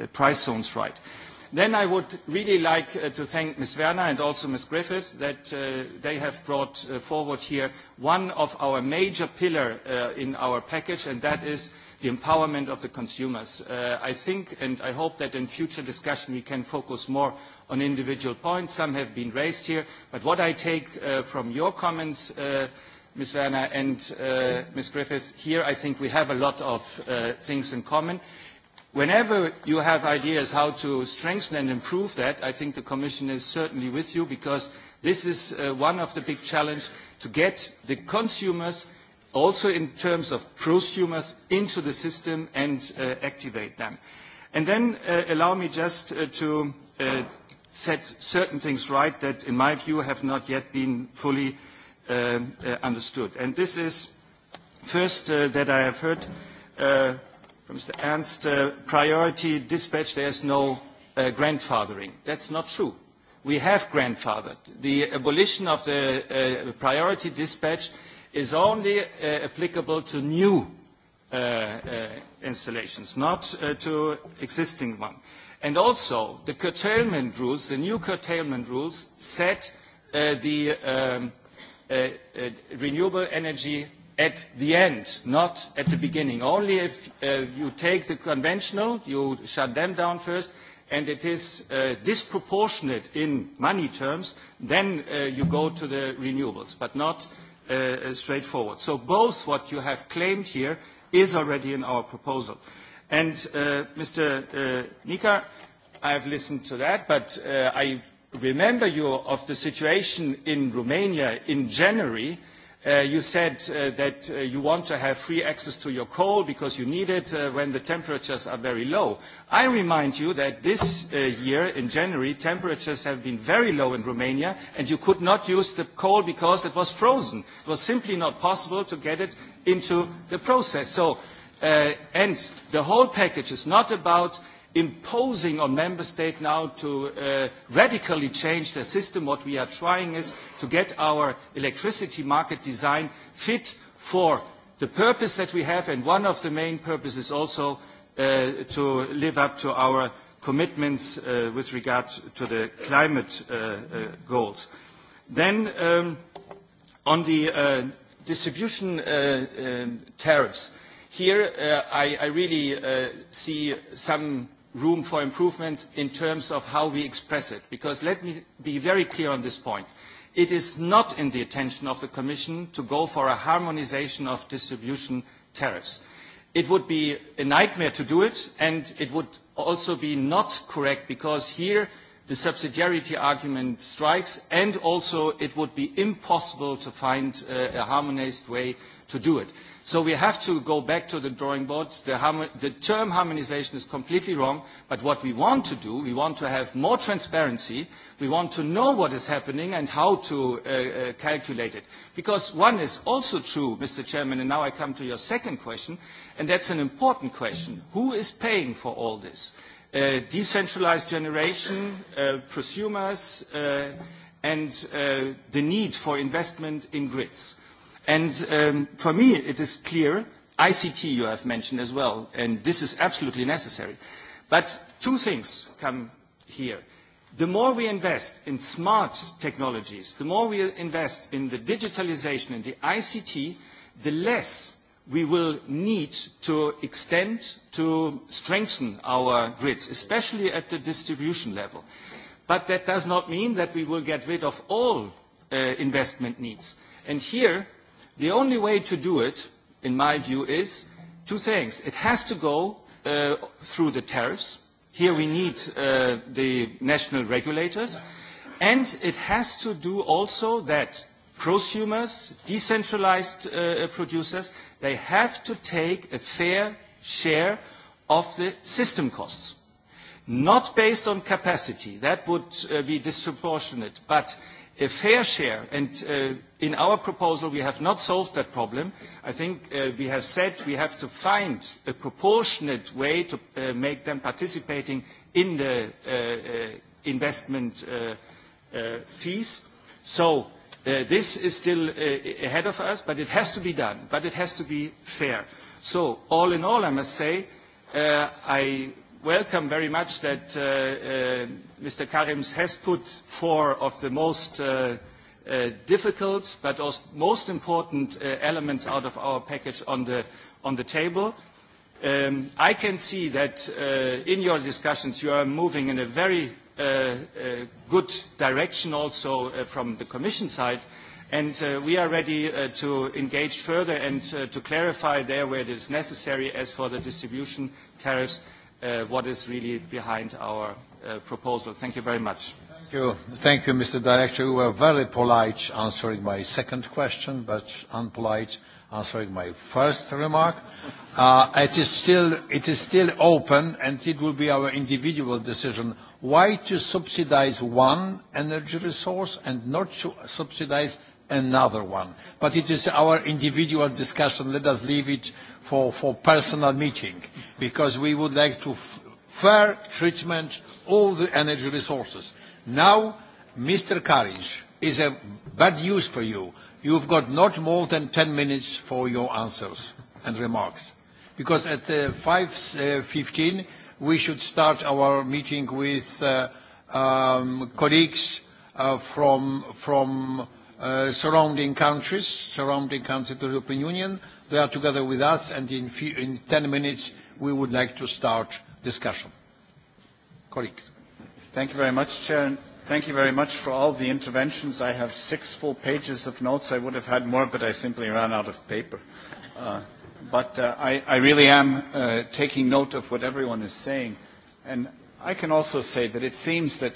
uh, price zones right. Uh, Then I would really like uh, to thank Ms. Werner and also Ms. Griffiths that uh, they have brought uh, forward here one of our major pillars uh, in our package, and that is the empowerment of the consumers. Uh, I think and I hope that in future discussion we can focus more on individual points. Some have been raised here, but what I take uh, from your comments, uh, Ms. Werner and uh, Ms. Griffiths, here I think we have a lot of uh, things in common whenever you have ideas how to strengthen and improve that, I think the Commission is certainly with you because this is uh, one of the big challenges to get the consumers, also in terms of prosumers, into the system and uh, activate them. And then uh, allow me just uh, to uh, set certain things right that, in my view, have not yet been fully uh, uh, understood. And this is first uh, that I have heard uh, Mr. Ernst, uh, priority dispatch, there's no uh, grandfathering. That's not true. We have grandfathered. The abolition of the uh, priority dispatch is only uh, applicable to new uh, uh, installations, not uh, to existing one. And also, the curtailment rules, the new curtailment rules, set uh, the um, uh, uh, renewable energy at the end, not at the beginning. Only if uh, you take the conventional, you shut them down first, and it is uh, disproportionate in money terms, then uh, you go to the renewables, but not uh, uh straightforward. So both what you have claimed here is already in our proposal. And uh, Mr. Uh, Nikar, I have listened to that, but uh, I remember you of the situation in Romania in January uh, Uh, you said uh, that uh, you want to have free access to your coal because you need it uh, when the temperatures are very low. I remind you that this uh, year, in January, temperatures have been very low in Romania and you could not use the coal because it was frozen. It was simply not possible to get it into the process. So, uh, and the whole package is not about imposing on member state now to uh, radically change the system. What we are trying is to get our electricity market design fit for the purpose that we have and one of the main purposes is also uh, to live up to our commitments uh, with regard to the climate uh, uh, goals. Then um, on the uh, distribution uh, uh, tariffs, here uh, I, I really uh, see some room for improvements in terms of how we express it. Because let me be very clear on this point. It is not in the attention of the Commission to go for a harmonization of distribution tariffs. It would be a nightmare to do it, and it would also be not correct because here the subsidiarity argument strikes, and also it would be impossible to find a, uh, a harmonized way to do it. So we have to go back to the drawing boards. The, the term harmonization is completely wrong, but what we want to do, we want to have more transparency, we want to know what is happening and how to uh, uh, calculate it. Because one is also true, Mr. Chairman, and now I come to your second question, and that's an important question. Who is paying for all this? Uh, decentralized generation, uh, prosumers, uh, and uh, the need for investment in grids. And um, for me, it is clear, ICT you have mentioned as well, and this is absolutely necessary. But two things come here. The more we invest in smart technologies, the more we invest in the digitalization and the ICT, the less we will need to extend to strengthen our grids, especially at the distribution level. But that does not mean that we will get rid of all uh, investment needs. And here, The only way to do it, in my view, is two things. It has to go uh, through the tariffs. Here we need uh, the national regulators. And it has to do also that prosumers, decentralized uh, producers, they have to take a fair share of the system costs. Not based on capacity, that would uh, be disproportionate, but a fair share. And uh, In our proposal, we have not solved that problem. I think uh, we have said we have to find a proportionate way to uh, make them participating in the uh, uh, investment uh, uh, fees. So uh, this is still uh, ahead of us, but it has to be done, but it has to be fair. So all in all, I must say, uh, I welcome very much that uh, uh, Mr. Karims has put four of the most uh, Uh, difficult but also most important uh, elements out of our package on the, on the table. Um, I can see that uh, in your discussions you are moving in a very uh, uh, good direction also uh, from the Commission side and uh, we are ready uh, to engage further and uh, to clarify there where it is necessary as for the distribution tariffs uh, what is really behind our uh, proposal. Thank you very much. Thank you, Mr. Director. You were very polite answering my second question, but unpolite answering my first remark. Uh, it is still, it is still open, and it will be our individual decision why to subsidize one energy resource and not to subsidize another one. But it is our individual discussion. Let us leave it for, for personal meeting, because we would like to fair treatment all the energy resources. Now, Mr. Karinc, is a bad news for you. You've got not more than 10 minutes for your answers and remarks. Because at 5.15, uh, uh we should start our meeting with uh, um, colleagues uh, from, from uh, surrounding countries, surrounding countries of the European Union. They are together with us, and in, few, in 10 minutes, we would like to start discussion. Colleagues. Thank you very much, Chair. And thank you very much for all the interventions. I have six full pages of notes. I would have had more, but I simply ran out of paper. Uh, but uh, I, I really am uh, taking note of what everyone is saying. And I can also say that it seems that,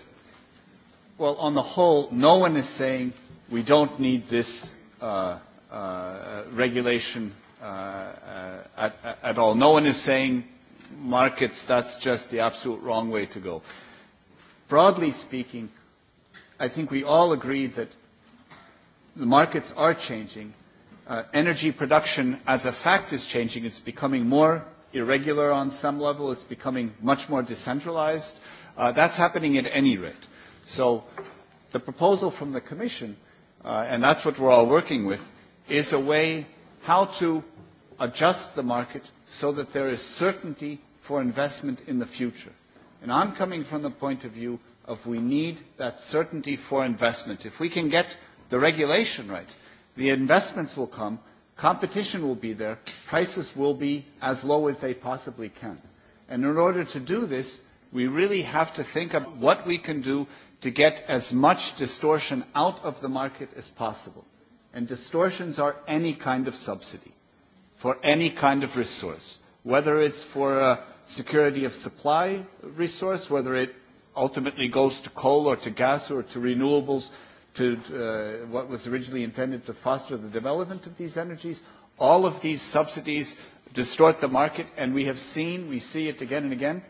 well, on the whole, no one is saying we don't need this uh, uh, regulation uh, uh, at, at all. No one is saying markets, that's just the absolute wrong way to go broadly speaking, I think we all agree that the markets are changing. Uh, energy production as a fact is changing. It's becoming more irregular on some level. It's becoming much more decentralized. Uh, that's happening at any rate. So the proposal from the Commission, uh, and that's what we're all working with, is a way how to adjust the market so that there is certainty for investment in the future. And I'm coming from the point of view of we need that certainty for investment. If we can get the regulation right, the investments will come, competition will be there, prices will be as low as they possibly can. And in order to do this, we really have to think of what we can do to get as much distortion out of the market as possible. And distortions are any kind of subsidy for any kind of resource, whether it's for a uh, security of supply resource, whether it ultimately goes to coal or to gas or to renewables, to uh, what was originally intended to foster the development of these energies. All of these subsidies distort the market, and we have seen, we see it again and again,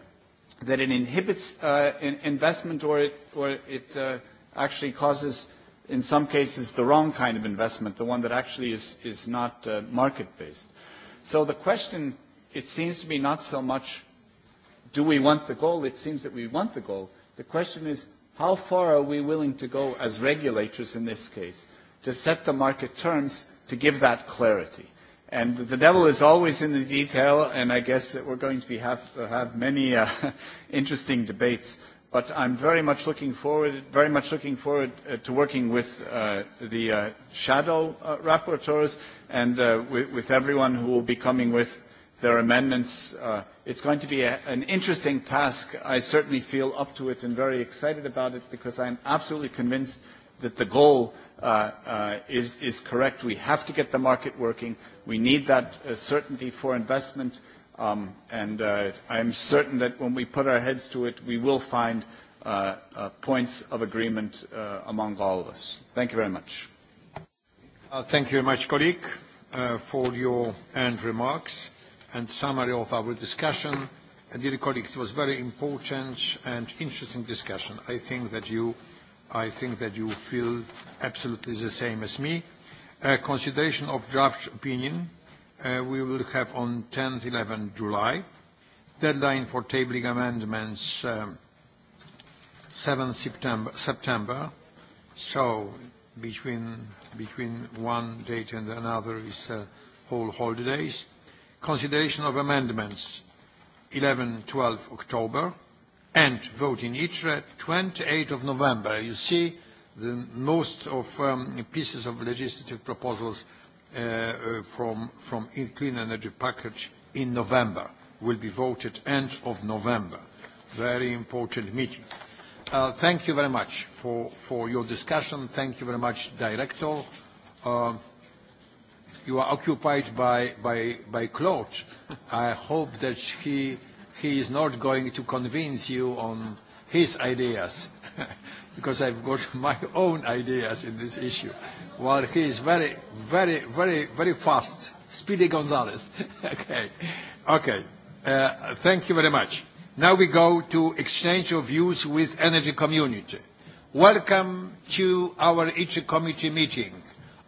that it inhibits uh, investment or it, or it uh, actually causes, in some cases, the wrong kind of investment, the one that actually is, is not uh, market-based. So the question, it seems to be not so much do we want the goal? It seems that we want the goal. The question is, how far are we willing to go as regulators in this case to set the market terms to give that clarity? And the devil is always in the detail, and I guess that we're going to be have, have many uh, interesting debates. But I'm very much looking forward, very much looking forward uh, to working with uh, the uh, shadow uh, rapporteurs and uh, with, with everyone who will be coming with their amendments. Uh, it's going to be a, an interesting task. I certainly feel up to it and very excited about it because I'm absolutely convinced that the goal uh, uh, is, is correct. We have to get the market working. We need that uh, certainty for investment. Um, and uh, I'm certain that when we put our heads to it, we will find uh, uh, points of agreement uh, among all of us. Thank you very much. Uh, thank you very much, colleague, uh, for your end remarks and summary of our discussion. And uh, dear colleagues, it was very important and interesting discussion. I think that you, I think that you feel absolutely the same as me. Uh, consideration of draft opinion uh, we will have on 10th, 11th July. Deadline for tabling amendments, um, 7th September, September. So between, between one date and another is uh, whole holidays consideration of amendments 11, 12 October, and vote in each 28 of November. You see, the most of um, pieces of legislative proposals uh, uh from, from clean energy package in November will be voted end of November. Very important meeting. Uh, thank you very much for, for your discussion. Thank you very much, Director. Uh, you are occupied by, by, by Claude. I hope that he, he is not going to convince you on his ideas, because I've got my own ideas in this issue, while he is very, very, very, very fast. Speedy Gonzalez. okay. Okay. Uh, thank you very much. Now we go to exchange of views with energy community. Welcome to our ICHE committee meeting.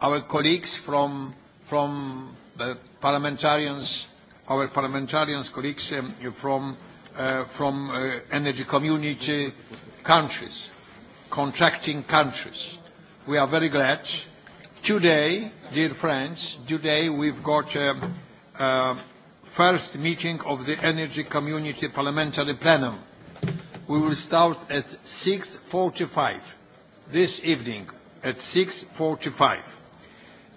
Our colleagues from from the parliamentarians, our parliamentarians, colleagues um, from, uh, from uh, energy community countries, contracting countries. We are very glad. Today, dear friends, today we've got a, um, a uh, first meeting of the Energy Community Parliamentary Plenum. We will start at 6.45 this evening at 645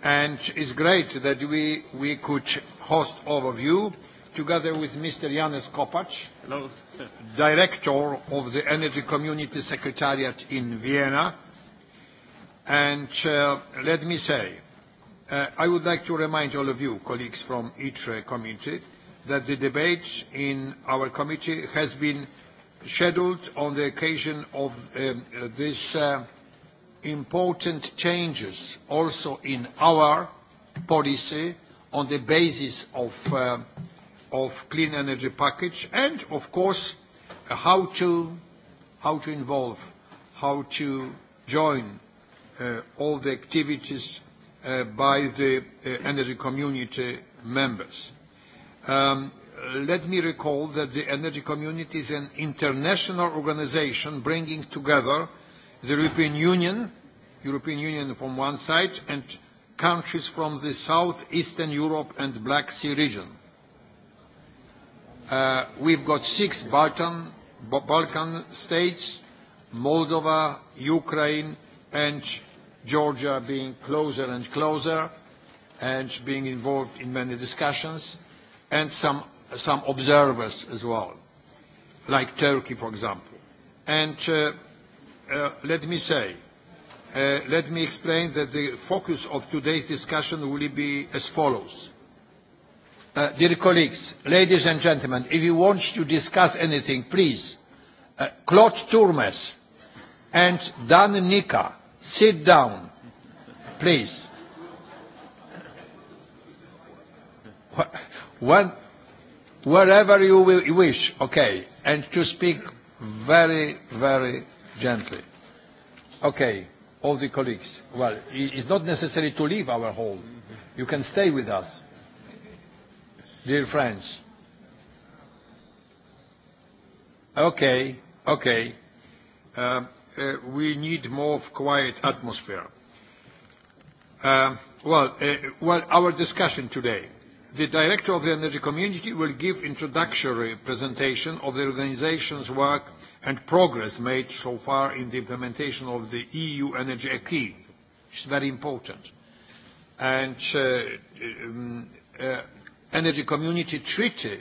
and it's great that we, we could host all of you together with Mr. Janusz Kopacz, Hello. director of the Energy Community Secretariat in Vienna. And uh, let me say, uh, I would like to remind all of you, colleagues from ITRE uh, committee, that the debate in our committee has been scheduled on the occasion of um, this uh, important changes also in our policy on the basis of, uh, of clean energy package and of course uh, how, to, how to involve, how to join uh, all the activities uh, by the uh, energy community members. Um, let me recall that the energy community is an international organization bringing together the European Union, European Union from one side, and countries from the Southeastern Europe and Black Sea region. Uh, we've got six Balkan, Balkan states, Moldova, Ukraine, and Georgia being closer and closer and being involved in many discussions, and some, some observers as well, like Turkey, for example. And uh, Uh, let me say uh, let me explain that the focus of today's discussion will be as follows uh, dear colleagues ladies and gentlemen if you want to discuss anything please uh, claude turmes and dan nika sit down please when, wherever you wish okay and to speak very very gently. Okay, all the colleagues. Well, it's not necessary to leave our hall. You can stay with us. Dear friends. Okay, okay. Uh, uh, we need more of quiet atmosphere. Uh, well, uh, well, our discussion today. The Director of the Energy Community will give introductory presentation of the organization's work and progress made so far in the implementation of the EU Energy Acquis, which is very important. And uh, um, uh, Energy Community Treaty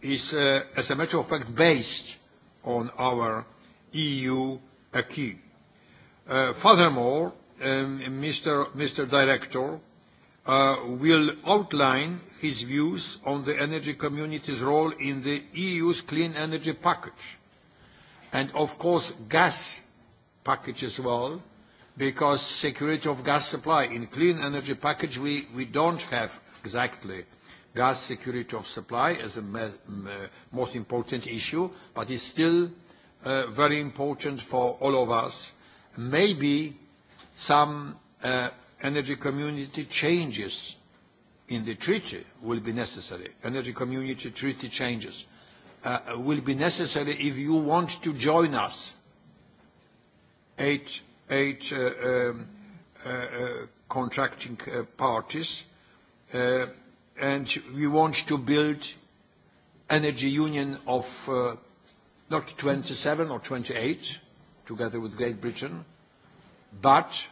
is, uh, as a matter of fact, based on our EU Acquis. Uh, furthermore, um, Mr. Mr. Director uh, will outline his views on the energy community's role in the EU's clean energy package and of course, gas package as well, because security of gas supply. In clean energy package, we, we don't have exactly gas security of supply as a me, me, most important issue, but it's still uh, very important for all of us. Maybe some uh, energy community changes in the treaty will be necessary, energy community treaty changes. Uh, will be necessary if you want to join us. Eight, eight uh, um, uh, uh, contracting uh, parties uh, and we want to build energy union of uh, not 27 or 28 together with Great Britain but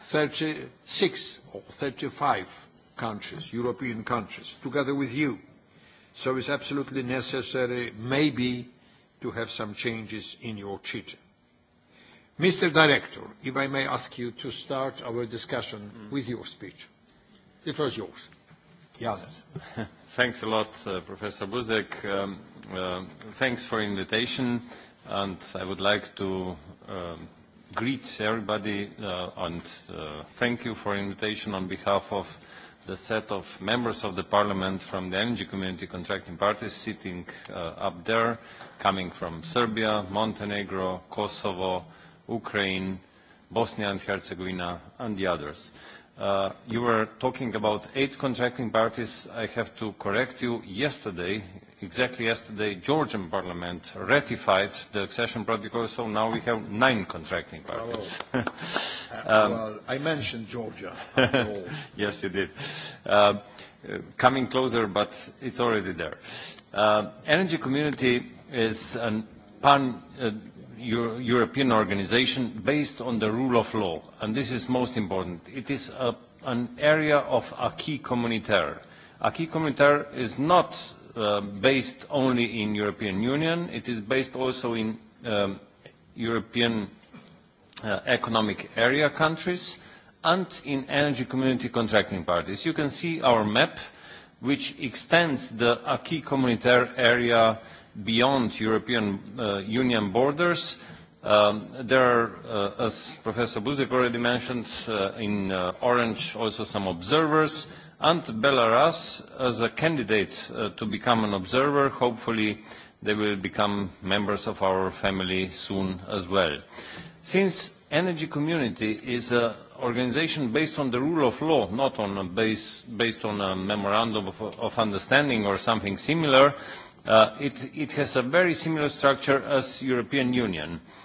36 or 35 countries, European countries together with you so it's absolutely necessary, maybe, to have some changes in your treaty. Mr. Director, if I may ask you to start our discussion mm. with your speech. The floor is yours. Yes. thanks a lot, uh, Professor Buzek. Um, uh, thanks for invitation, and I would like to uh, greet everybody uh, and uh, thank you for invitation on behalf of the set of members of the parliament from the energy community contracting parties sitting uh, up there, coming from Serbia, Montenegro, Kosovo, Ukraine, Bosnia and Herzegovina, and the others. Uh, you were talking about eight contracting parties. I have to correct you. Yesterday, exactly yesterday, Georgian parliament ratified the accession protocol, so now we have nine contracting oh, parties. Uh, um, well, I mentioned Georgia. After all. yes, you did. Uh, coming closer, but it's already there. Uh, energy community is a pan-European uh, Euro organization based on the rule of law, and this is most important. It is a, an area of acquis communautaire. Acquis communautaire is not uh, based only in European Union. It is based also in um, European uh, economic area countries and in energy community contracting parties. You can see our map, which extends the acquis communautaire area beyond European uh, Union borders. Um, there are, uh, as Professor Buzek already mentioned, uh, in uh, orange also some observers and Belarus as a candidate uh, to become an observer. Hopefully they will become members of our family soon as well. Since Energy Community is an organization based on the rule of law, not on a base, based on a memorandum of, of understanding or something similar, uh, it, it has a very similar structure as European Union. Uh,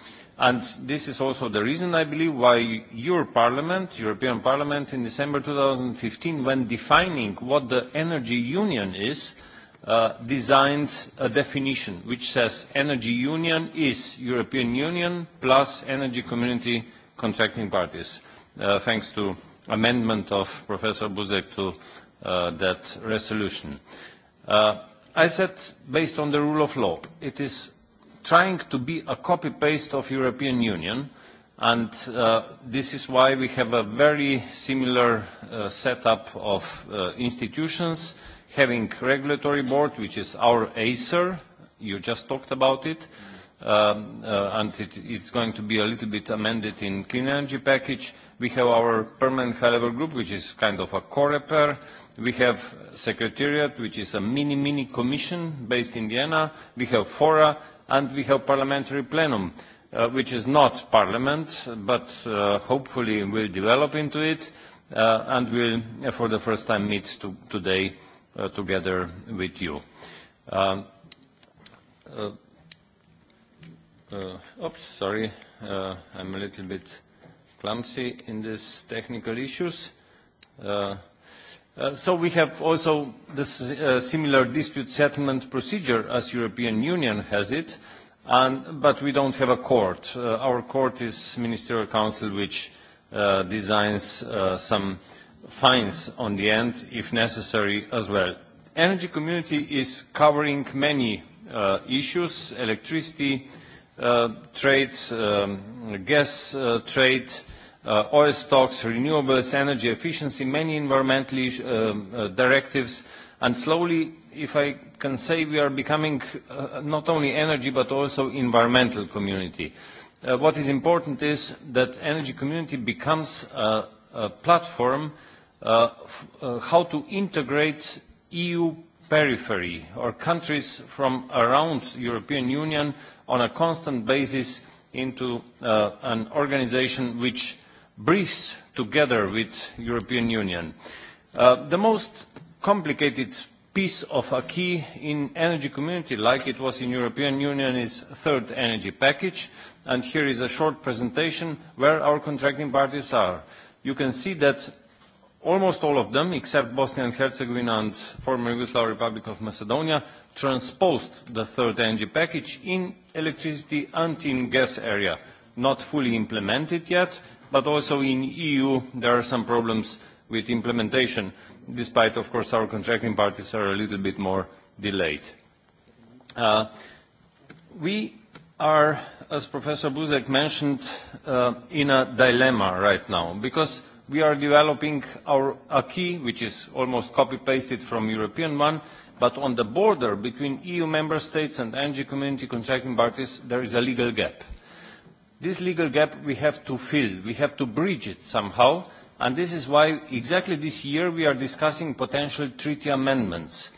this is also the reason, I believe, why your parliament, European Parliament, in December 2015, when defining what the energy union is, uh, designed a definition which says energy union is European Union plus energy community contracting parties, uh, thanks to amendment of Professor Buzek to uh, that resolution. Uh, I said, based on the rule of law, it is trying to be a copy-paste of European Union, and uh, this is why we have a very similar uh, setup of uh, institutions, having regulatory board, which is our ACER, you just talked about it, um, uh, and it, it's going to be a little bit amended in clean energy package. We have our permanent high-level group, which is kind of a core repair. We have secretariat, which is a mini-mini commission based in Vienna. We have fora, and we have parliamentary plenum uh, which is not parliament but uh, hopefully will develop into it uh, and will uh, for the first time meet to today uh, together with you. Um, uh, uh, oops, sorry, uh, I'm a little bit clumsy in these technical issues. Uh, Uh, so we have also this uh, similar dispute settlement procedure as European Union has it, and, but we don't have a court. Uh, our court is Ministerial Council, which uh, designs uh, some fines on the end, if necessary, as well. Energy community is covering many uh, issues, electricity uh, trade, um, gas uh, trade, uh, uh, oil stocks, renewables, energy efficiency, many environmental uh, uh, directives, and slowly, if I can say, we are becoming uh, not only energy but also environmental community. Uh, what is important is that energy community becomes a, uh, a platform uh, f uh, how to integrate EU periphery or countries from around European Union on a constant basis into uh, an organization which uh, breathes together with European Union. Uh, the most complicated piece of a key in energy community like it was in European Union is third energy package and here is a short presentation where our contracting parties are. You can see that almost all of them except Bosnia and Herzegovina and former Yugoslav Republic of Macedonia transposed the third energy package in electricity and in gas area. Not fully implemented yet but also in EU there are some problems with implementation, despite, of course, our contracting parties are a little bit more delayed. Uh, we are, as Professor Buzek mentioned, uh, in a dilemma right now, because we are developing our a key, which is almost copy-pasted from European one, but on the border between EU member states and energy community contracting parties, there is a legal gap this legal gap we have to fill. We have to bridge it somehow. And this is why exactly this year we are discussing potential treaty amendments.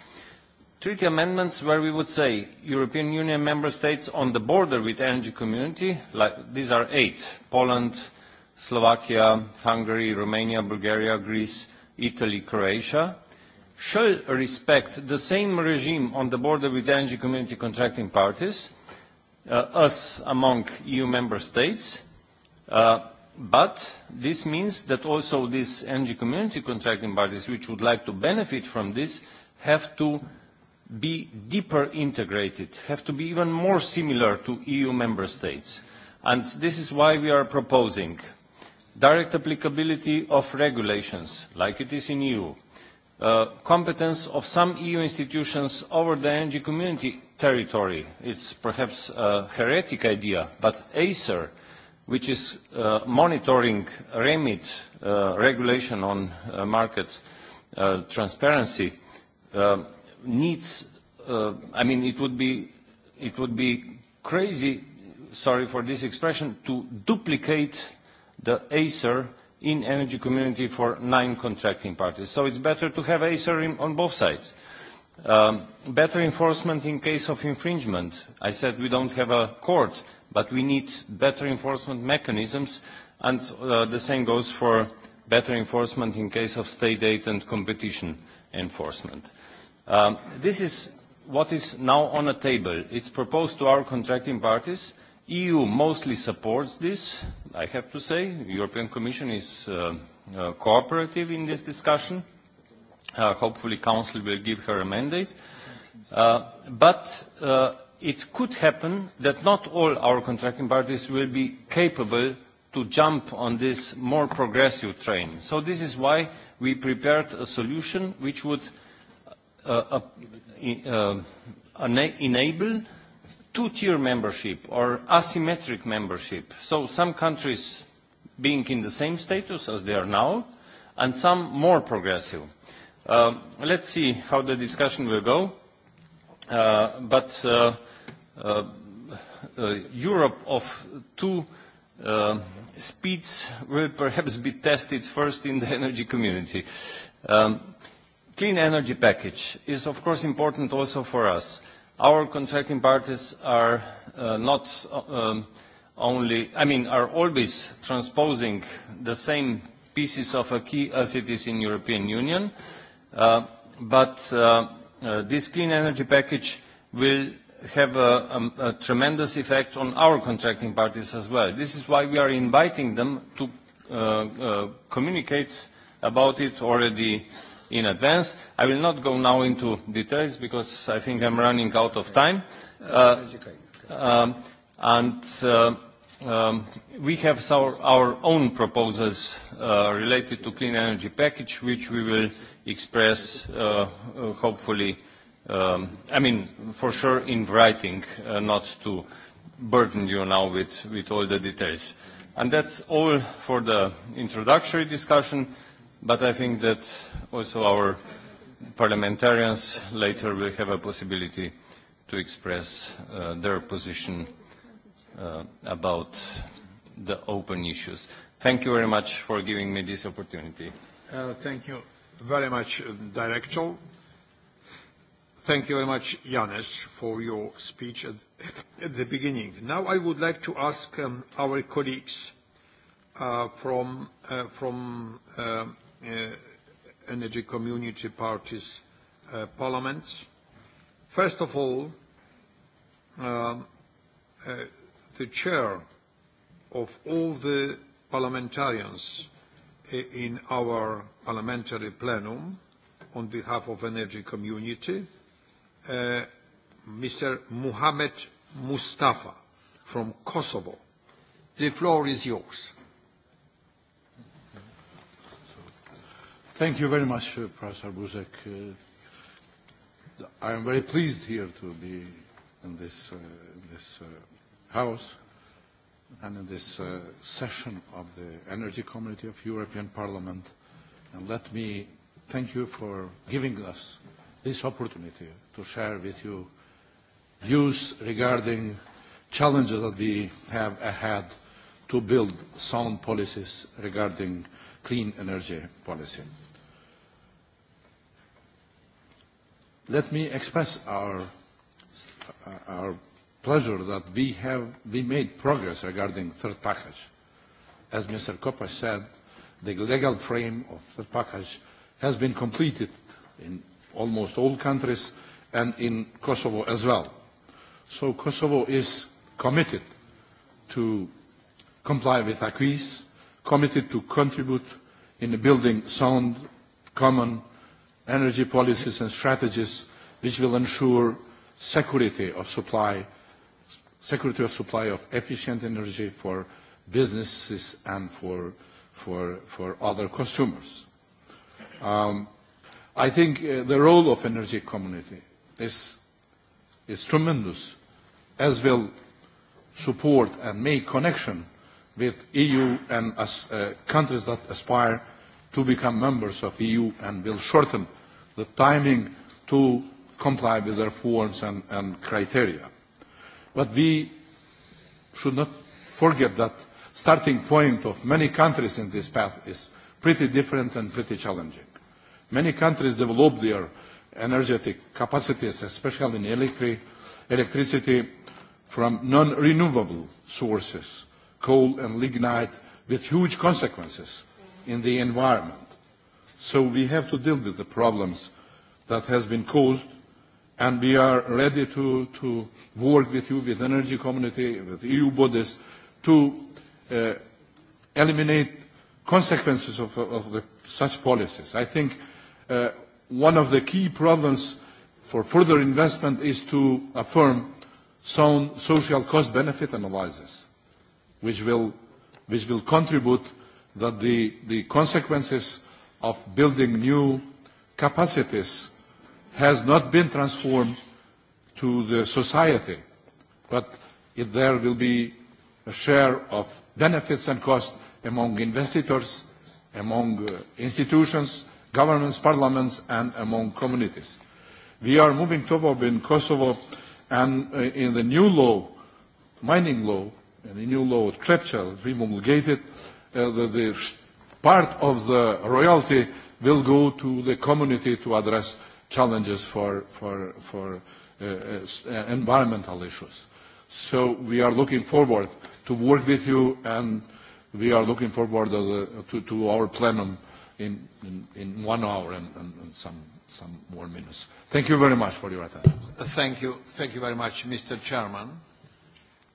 Treaty amendments where we would say European Union member states on the border with energy community, like these are eight, Poland, Slovakia, Hungary, Romania, Bulgaria, Greece, Italy, Croatia, shall respect the same regime on the border with energy community contracting parties, uh, us among EU member states. Uh, but this means that also these energy community contracting parties which would like to benefit from this have to be deeper integrated, have to be even more similar to EU member states. And this is why we are proposing direct applicability of regulations, like it is in EU, uh, competence of some EU institutions over the energy community territory. It's perhaps a heretic idea, but ACER, which is uh, monitoring REMIT uh, regulation on uh, market uh, transparency, uh, needs, uh, I mean, it would, be, it would be crazy, sorry for this expression, to duplicate the ACER in energy community for nine contracting parties. So it's better to have ACER in, on both sides. Uh, Um, better enforcement in case of infringement. I said we don't have a court, but we need better enforcement mechanisms, and uh, the same goes for better enforcement in case of state aid and competition enforcement. Um, this is what is now on the table. It's proposed to our contracting parties. EU mostly supports this, I have to say. European Commission is uh, uh, cooperative in this discussion uh, hopefully Council will give her a mandate. Uh, but uh, it could happen that not all our contracting parties will be capable to jump on this more progressive train. So this is why we prepared a solution which would uh, uh, uh, uh, enable two-tier membership or asymmetric membership. So some countries being in the same status as they are now and some more progressive. Um, let's see how the discussion will go. Uh, but uh, uh, uh, Europe of two uh, speeds will perhaps be tested first in the energy community. Um, clean energy package is of course important also for us. Our contracting parties are uh, not uh, um, only, I mean, are always transposing the same pieces of a key as it is in European Union. Uh, Uh, but uh, uh, this clean energy package will have a, a, a tremendous effect on our contracting parties as well. This is why we are inviting them to uh, uh, communicate about it already in advance. I will not go now into details because I think I'm running out of time. Uh, um, and uh, um, we have our, our own proposals uh, related to clean energy package which we will express uh, uh, hopefully, um, I mean, for sure in writing, uh, not to burden you now with, with all the details. And that's all for the introductory discussion, but I think that also our parliamentarians later will have a possibility to express uh, their position uh, about the open issues. Thank you very much for giving me this opportunity. Uh, thank you very much, uh, Director. Thank you very much, Janusz, for your speech at, at the beginning. Now I would like to ask um, our colleagues uh, from, uh, from uh, uh, energy community parties, uh, parliaments. First of all, um, uh, the chair of all the parliamentarians in our parliamentary plenum on behalf of energy community uh, Mr. Muhammad Mustafa from Kosovo. The floor is yours. Thank you very much, uh, Professor Buzek. Uh, I am very pleased here to be in this, uh, this uh, house and in this uh, session of the Energy Community of European Parliament. And let me thank you for giving us this opportunity to share with you views regarding challenges that we have ahead to build sound policies regarding clean energy policy. Let me express our, our pleasure that we have we made progress regarding third package. As Mr. Coppa said, the legal frame of third package has been completed in almost all countries and in Kosovo as well. So Kosovo is committed to comply with acquis, committed to contribute in building sound, common energy policies and strategies which will ensure security of supply security of supply of efficient energy for businesses and for, for, for other consumers. Um, I think uh, the role of energy community is, is tremendous, as will support and make connection with EU and as, uh, countries that aspire to become members of EU and will shorten the timing to comply with their forms and, and criteria. Uh, But we should not forget that starting point of many countries in this path is pretty different and pretty challenging. Many countries develop their energetic capacities, especially in electric, electricity, from non-renewable sources, coal and lignite, with huge consequences in the environment. So we have to deal with the problems that has been caused, and we are ready to, to, work with you, with energy community, with EU bodies, to uh, eliminate consequences of, of the, such policies. I think uh, one of the key problems for further investment is to affirm sound social cost-benefit analysis, which will, which will contribute that the, the consequences of building new capacities has not been transformed to the society, but if there will be a share of benefits and costs among investors, among uh, institutions, governments, parliaments, and among communities. We are moving toward in Kosovo and uh, in the new law, mining law, and the new law, CREPCHA, remulgated, uh, the, the part of the royalty will go to the community to address challenges for, for, for uh, Uh, uh, environmental issues. So we are looking forward to work with you and we are looking forward to, the, to, to our plenum in, in, in one hour and, and, and some, some more minutes. Thank you very much for your attention. Thank you. Thank you very much, Mr. Chairman.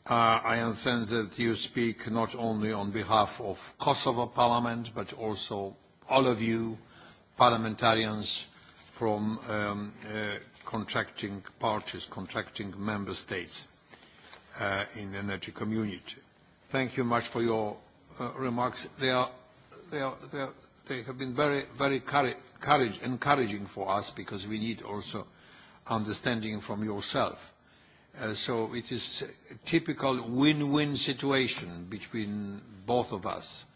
Uh, I understand that you speak not only on behalf of Kosovo Parliament, but also all of you parliamentarians from um, uh, contracting parties, contracting member states uh, in the energy community. Thank you much for your uh, remarks. They, are, they, are, they, are, they have been very, very courage, courage, encouraging for us because we need also understanding from yourself. Uh, so it is a typical win-win situation between both of us.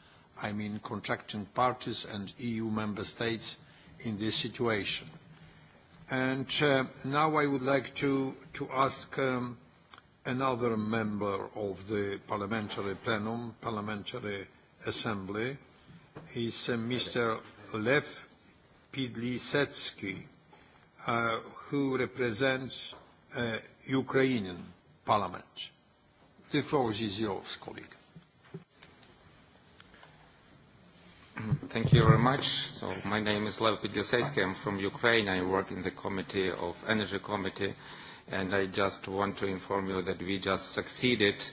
I mean contracting parties and EU member states in this situation. And uh, now I would like to, to ask um, another member of the parliamentary plenum, parliamentary assembly, is uh, Mr. Lev Pidlisetsky, uh, who represents uh, Ukrainian parliament. The floor is yours, colleague. Thank you very much. So my name is Lev Pidlisetsky. I'm from Ukraine. I work in the committee of Energy Committee, and I just want to inform you that we just succeeded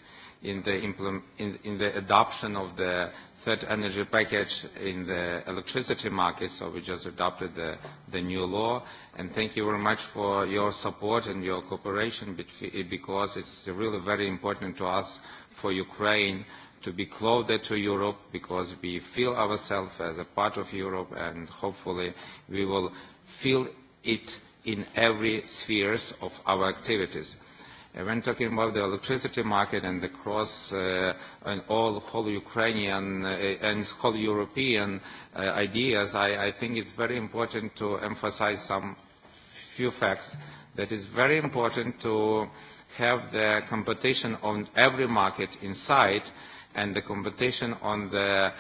in the, implement, in, in the adoption of the third energy package in the electricity market. So we just adopted the, the new law. And thank you very much for your support and your cooperation because it's really very important to us for Ukraine to be closer to Europe because we feel ourselves as a part of Europe and hopefully we will feel it in every spheres of our activities. And when talking about the electricity market and across uh, and all whole Ukrainian uh, and whole European uh, ideas, I, I think it's very important to emphasize some few facts that is very important to have the competition on every market inside uh, and the competition on the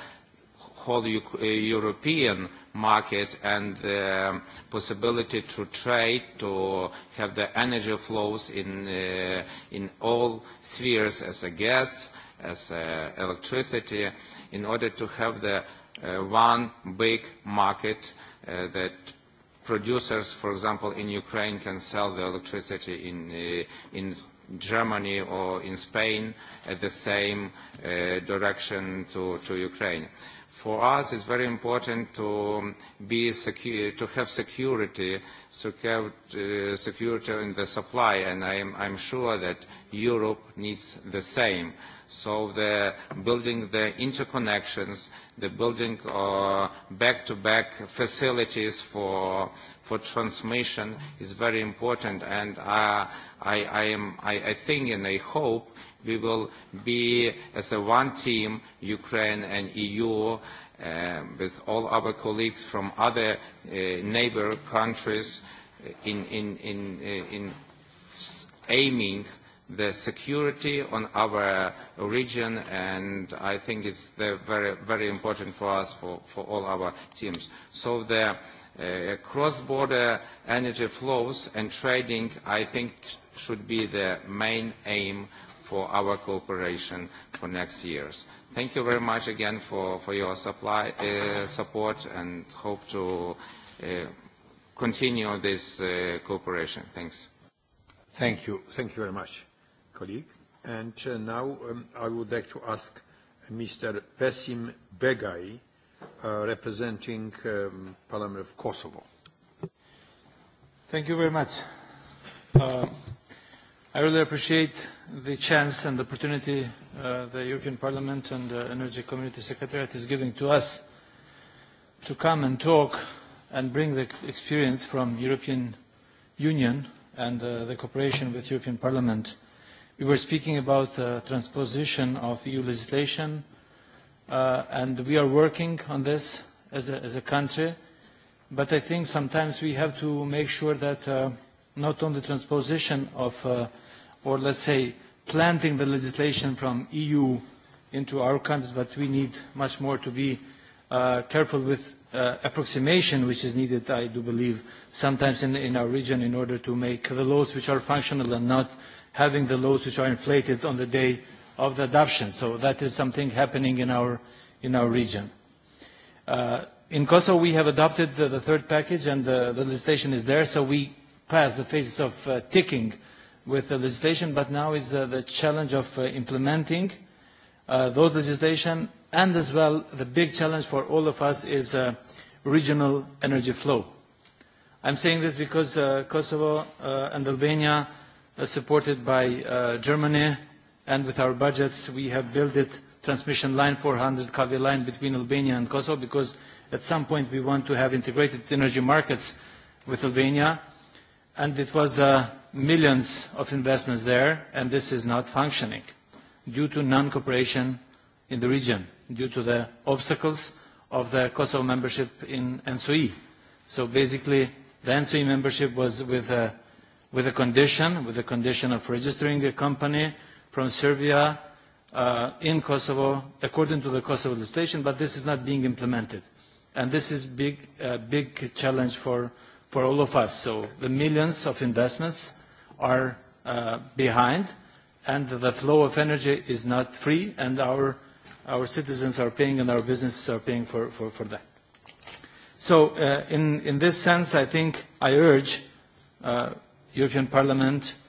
whole U uh, European market and the um, possibility to trade, to have the energy flows in, uh, in all spheres as a gas, as uh, electricity, in order to have the uh, one big market uh, that producers, for example, in Ukraine can sell the electricity in, uh, in Germany or in Spain at the same uh, direction to, to Ukraine. For us, it's very important to, be secure, to have security, uh, security in the supply, and I'm, I'm sure that Europe needs the same. So the building the interconnections, the building uh, back-to-back uh, -back facilities for uh, for transmission is very important and uh, I, I, am, I, I think and I hope we will be as a one team, Ukraine and EU, uh, with all our colleagues from other uh, neighbor countries in, in, in, uh, in aiming the security on our region and I think it's the very, very important for us, for, for all our teams. So the, uh, Uh, cross-border energy flows and trading, I think, should be the main aim for our cooperation for next years. Thank you very much again for, for your supply, uh, support and hope to uh, continue this uh, cooperation. Thanks. Thank you. Thank you very much, colleague. And uh, now um, I would like to ask Mr. Pesim Begay, uh, Uh, representing um, Parliament of Kosovo. Thank you very much. Uh, I really appreciate the chance and opportunity uh, the European Parliament and uh, Energy Community Secretariat is giving to us to come and talk and bring the experience from European Union and uh, the cooperation with European Parliament. We were speaking about uh, transposition of EU legislation uh, uh, and we are working on this as a, as a country. But I think sometimes we have to make sure that uh, not only transposition of, uh, or let's say, planting the legislation from EU into our countries, but we need much more to be uh, careful with uh, approximation, which is needed, I do believe, sometimes in, in our region in order to make the laws which are functional and not having the laws which are inflated on the day uh, of the adoption. So that is something happening in our, in our region. Uh, in Kosovo, we have adopted the, the third package, and the, the legislation is there. So we passed the phases of uh, ticking with the legislation, but now is uh, the challenge of uh, implementing uh, those legislation. And as well, the big challenge for all of us is uh, regional energy flow. I'm saying this because uh, Kosovo uh, and Albania, uh, supported by uh, Germany, and with our budgets we have built it transmission line 400 kV line between Albania and Kosovo because at some point we want to have integrated energy markets with Albania and it was uh, millions of investments there and this is not functioning due to non-cooperation in the region due to the obstacles of the Kosovo membership in NSOE. So basically the NSOE membership was with a, with a condition, with a condition of registering a company, from Serbia uh, in Kosovo according to the Kosovo legislation, but this is not being implemented. And this is a big, uh, big challenge for, for all of us. So the millions of investments are uh, behind and the flow of energy is not free and our, our citizens are paying and our businesses are paying for, for, for that. So uh, in, in this sense, I think I urge uh, European Parliament uh,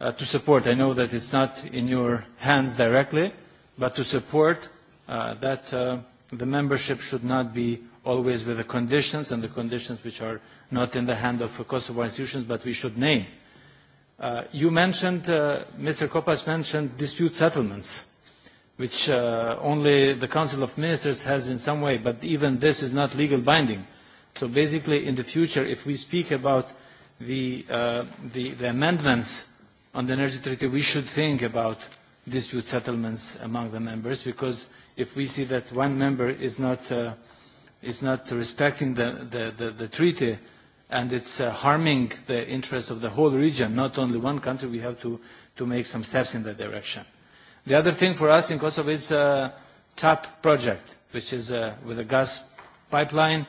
uh, to support, I know that it's not in your hands directly, but to support uh, that uh, the membership should not be always with the conditions and the conditions which are not in the hand of Kosovo institutions, but we should name. Uh, you mentioned, uh, Mr. Kopacz mentioned dispute settlements, which uh, only the Council of Ministers has in some way, but even this is not legal binding. So basically, in the future, if we speak about the, uh, the, the amendments on the energy treaty, we should think about dispute settlements among the members, because if we see that one member is not, uh, is not respecting the, the, the, the treaty and it's uh, harming the interests of the whole region, not only one country, we have to, to make some steps in that direction. The other thing for us in Kosovo is a uh, TAP project, which is uh, with a gas pipeline.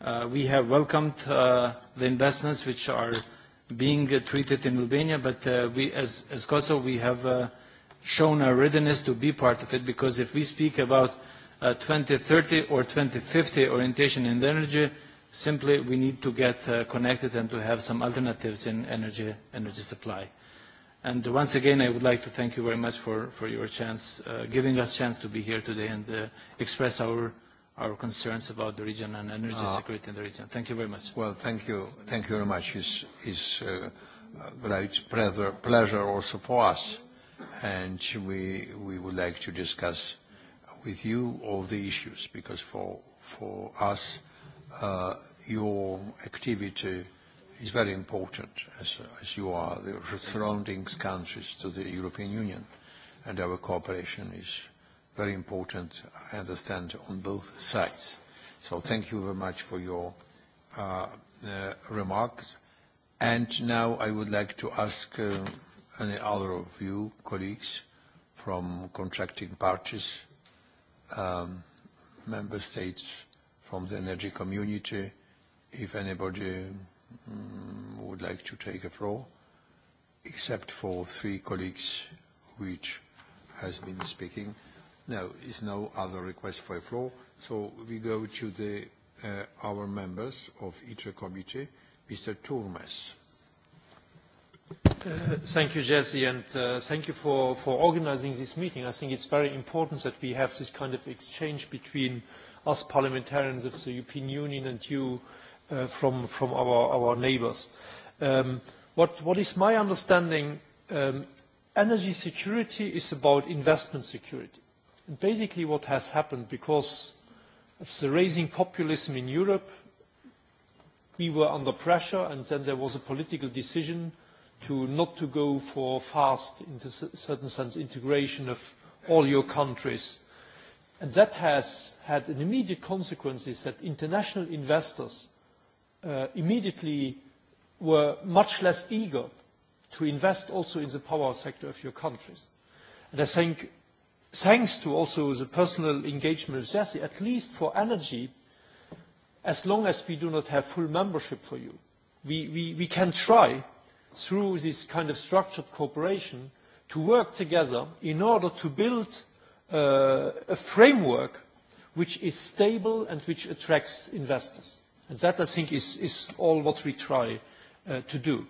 Uh, we have welcomed uh, the investments which are uh, being uh, treated in Albania, but uh, we, as, as Kosovo, we have uh, shown our readiness to be part of it, because if we speak about uh, 2030 or 2050 orientation in the energy, simply we need to get uh, connected and to have some alternatives in energy, energy supply. And once again, I would like to thank you very much for, for your chance, uh, giving us chance to be here today and uh, express our our concerns about the region and energy uh, security in the region. Thank you very much. Well, thank you. Thank you very much. It's, it's a great pleasure also for us. And we, we would like to discuss with you all the issues because for, for us, uh, your activity is very important as, as you are the surrounding countries to the European Union and our cooperation is very important, I understand, on both sides. So thank you very much for your uh, uh, remarks. And now I would like to ask uh, any other of you, colleagues, from contracting parties, um, member states, from the energy community, if anybody um, would like to take a floor, except for three colleagues which has been speaking. No, it's no other request for the floor. So we go to the uh, our members of each committee. Mr. Turmes. Uh, thank you, Jerzy, and uh, thank you for organizing this meeting. I think it's very important that we have this kind of exchange between us parliamentarians of the European Union and you from our neighbors. Um, what is my understanding, um, energy security is about investment security basically what has happened because of the raising populism in Europe, we were under pressure and then there was a political decision to not to go for fast, in a certain sense, integration of all your countries. And that has had an immediate consequence is that international investors uh, immediately were much less eager to invest also in the power sector of your countries. And I think thanks to also the personal engagement of Jesse, at least for energy, as long as we do not have full membership for you. We, we, we can try, through this kind of structured cooperation, to work together in order to build uh, a framework which is stable and which attracts investors. And that, I think, is, is all what we try uh, to do.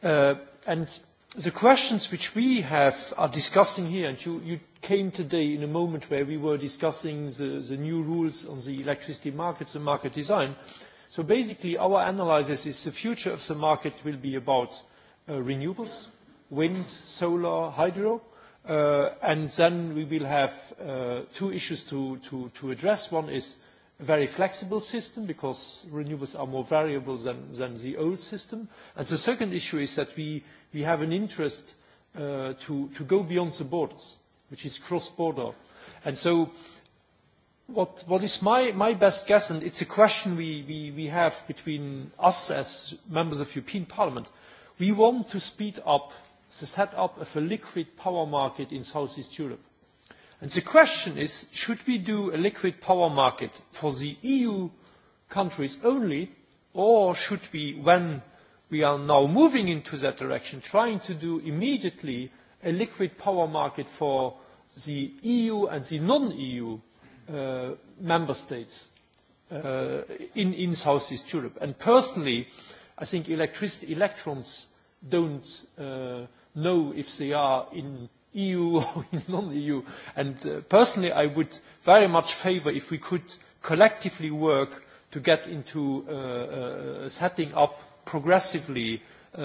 Uh, and the questions which we have are discussing here, and you, you came today in a moment where we were discussing the, the new rules on the electricity markets and market design. So basically our analysis is the future of the market will be about uh, renewables, wind, solar, hydro, uh, and then we will have uh, two issues to, to, to address. One is very flexible system because renewables are more variable than, than the old system. And the second issue is that we, we have an interest uh, to, to go beyond the borders, which is cross-border. And so what, what is my, my best guess, and it's a question we, we, we have between us as members of European Parliament, we want to speed up the setup of a liquid power market in Southeast Europe. And the question is, should we do a liquid power market for the EU countries only, or should we, when we are now moving into that direction, trying to do immediately a liquid power market for the EU and the non-EU uh, member states uh, in, in Southeast Europe? And personally, I think electricity electrons don't uh, know if they are in EU or non-EU. And uh, personally, I would very much favour if we could collectively work to get into uh, uh, setting up progressively uh,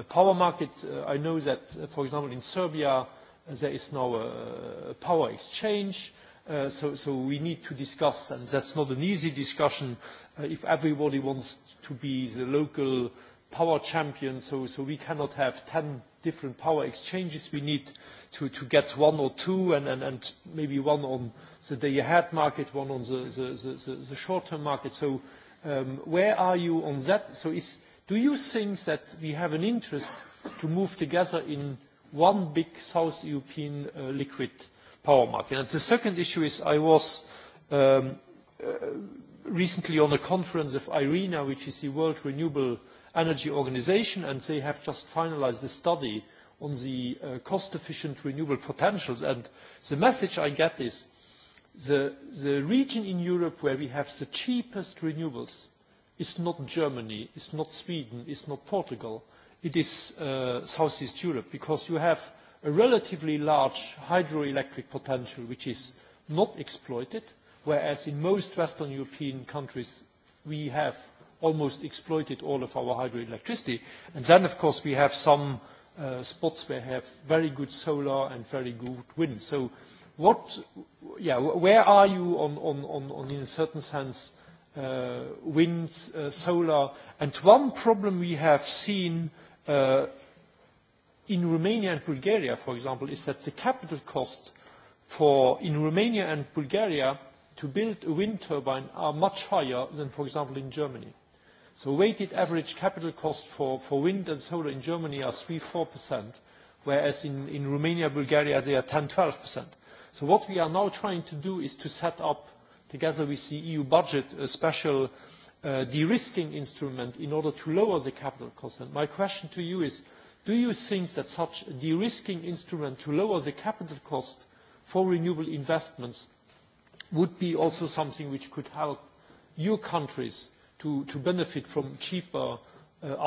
a power market. Uh, I know that, uh, for example, in Serbia, uh, there is now a power exchange. Uh, so, so we need to discuss, and that's not an easy discussion, uh, if everybody wants to be the local power champion. So, so we cannot have 10 different power exchanges we need to, to get one or two and, and, and maybe one on the day ahead market, one on the, the, the, the, the short term market. So um, where are you on that? So is, do you think that we have an interest to move together in one big South European uh, liquid power market? And the second issue is I was um, uh, recently on a conference of IRENA, which is the World Renewable energy organization and they have just finalized the study on the uh, cost efficient renewable potentials and the message I get is the, the region in Europe where we have the cheapest renewables is not Germany, it's not Sweden, it's not Portugal, it is uh, Southeast Europe because you have a relatively large hydroelectric potential which is not exploited, whereas in most Western European countries we have almost exploited all of our hydroelectricity. Then, of course, we have some uh, spots where we have very good solar and very good wind. Where are you on, in a certain sense, uh, wind, uh, solar? One problem we have seen in Romania and Bulgaria, for example, is that the capital cost for, in Romania and Bulgaria, to build a wind turbine are much higher than, for example, in Germany. Weighted average capital cost for wind and solar in Germany are 3%-4%, whereas in Romania, Bulgaria, they are 10%-12%. What we are now trying to do is to set up, together with the EU budget, a special uh, de-risking instrument in order to lower the capital cost. My question to you is, do you think that such a de-risking instrument to lower the capital cost for renewable investments would be also something which could help your countries to benefit from cheaper uh,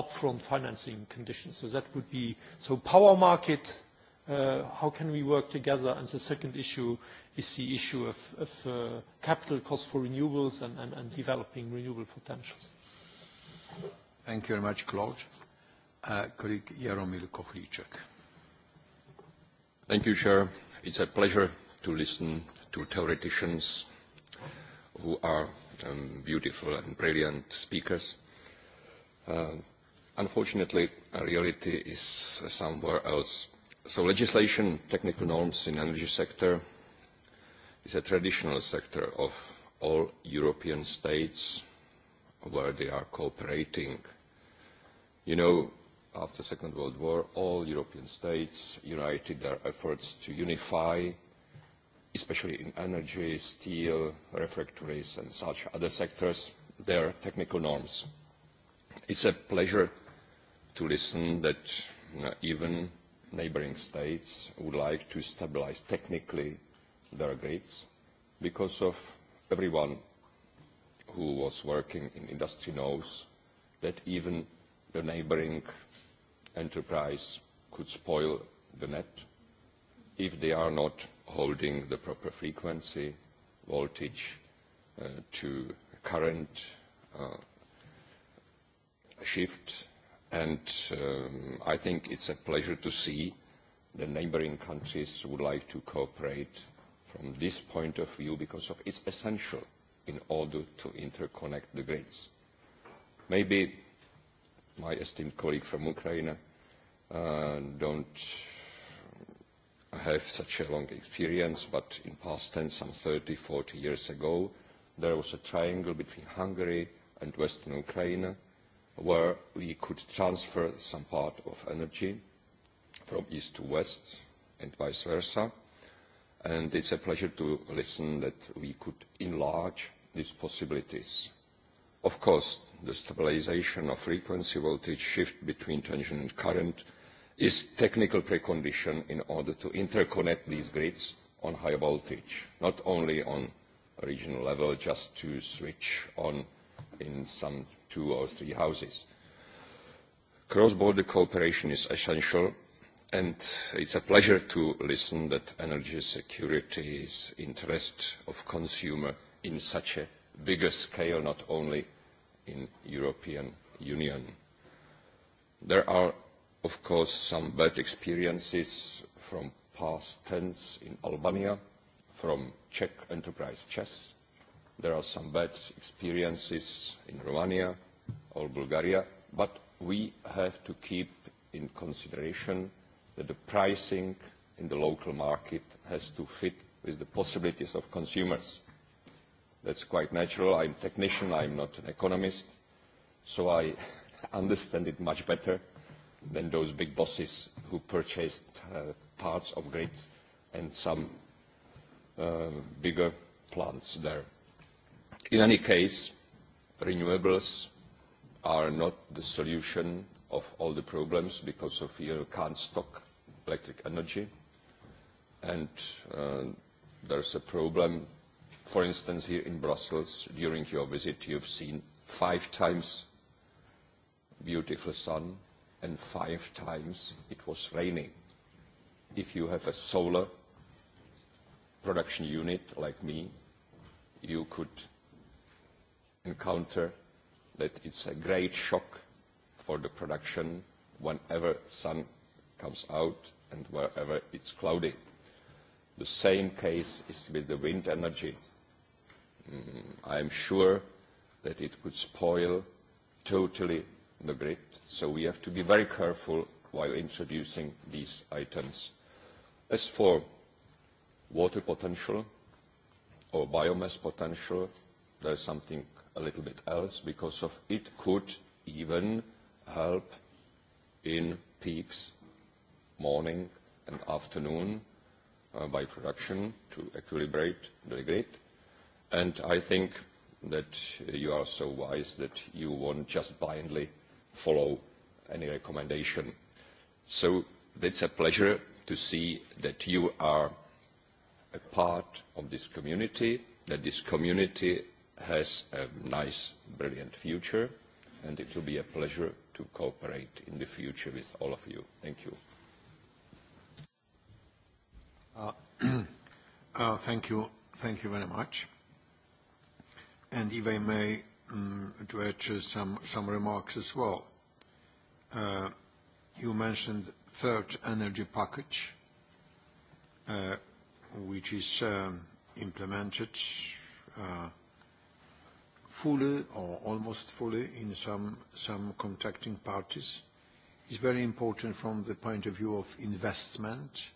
upfront financing conditions. That would be power market, uh, how can we work together? The second issue is the issue of uh, capital cost for renewables and developing renewable potentials. Thank you very much, Claude. Colleague Jaromír Kohlíček. Thank you, Chair. It's a pleasure to listen to theoreticians who are um, beautiful and brilliant speakers. Uh, unfortunately, reality is uh, somewhere else. So legislation, technical norms in energy sector is a traditional sector of all European states where they are cooperating. You know, after the Second World War, all European states united their efforts to unify especially in energy, steel, refractories, and such other sectors, their technical norms. It's a pleasure to listen that uh, even neighboring states would like to stabilize technically their grids because of everyone who was working in industry knows that even the neighboring enterprise could spoil the net if they are not holding the proper frequency, voltage uh, to current uh, shift. And um, I think it's a pleasure to see the neighboring countries would like to cooperate from this point of view because of it's essential in order to interconnect the grids. Maybe my esteemed colleague from Ukraine uh, don't have such a long experience, but in past 10, some 30, 40 years ago, there was a triangle between Hungary and Western Ukraine where we could transfer some part of energy from east to west and vice versa. And it's a pleasure to listen that we could enlarge these possibilities. Of course, the stabilization of frequency voltage shift between tension and current is technical precondition in order to interconnect these grids on high voltage, not only on regional level, just to switch on in some two or three houses. Cross-border cooperation is essential, and it's a pleasure to listen that energy security is interest of consumer in such a bigger scale, not only in European Union. There are of course, some bad experiences from past tense in Albania, from Czech enterprise chess. There are some bad experiences in Romania or Bulgaria, but we have to keep in consideration that the pricing in the local market has to fit with the possibilities of consumers. That's quite natural. I'm a technician, I'm not an economist, so I understand it much better than those big bosses who purchased uh, parts of grid and some uh, bigger plants there. In any case, renewables are not the solution of all the problems because of you can't stock electric energy and uh, there's a problem for instance here in Brussels during your visit you've seen five times beautiful sun and five times it was raining. If you have a solar production unit like me, you could encounter that it's a great shock for the production whenever sun comes out and wherever it's cloudy. The same case is with the wind energy. Mm, I'm sure that it could spoil totally the grid, so we have to be very careful while introducing these items. As for water potential or biomass potential, there is something a little bit else because of it could even help in peaks, morning and afternoon uh, by production to equilibrate the grid. And I think that you are so wise that you won't just blindly follow any recommendation. So it's a pleasure to see that you are a part of this community, that this community has a nice, brilliant future, and it will be a pleasure to cooperate in the future with all of you. Thank you. Uh, uh, thank you. Thank you very much. And if I may Mm, to add to some, some remarks as well. Uh, you mentioned third energy package, uh, which is um, implemented uh, fully or almost fully in some, some contacting parties. It's very important from the point of view of investment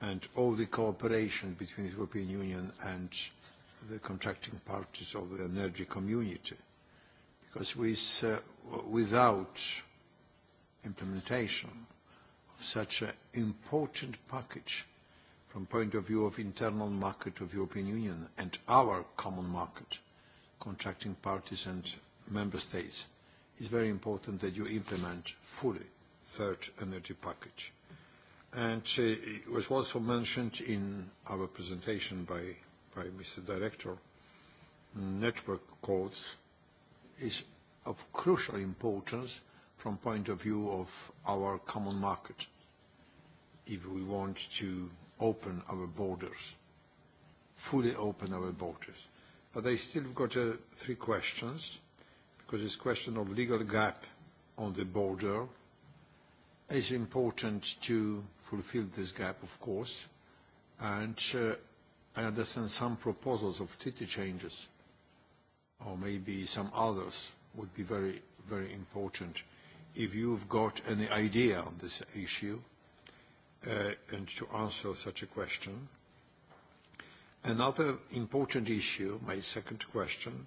and all the cooperation between the European Union and uh, the contracting parties of the energy community because with, uh, without implementation of such an important package from point of view of internal market of European Union and our common market, contracting parties and member states, it's very important that you implement fully third energy package. And uh, it was also mentioned in our presentation by by Mr. Director, network codes is of crucial importance from point of view of our common market if we want to open our borders, fully open our borders. But I still have got uh, three questions, because this question of legal gap on the border is important to fulfill this gap, of course, and uh, I understand some proposals of treaty changes or maybe some others would be very, very important. If you've got any idea on this issue uh, and to answer such a question. Another important issue, my second question,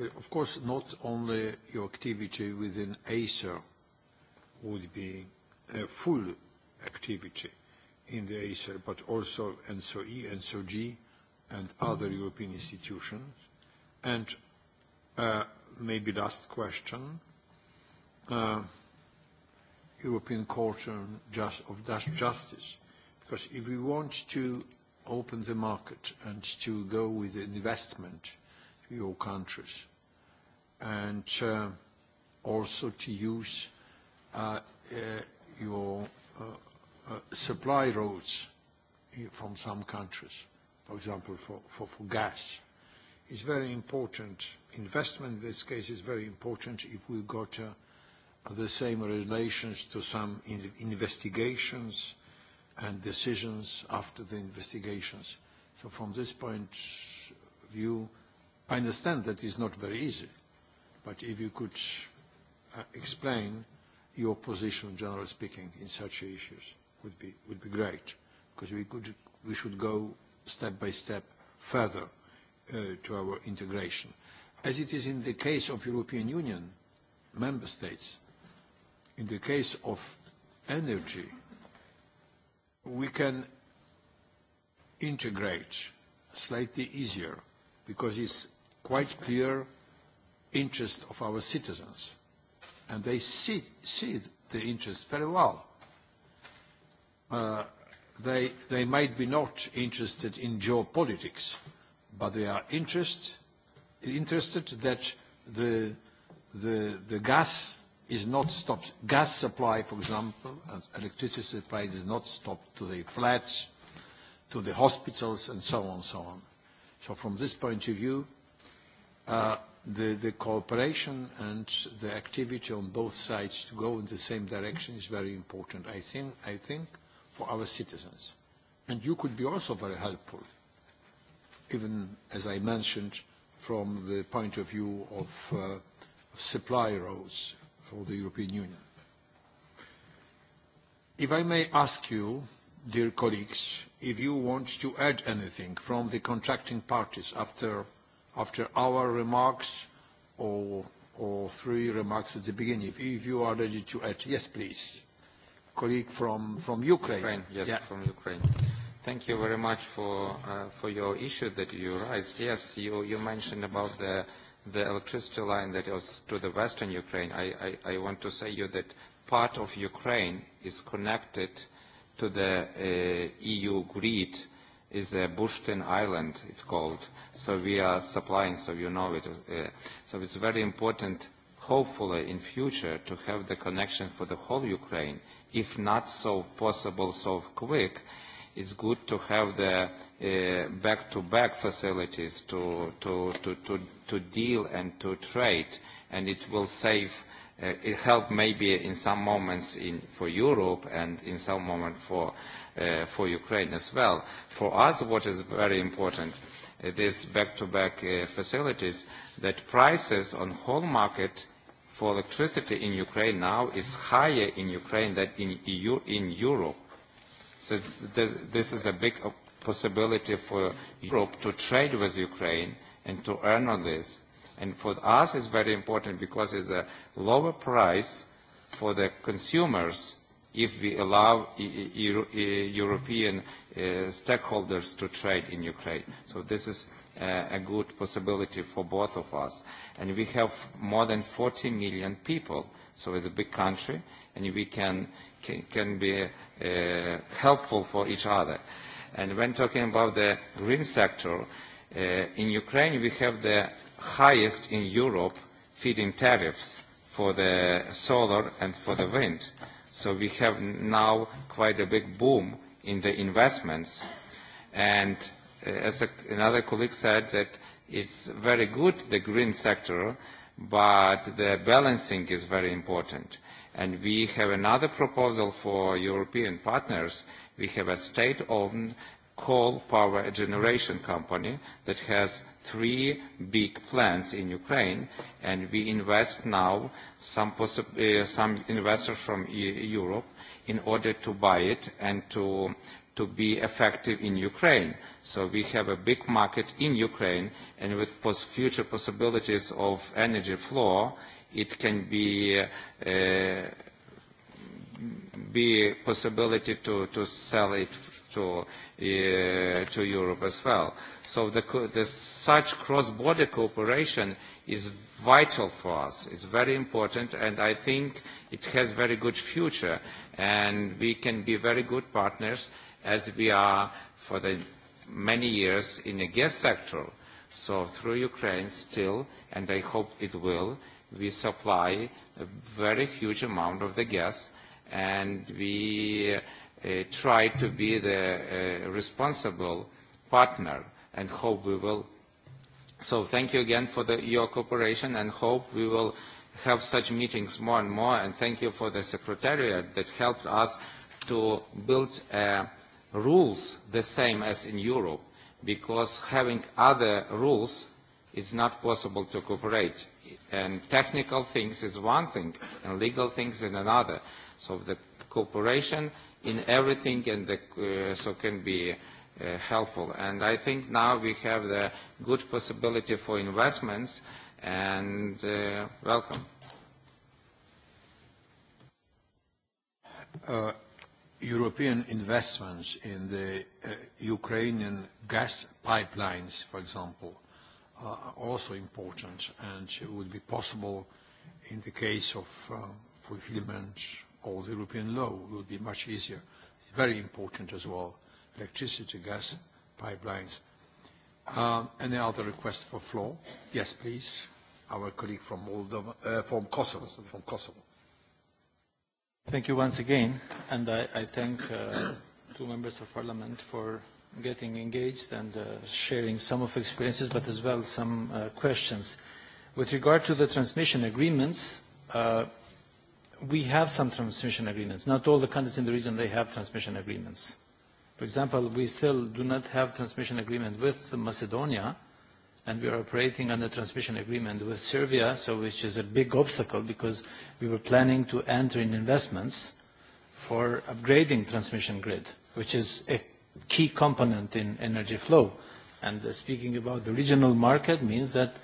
uh, of course, not only your activity within Acer would be a full activity, in the Acer, but also NSOE, NSOG, and other mm-hmm. European institutions. And uh, maybe last question, uh, European Court of just, of just Justice, because if we want to open the market and to go with investment to your countries, and uh, also to use uh, uh, your uh, Uh, supply routes from some countries, for example, for, for, for gas, is very important. Investment in this case is very important if we got uh, the same relations to some in investigations and decisions after the investigations. So from this point of view, I understand that it's not very easy, but if you could uh, explain your position, generally speaking, in such issues would be would be great because we could we should go step by step further uh, to our integration as it is in the case of european union member states in the case of energy we can integrate slightly easier because it's quite clear interest of our citizens and they see see the interest very well Uh, they, they might be not interested in geopolitics, but they are interest, interested that the, the, the gas is not stopped. Gas supply, for example, and electricity supply is not stopped to the flats, to the hospitals, and so on and so on. So from this point of view, uh, the, the cooperation and the activity on both sides to go in the same direction is very important. I think, I think for our citizens. And you could be also very helpful, even as I mentioned, from the point of view of uh, supply roads for the European Union. If I may ask you, dear colleagues, if you want to add anything from the contracting parties after, after our remarks or, or three remarks at the beginning, if, if you are ready to add, yes, please colleague from, from Ukraine. Ukraine. Yes, yeah. from Ukraine. Thank you very much for, uh, for your issue that you raised. Yes, you, you mentioned about the, the electricity line that was to the western Ukraine. I, I, I want to say you that part of Ukraine is connected to the uh, EU grid is a Bushten Island, it's called. So we are supplying, so you know it. Uh, so it's very important, hopefully, in future to have the connection for the whole Ukraine if not so possible so quick, it's good to have the uh, back-to-back uh, -to -back facilities to, to, to, to, to deal and to trade, and it will save, uh, it help maybe in some moments in, for Europe and in some moment for, uh, for Ukraine as well. For us, what is very important, uh, these back-to-back uh, facilities, that prices on whole market for electricity in Ukraine now is higher in Ukraine than in, EU, in Europe. So this, this is a big uh, possibility for Europe to trade with Ukraine and to earn on this. And for us it's very important because it's a lower price for the consumers if we allow Euro, e, e, e, European uh, stakeholders to trade in Ukraine. So this is uh, a good possibility for both of us. And we have more than 40 million people, so it's a big country, and we can, can, can be uh, helpful for each other. And when talking about the green sector, uh, in Ukraine we have the highest in Europe feeding tariffs for the solar and for the wind. So we have now quite a big boom in the investments. And Uh, as another colleague said, that it's very good, the green sector, but the balancing is very important. And we have another proposal for European partners. We have a state-owned coal power generation company that has three big plants in Ukraine, and we invest now, some, uh, some investors from e-, Europe, in order to buy it and to to be effective in Ukraine. So we have a big market in Ukraine, and with pos future possibilities of energy flow, it can be uh, be possibility to, to sell it to uh, to Europe as well. So the, the such cross-border cooperation is vital for us, it's very important, and I think it has very good future, and we can be very good partners, as we are for the many years in the gas sector. So through Ukraine still, and I hope it will, we supply a very huge amount of the gas, and we uh, try to be the uh, responsible partner and hope we will. So thank you again for the, your cooperation and hope we will have such meetings more and more. And thank you for the secretariat that helped us to build a uh, rules the same as in Europe because having other rules it's not possible to cooperate and technical things is one thing and legal things is another so the cooperation in everything and the, uh, so can be uh, helpful and i think now we have the good possibility for investments and uh, welcome uh, European investments in the uh, Ukrainian gas pipelines, for example, uh, are also important and it would be possible in the case of uh, fulfillment of the European law. It would be much easier. Very important as well, electricity, gas pipelines. Um, any other requests for floor? Yes, please. Our colleague from, Moldova, uh, from Kosovo. From Kosovo. Thank you once again, and I, I thank uh, two members of parliament for getting engaged and uh, sharing some of experiences, but as well some uh, questions. With regard to the transmission agreements, uh, we have some transmission agreements. Not all the countries in the region, they have transmission agreements. For example, we still do not have transmission agreement with Macedonia, uh, and we are operating under transmission agreement with Serbia, so which is a big obstacle because we were planning to enter in investments for upgrading transmission grid, which is a key component in energy flow. And uh, speaking about the regional market means that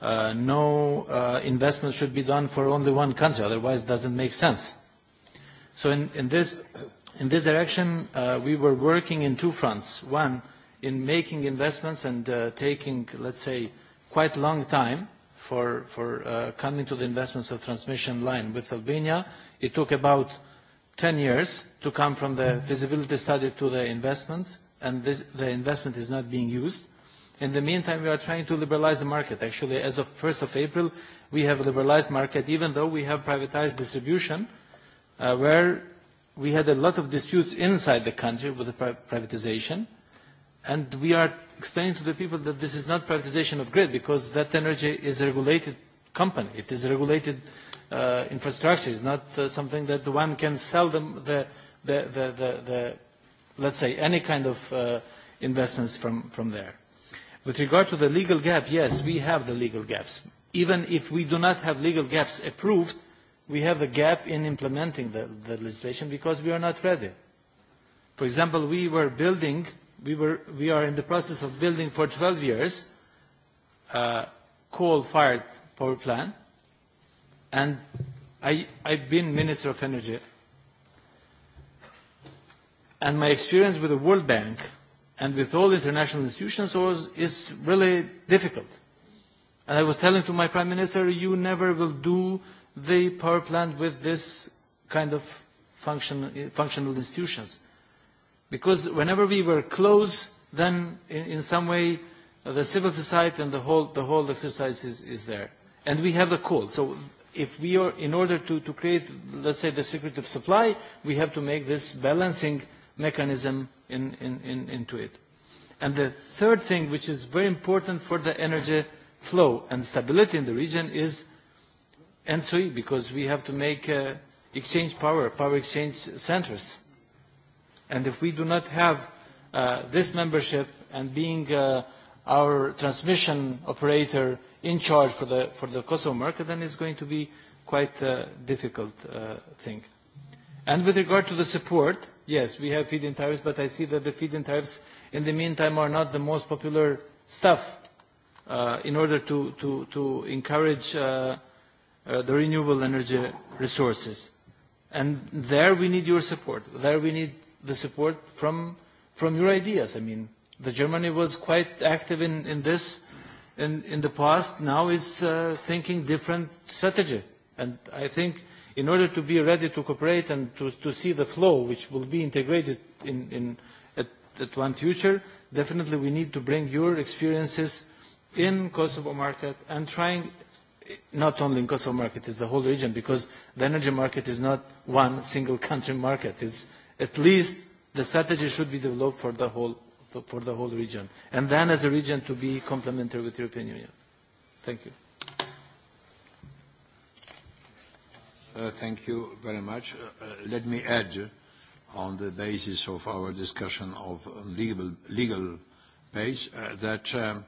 uh, no uh, investment should be done for only one country, otherwise it doesn't make sense. So in, in, this, in this direction, uh, we were working in two fronts. One, uh, in making investments and uh, taking, let's say, quite long time for uh, coming to the investments of transmission line with Albania. It took about 10 years to come from the feasibility study to the investments, and the investment is not being used. In the meantime, we are trying to liberalize the market. Actually, as of 1st of April, we have liberalized market, even though we have privatized distribution, uh, where we had a lot of disputes inside the country with the privatization and we are explaining to the people that this is not privatization of grid because that energy is a regulated company. It is a regulated uh, infrastructure. It's not uh, something that one can sell them the, the, the, the, the, the let's say, any kind of uh, investments from, from there. With regard to the legal gap, yes, we have the legal gaps. Even if we do not have legal gaps approved, we have a gap in implementing the, the legislation because we are not ready. For example, we were building we, were, we are in the process of building for 12 years a uh, coal-fired power plant, and I, I've been Minister of Energy. And my experience with the World Bank and with all international institutions was, is really difficult. And I was telling to my Prime Minister, you never will do the power plant with this kind of function, functional institutions. Because whenever we were close, then in, in some way the civil society and the whole, the whole exercise is, is there. And we have the call. So if we are, in order to, to create, let's say, the secretive supply, we have to make this balancing mechanism in, in, in, into it. And the third thing, which is very important for the energy flow and stability in the region, is NSOE, because we have to make uh, exchange power, power exchange centers. And if we do not have uh, this membership and being uh, our transmission operator in charge for the, for the Kosovo market, then it's going to be quite a difficult uh, thing. And with regard to the support, yes, we have feed-in tariffs, but I see that the feed-in tariffs in the meantime are not the most popular stuff uh, in order to, to, to encourage uh, uh, the renewable energy resources. And there we need your support. There we need the support from from your ideas. I mean, the Germany was quite active in in this in in the past. Now is uh, thinking different strategy, and I think in order to be ready to cooperate and to to see the flow which will be integrated in in at, at one future, definitely we need to bring your experiences in Kosovo market and trying not only in Kosovo market, it's the whole region, because the energy market is not one single country market. It's, at least the strategy should be developed for the whole for the whole region, and then as a region to be complementary with the European Union. Thank you. Uh, thank you very much. Uh, uh, let me add, on the basis of our discussion of legal, legal base, uh, that um,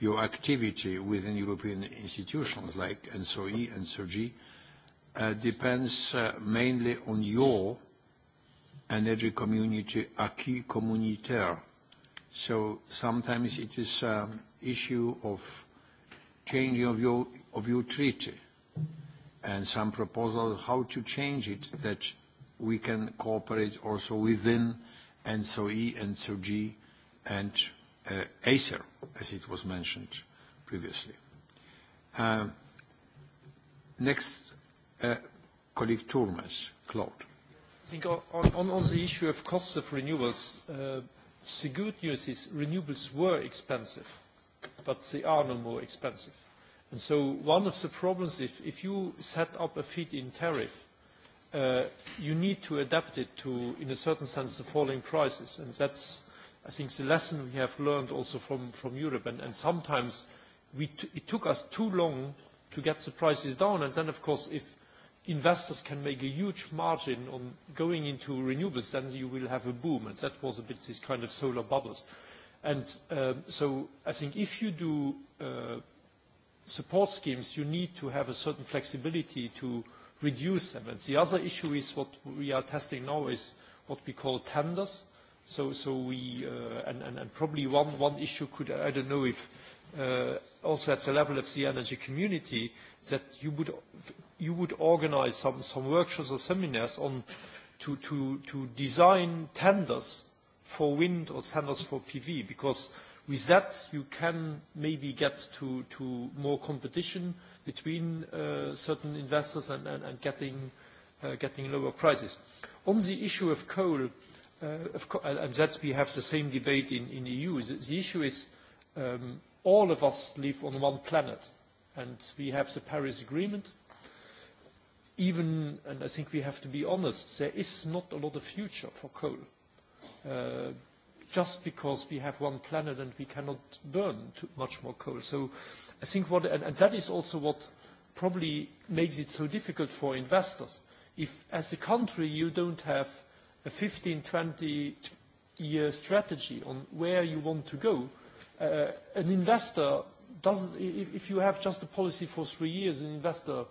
your activity within European institutions like NSOE and SOG uh, depends uh, mainly on your energy community acquis communautaire. So sometimes it is an um, issue of changing of your, of your treaty and some proposals how to change it that we can cooperate also within NSOE, NSOG and uh, ACER as it was mentioned previously. Uh, next uh, colleague Turmes, Claude think on, on, on the issue of costs of renewables, uh, the good news is renewables were expensive, but they are no more expensive. And so one of the problems, if, if you set up a feed-in tariff, uh, you need to adapt it to, in a certain sense, the falling prices. And that's, I think, the lesson we have learned also from, from Europe. And, and sometimes we t it took us too long to get the prices down. And then, of course, if – investors can make a huge margin on going into renewables, then you will have a boom. And that was a bit this kind of solar bubbles. And uh, so I think if you do uh, support schemes, you need to have a certain flexibility to reduce them. And the other issue is what we are testing now is what we call tenders. So, so we, uh, and, and, and probably one, one issue could, I don't know if, uh, also at the level of the energy community, that you would you would organize some, some workshops or seminars on to, to, to design tenders for wind or tenders for PV, because with that you can maybe get to, to more competition between uh, certain investors and, and, and getting, uh, getting lower prices. On the issue of coal, uh, of co and that we have the same debate in, in the EU, the, the issue is um, all of us live on one planet, and we have the Paris Agreement, even, and I think we have to be honest, there is not a lot of future for coal. Uh, just because we have one planet and we cannot burn too much more coal. So I think what, and, and that is also what probably makes it so difficult for investors. If as a country you don't have a 15, 20 year strategy on where you want to go, uh, an investor doesn't, if, if you have just a policy for three years, an investor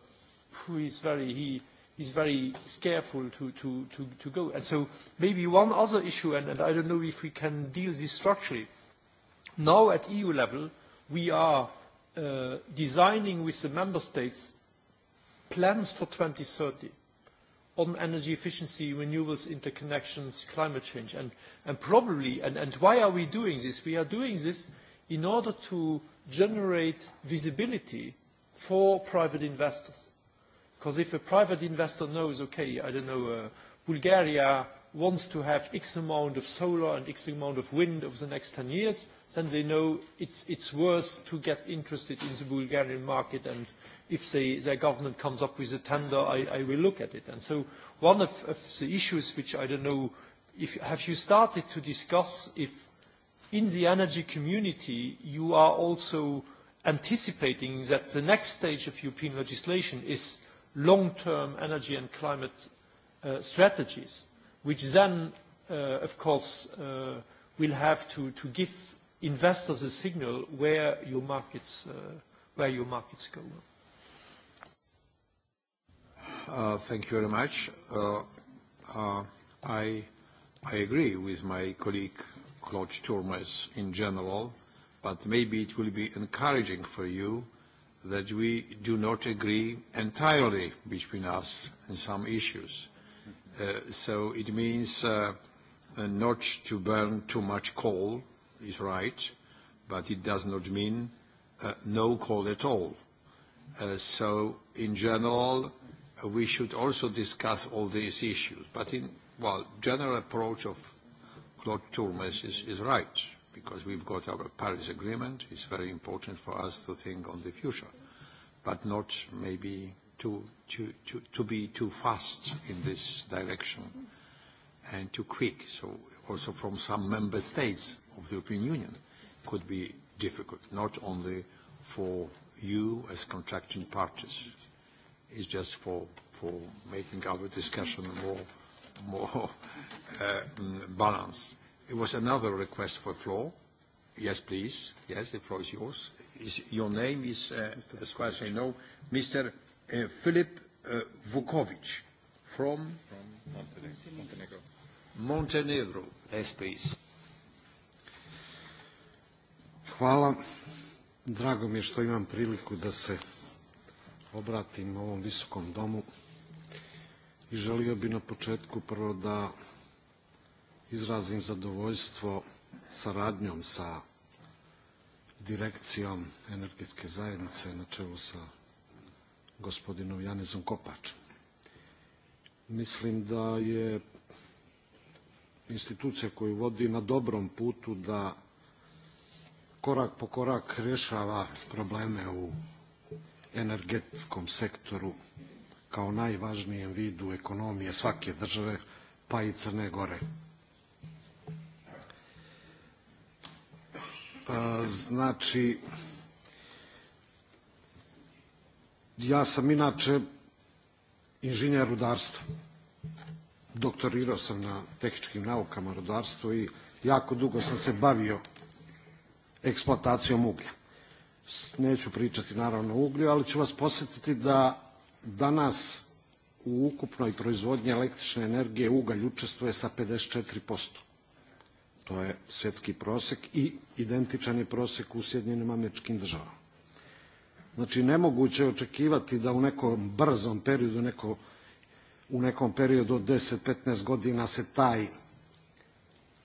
who is very he is very careful to, to, to, to go. And so maybe one other issue, and, and I don't know if we can deal this structurally. Now at EU level, we are uh, designing with the member states plans for 2030 on energy efficiency, renewables, interconnections, climate change, and, and probably, and, and why are we doing this? We are doing this in order to generate visibility for private investors. Because if a private investor knows, okay, I don't know, uh, Bulgaria wants to have X amount of solar and X amount of wind over the next 10 years, then they know it's, it's worth to get interested in the Bulgarian market and if they, their government comes up with a tender, I, I will look at it. And so one of, of the issues which I don't know, if, have you started to discuss if in the energy community you are also anticipating that the next stage of European legislation is – long-term energy and climate uh, strategies, which then, uh, of course, uh, will have to, to give investors a signal where your markets, uh, where your markets go. Uh, thank you very much. Uh, uh, I, I agree with my colleague Claude Turmes in general, but maybe it will be encouraging for you that we do not agree entirely between us in some issues. Uh, so it means uh, uh, not to burn too much coal is right, but it does not mean uh, no coal at all. Uh, so in general, we should also discuss all these issues. But in, well, general approach of Claude Turmes is, is right because we've got our Paris Agreement, it's very important for us to think on the future, but not maybe to, to, to, to be too fast in this direction and too quick. So also from some member states of the European Union could be difficult, not only for you as contracting parties, it's just for, for making our discussion more, more uh, balanced it was another request for floor. Yes, please. Yes, the floor is yours. Is your name is, uh, as far as I know, Mr. Uh, Philip uh, Vukovic from, from Montenegro. Montenegro. Montenegro. Yes, please. Hvala. Drago mi je što imam priliku da se obratim ovom visokom domu i želio bi na početku prvo da izrazim zadovoljstvo saradnjom sa direkcijom energetske zajednice na čelu sa gospodinom Janezom Kopačem. Mislim da je institucija koju vodi na dobrom putu da korak po korak rješava probleme u energetskom sektoru kao najvažnijem vidu ekonomije svake države, pa i Crne Gore. Znači, ja sam inače inženjer rudarstva. Doktorirao sam na tehničkim naukama rudarstva i jako dugo sam se bavio eksploatacijom uglja. Neću pričati naravno o uglju, ali ću vas posjetiti da danas u ukupnoj proizvodnji električne energije ugalj učestvuje sa 54%. To je svjetski prosek i identičan je prosek u Sjedinjenim američkim državama. Znači, nemoguće je očekivati da u nekom brzom periodu, neko, u nekom periodu od 10-15 godina se taj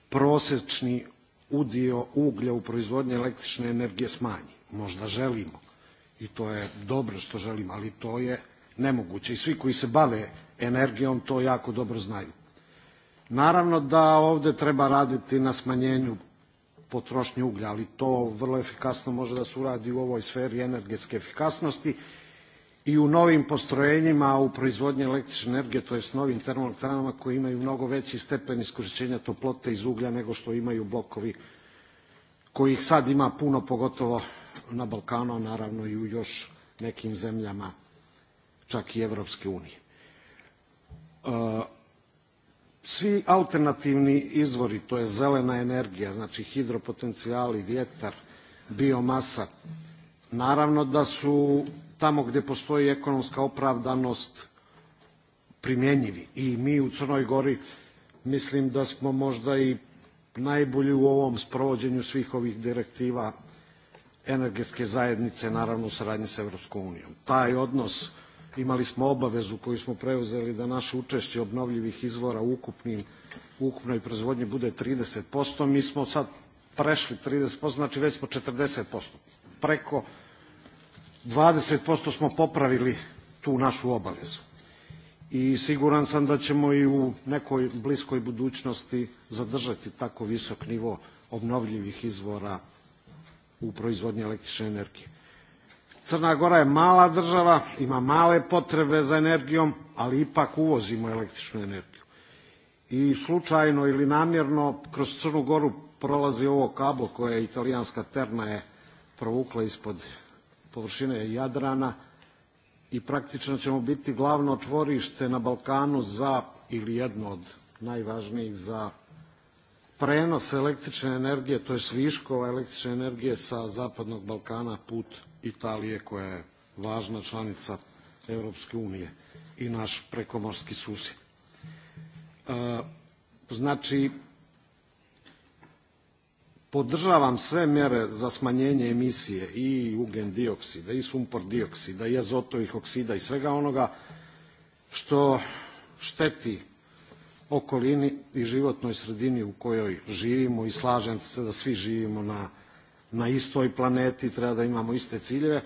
prosečni udio uglja u proizvodnje električne energije smanji. Možda želimo i to je dobro što želimo, ali to je nemoguće i svi koji se bave energijom to jako dobro znaju. Naravno da ovde treba raditi na smanjenju potrošnje uglja, ali to vrlo efikasno može da se uradi u ovoj sferi energetske efikasnosti i u novim postrojenjima u proizvodnje električne energije, to je s novim termoelektranama koji imaju mnogo veći stepen iskoristenja toplote iz uglja nego što imaju blokovi kojih sad ima puno, pogotovo na Balkanu, a naravno i u još nekim zemljama, čak i Evropske unije. Uh, svi alternativni izvori, to je zelena energija, znači hidropotencijali, vjetar, biomasa, naravno da su tamo gdje postoji ekonomska opravdanost primjenjivi. I mi u Crnoj Gori mislim da smo možda i najbolji u ovom sprovođenju svih ovih direktiva energetske zajednice, naravno u saradnji s Evropskom unijom. Taj odnos imali smo obavezu koju smo preuzeli da naše učešće obnovljivih izvora u ukupnoj prezvodnji bude 30%. Mi smo sad prešli 30%, znači već smo 40%. Preko 20% smo popravili tu našu obavezu. I siguran sam da ćemo i u nekoj bliskoj budućnosti zadržati tako visok nivo obnovljivih izvora u proizvodnji električne energije. Crna Gora je mala država, ima male potrebe za energijom, ali ipak uvozimo električnu energiju. I slučajno ili namjerno kroz Crnu Goru prolazi ovo kablo koje je italijanska terna je provukla ispod površine Jadrana i praktično ćemo biti glavno čvorište na Balkanu za ili jedno od najvažnijih za prenos električne energije, to je sviškova električne energije sa zapadnog Balkana put Balkana Italije koja je važna članica Europske unije i naš prekomorski susjed. E, znači, podržavam sve mjere za smanjenje emisije i ugljen dioksida i sumpor dioksida i azotovih oksida i svega onoga što šteti okolini i životnoj sredini u kojoj živimo i slažem se da svi živimo na na istoj planeti, treba da imamo iste ciljeve,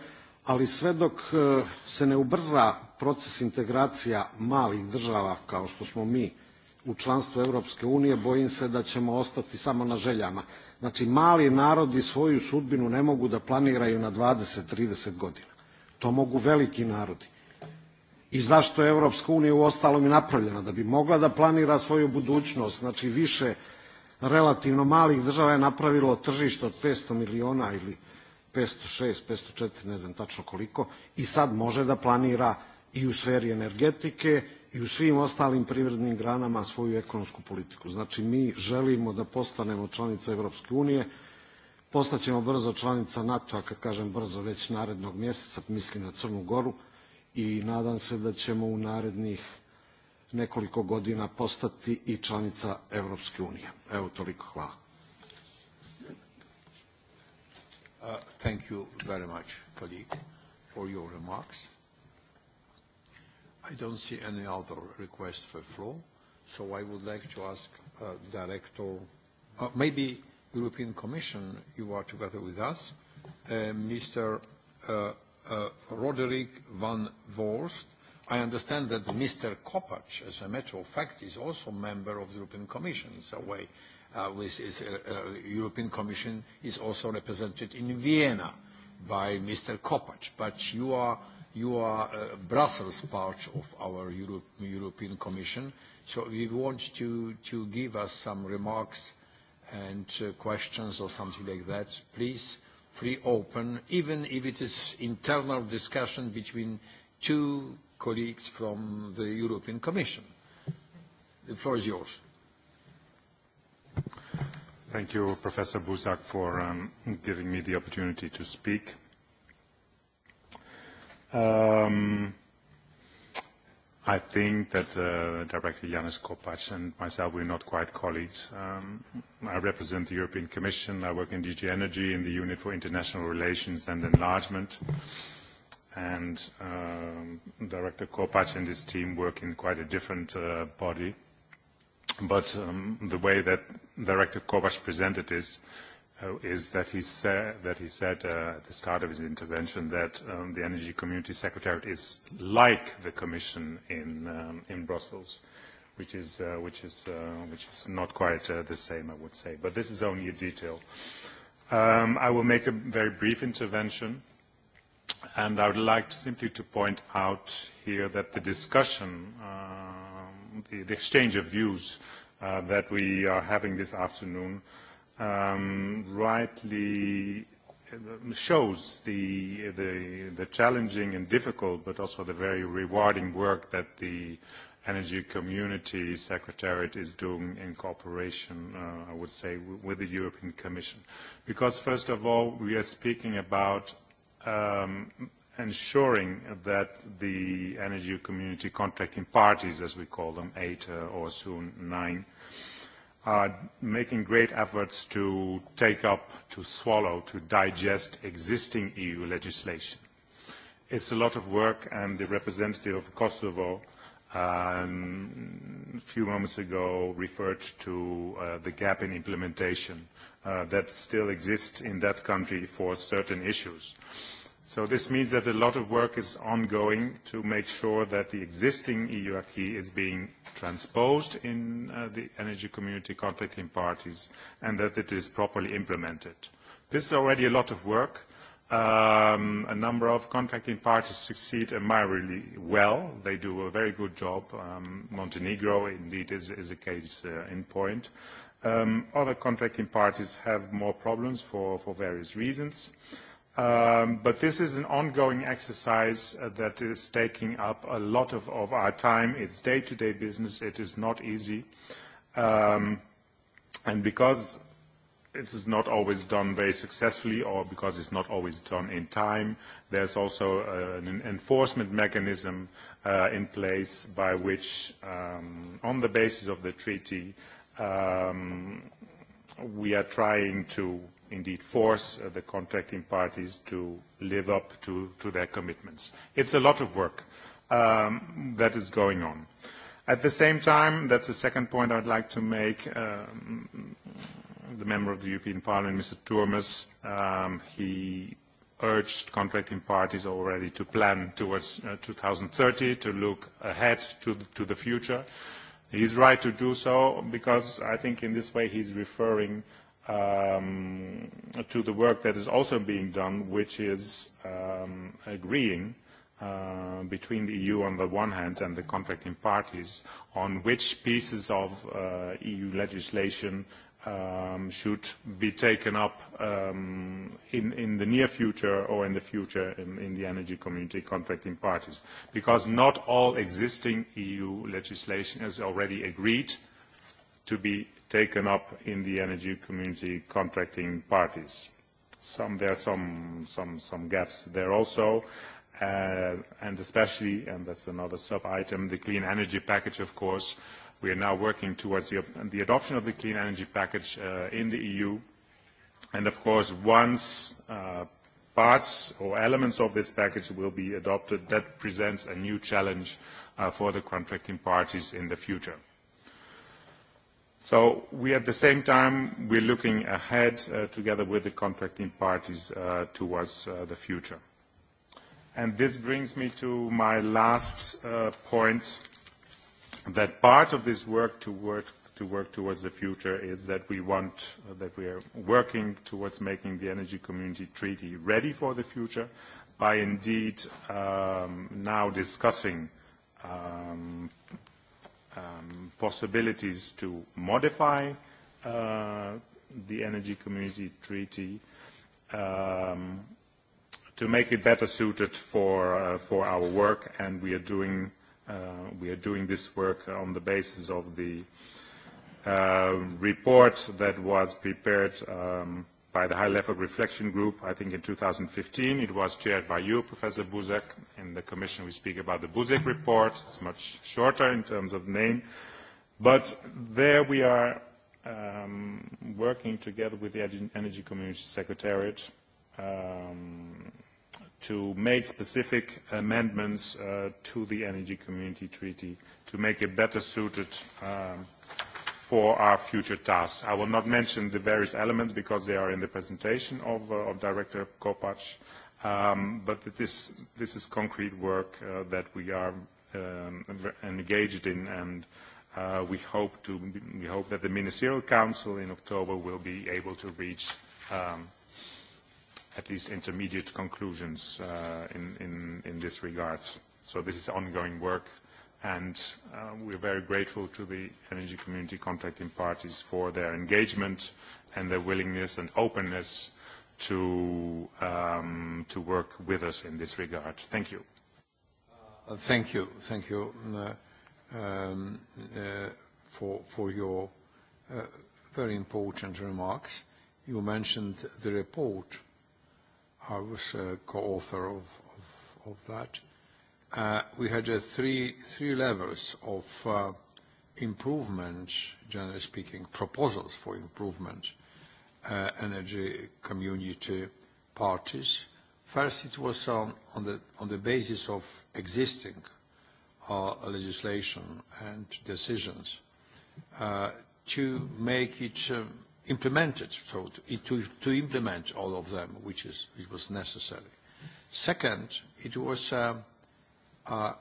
ali sve dok e, se ne ubrza proces integracija malih država kao što smo mi u članstvu Evropske unije, bojim se da ćemo ostati samo na željama. Znači, mali narodi svoju sudbinu ne mogu da planiraju na 20-30 godina. To mogu veliki narodi. I zašto je Evropska unija u ostalom i napravljena? Da bi mogla da planira svoju budućnost, znači više relativno malih država je napravilo tržište od 500 miliona ili 506, 504, ne znam tačno koliko, i sad može da planira i u sferi energetike i u svim ostalim privrednim granama svoju ekonomsku politiku. Znači, mi želimo da postanemo članica Evropske unije, postaćemo brzo članica NATO-a, kad kažem brzo, već narednog mjeseca, mislim na Crnu Goru, i nadam se da ćemo u narednih nekoliko godina postati i članica Evropske unije. Evo, toliko. Hvala. Uh, thank you very much, colleague, for your remarks. I don't see any other request for floor, so I would like to ask uh, Director, uh, maybe European Commission, you are together with us, uh, Mr. Uh, uh, Roderick van Voorst, uh, I understand that Mr. Kopacz, as a matter of fact, is also a member of the European Commission in some way. Uh, with his, uh, uh, European Commission is also represented in Vienna by Mr. Kopacz, but you are, you are uh, Brussels part of our Euro European Commission, so we want to, to give us some remarks and uh, questions or something like that. Please, free open, even if it is internal discussion between two colleagues from the European Commission. The floor is yours. Thank you, Professor Buzak, for um, giving me the opportunity to speak. Um, I think that uh, Director Yanis Kopacz and myself, we're not quite colleagues. Um, I represent the European Commission. I work in DG Energy in the Unit for International Relations and Enlargement. Uh, and um, Director Kopach and his team work in quite a different uh, body. But um, the way that Director Kopach presented this uh, is that he, sa- that he said uh, at the start of his intervention that um, the Energy Community Secretariat is like the Commission in, um, in Brussels. Which is, uh, which, is, uh, which is not quite uh, the same, I would say. But this is only a detail. Um, I will make a very brief intervention. And I would like simply to point out here that the discussion, uh, the, the exchange of views uh, that we are having this afternoon um, rightly uh, shows the, the, the challenging and difficult but also the very rewarding work that the Energy Community Secretariat is doing in cooperation, uh, I would say, with the European Commission. Because first of all, we are speaking about um, ensuring that the energy community contracting parties, as we call them, eight uh, or soon nine, are making great efforts to take up, to swallow, to digest existing EU legislation. It's a lot of work, and the representative of Kosovo um, a few moments ago referred to uh, the gap in implementation uh, that still exist in that country for certain issues. So this means that a lot of work is ongoing to make sure that the existing EU acquis is being transposed in uh, the energy community conflicting parties and that it is properly implemented. This is already a lot of work. Um, a number of contracting parties succeed admirably well. They do a very good job. Um, Montenegro, indeed, is, is a case uh, in point. Um, other contracting parties have more problems for various reasons. Um, this is an ongoing exercise uh, that is taking up a lot of our time. It's day-to-day business. It is not easy. Um, because it is not always done very successfully or because it's not always done in time, there's also uh, an enforcement mechanism uh, in place by which, on the basis of the treaty, Um, we are trying to indeed force uh, the contracting parties to live up to, to their commitments. It's a lot of work um, that is going on. At the same time, that's the second point I'd like to make. Um, the member of the European Parliament, Mr. Turmes, um, he urged contracting parties already to plan towards uh, 2030 to look ahead to the, to the future he's right to do so because I think in this way he's referring um, to the work that is also being done, which is um, agreeing uh, between the EU on the one hand and the contracting parties on which pieces of uh, EU legislation uh, um, should be taken up um, in, in the near future or in the future in, in the energy community contracting parties. Because not all existing EU legislation has already agreed to be taken up in the energy community contracting parties. Some, there are some, some, some gaps there also. Uh, and especially, and that's another sub-item, the clean energy package, of course, uh, We are now working towards the, the adoption of the clean energy package uh, in the EU. And of course, once uh, parts or elements of this package will be adopted, that presents a new challenge uh, for the contracting parties in the future. So we, at the same time, we're looking ahead uh, together with the contracting parties uh, towards uh, the future. And this brings me to my last uh, point that part of this work to work to work towards the future is that we want uh, that we are working towards making the energy community treaty ready for the future by indeed um, now discussing um, um, possibilities to modify uh, the energy community treaty um, to make it better suited for uh, for our work and we are doing Uh, we are doing this work on the basis of the uh, report that was prepared um, by the high-level reflection group, I think in 2015. It was chaired by you, Professor Buzek. In the commission, we speak about the Buzek report. It's much shorter in terms of name. But there we are um, working together with the Energy Community Secretariat um, to make specific amendments uh, to the Energy Community Treaty to make it better suited um, for our future tasks. I will not mention the various elements because they are in the presentation of, uh, of Director Kopacz, um, but this, this is concrete work uh, that we are um, engaged in and uh, we, hope to, we hope that the Ministerial Council in October will be able to reach um, at least intermediate conclusions uh, in, in, in this regard. So this is ongoing work, and uh, we're very grateful to the energy community contacting parties for their engagement and their willingness and openness to, um, to work with us in this regard. Thank you. Uh, thank you. Thank you uh, um, uh, for, for your uh, very important remarks. You mentioned the report uh, I was a co-author of, of, of that. Uh, we had uh, three, three levels of uh, improvement, generally speaking, proposals for improvement, uh, energy community parties. First, it was um, on, the, on the basis of existing uh, legislation and decisions uh, to make it um, implemented, so to, to implement all of them, which, is, which was necessary. Second, it was uh, uh,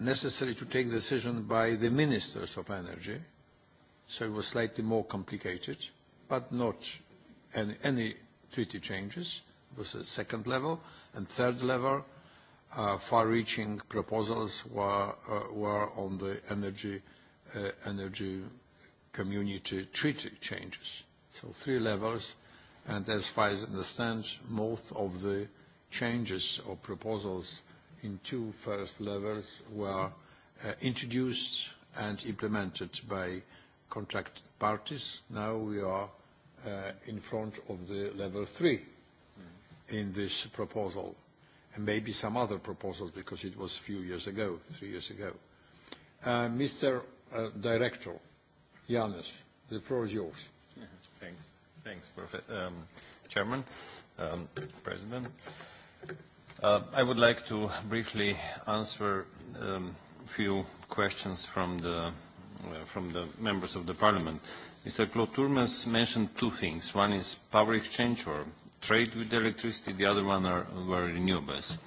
necessary to take decision by the ministers of energy, so it was slightly more complicated, but not any, any treaty changes. It was a second level. And third level, uh, far-reaching proposals were, uh, were on the energy, uh, energy community treaty changes so three levels, and as far as I understand, most of the changes or proposals in two first levels were uh, introduced and implemented by contract parties. Now we are uh, in front of the level three in this proposal, and maybe some other proposals because it was a few years ago, three years ago. Uh, Mr. Uh, Director, Yanis, the floor is yours. Thanks. Thanks, um, Chairman, um, President. Uh, I would like to briefly answer a um, few questions from the, uh, from the members of the Parliament. Mr. Claude Turmes mentioned two things. One is power exchange or trade with electricity. The other one are, were renewables.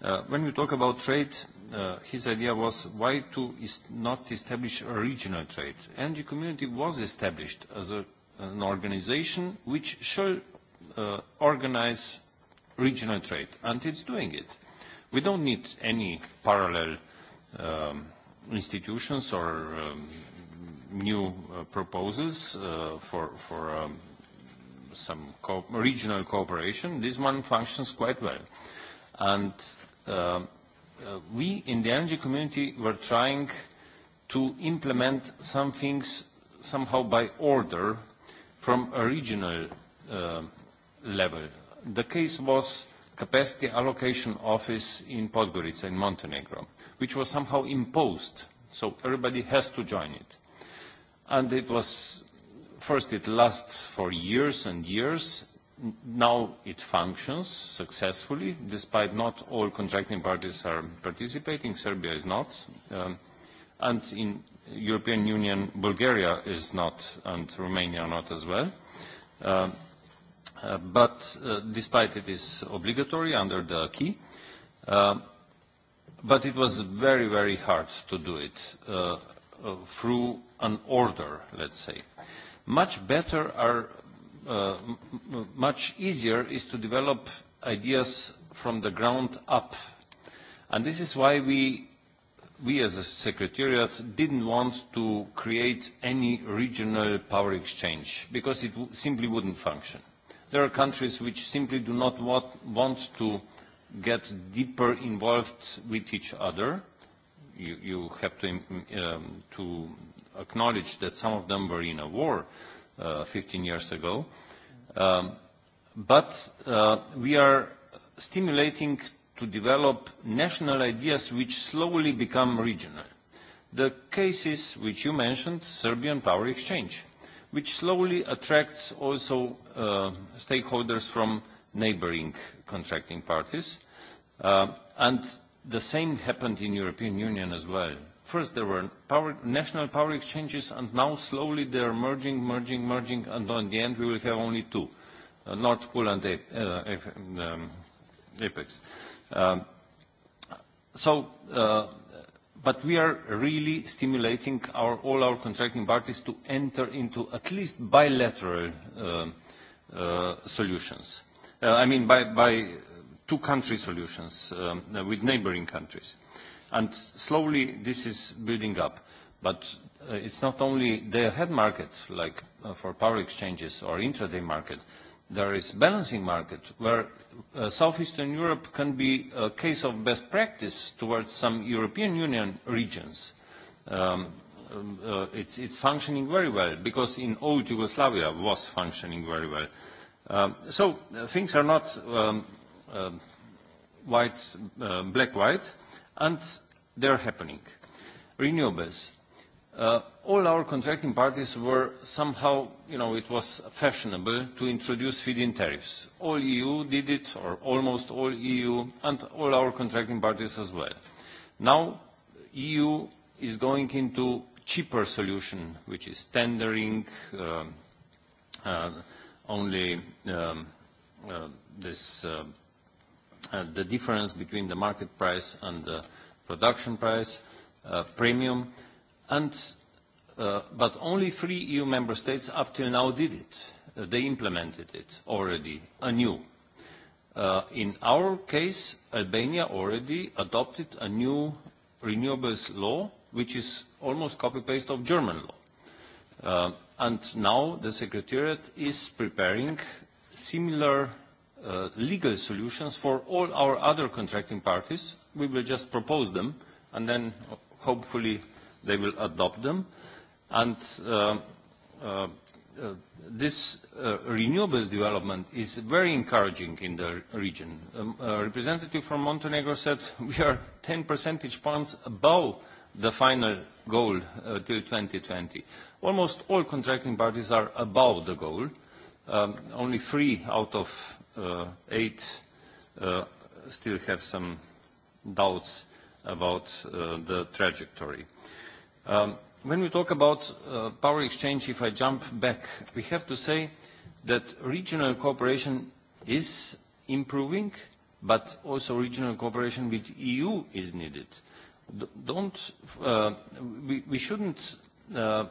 Uh, when we talk about trade, uh, his idea was why to is not establish a regional trade. Energy community was established as a an organization which shall uh, organize regional trade, and it's doing it. We don't need any parallel um, institutions or um, new uh, proposals uh, for, for um, some co regional cooperation. This one functions quite well. And uh, uh, we in the energy community were trying to implement some things somehow by order from a regional uh, level. The case was Capacity Allocation Office in Podgorica, in Montenegro, which was somehow imposed, so everybody has to join it. And it was... First, it lasts for years and years. Now it functions successfully, despite not all contracting parties are participating. Serbia is not. Um, and in European Union, Bulgaria is not, and Romania not as well. Uh, uh, but uh, despite it is obligatory under the key, uh, but it was very, very hard to do it uh, uh, through an order, let's say. Much better are, uh, m much easier is to develop ideas from the ground up. And this is why we we as a secretariat didn't want to create any regional power exchange because it w simply wouldn't function. There are countries which simply do not wa want to get deeper involved with each other. You, you have to, um, um to acknowledge that some of them were in a war uh, 15 years ago. Um, but uh, we are stimulating to develop national ideas which slowly become regional. The cases which you mentioned, Serbian power exchange, which slowly attracts also uh, stakeholders from neighboring contracting parties. Uh, and the same happened in European Union as well. First there were power, national power exchanges and now slowly they are merging, merging, merging and in the end we will have only two, uh, North Pool and uh, um, APEX. Uh, Um, so, uh, but we are really stimulating our, all our contracting parties to enter into at least bilateral um, uh, solutions. Uh, I mean, by two-country solutions um, with neighboring countries. And slowly, this is building up. But it's not only day-ahead market, like for power exchanges or intraday market, there is balancing market where uh, southeastern europe can be a case of best practice towards some european union regions um, uh, it's, it's functioning very well because in old yugoslavia was functioning very well um, so uh, things are not um, uh, white uh, black white and they're happening renewables Uh, all our contracting parties were somehow, you know, it was fashionable to introduce feed-in tariffs. All EU did it, or almost all EU, and all our contracting parties as well. Now, EU is going into cheaper solution, which is tendering, uh, uh, only um, uh, this, uh, uh, the difference between the market price and the production price, uh, premium, uh, And, uh, but only three EU member states up till now did it. Uh, they implemented it already anew. Uh, in our case, Albania already adopted a new renewables law, which is almost copy-paste of German law. Uh, and now the Secretariat is preparing similar uh, legal solutions for all our other contracting parties. We will just propose them, and then hopefully they will adopt them. And uh, uh, uh, this uh, renewables development is very encouraging in the region. Um, a representative from Montenegro said we are 10 percentage points above the final goal uh, till 2020. Almost all contracting parties are above the goal. Um, only three out of uh, eight uh, still have some doubts about uh, the trajectory. Uh, Um, when we talk about uh, power exchange, if I jump back, we have to say that regional cooperation is improving, but also regional cooperation with EU is needed. Uh, we shouldn't uh,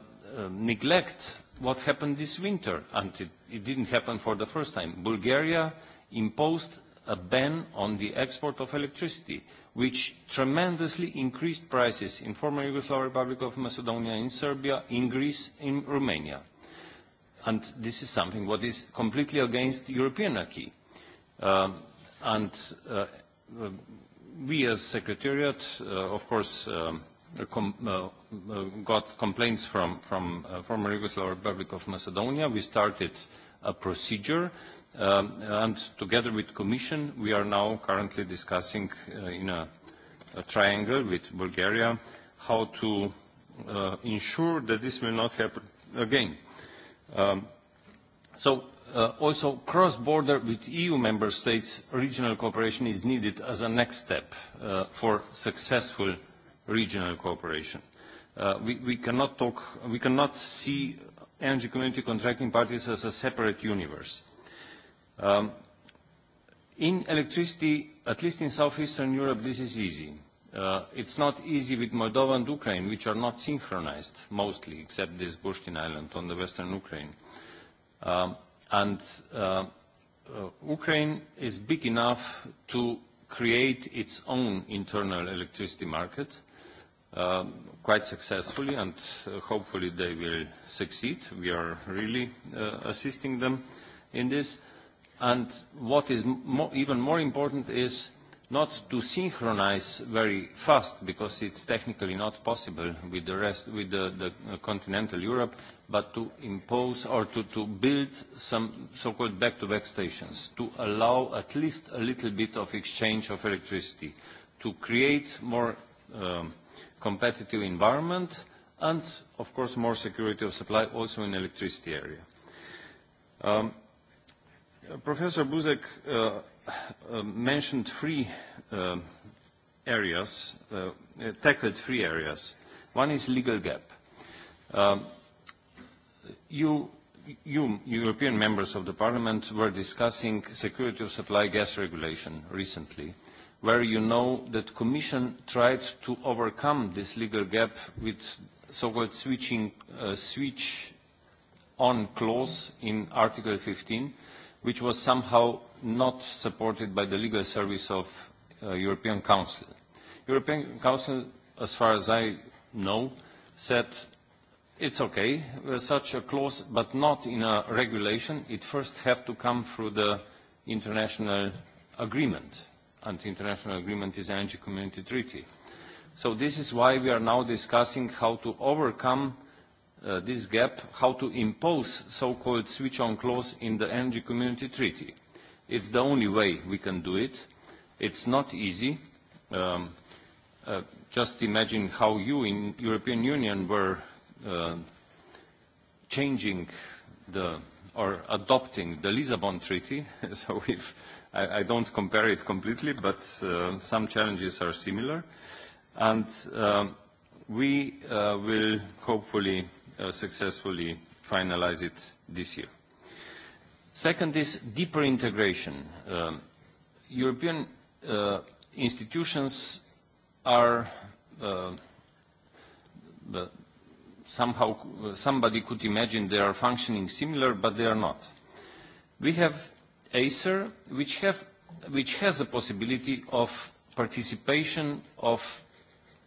neglect what happened this winter, and it didn't happen for the first time. Bulgaria imposed a ban on the export of electricity which tremendously increased prices in former Yugoslav Republic of Macedonia, in Serbia, in Greece, in Romania. And this is something what is completely against European acquis. Um, and uh, uh, we as Secretariat, uh, of course, um, uh, com uh, got complaints from, from uh, former Yugoslav Republic of Macedonia. We started a procedure Um, and together with Commission, we are now currently discussing uh, in a, a triangle with Bulgaria how to uh, ensure that this will not happen again. Um, so uh, also cross-border with EU member states, regional cooperation is needed as a next step uh, for successful regional cooperation. Uh, we, we cannot talk, we cannot see energy community contracting parties as a separate universe. Uh, Um, in electricity, at least in southeastern Europe, this is easy. Uh, it's not easy with Moldova and Ukraine, which are not synchronized mostly, except this Bushtin island on the western Ukraine. Um, and uh, uh, Ukraine is big enough to create its own internal electricity market um, quite successfully, and uh, hopefully they will succeed. We are really uh, assisting them in this. And what is mo even more important is not to synchronize very fast, because it's technically not possible with the rest, with the, the continental Europe, but to impose or to, to build some so-called back-to-back stations, to allow at least a little bit of exchange of electricity, to create more um, competitive environment, and of course more security of supply also in electricity area. Um, Uh, Professor Buzek uh, uh, mentioned three uh, areas, uh, uh, tackled three areas. One is legal gap. Um, you, you, European members of the Parliament, were discussing security of supply gas regulation recently, where you know that Commission tried to overcome this legal gap with so-called switching uh, switch on clause in Article 15, which was somehow not supported by the legal service of uh, European Council. European Council, as far as I know, said it's okay, uh, such a clause, but not in a regulation. It first have to come through the international agreement, and the international agreement is the Energy Community Treaty. So this is why we are now discussing how to overcome Uh, this gap, how to impose so-called switch-on clause in the Energy Community Treaty. It's the only way we can do it. It's not easy. Um, uh, just imagine how you in European Union were uh, changing the or adopting the Lisbon Treaty. so if I, I don't compare it completely, but uh, some challenges are similar. And uh, we uh, will hopefully Uh, successfully finalize it this year. Second is deeper integration. Um, European uh, institutions are uh, somehow, somebody could imagine they are functioning similar, but they are not. We have ACER, which, have, which has a possibility of participation of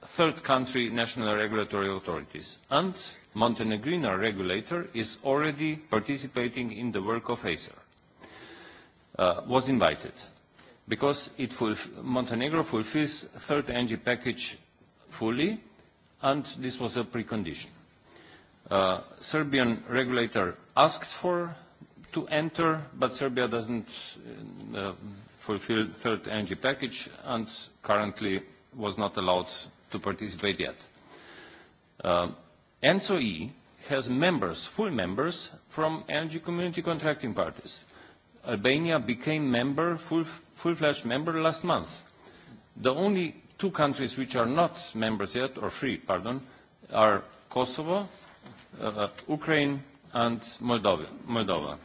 third country national regulatory authorities. And Montenegrino regulator is already participating in the work of ACER, uh, was invited, because it fulf Montenegro fulfills third NG package fully, and this was a precondition. Uh, Serbian regulator asked for to enter, but Serbia doesn't uh, fulfill third energy package and currently was not allowed to participate yet. Uh, ENSOE has members, full members, from energy community contracting parties. Albania became member, full-fledged full member last month. The only two countries which are not members yet, or free, pardon, are Kosovo, uh, Ukraine, and Moldova. Moldova.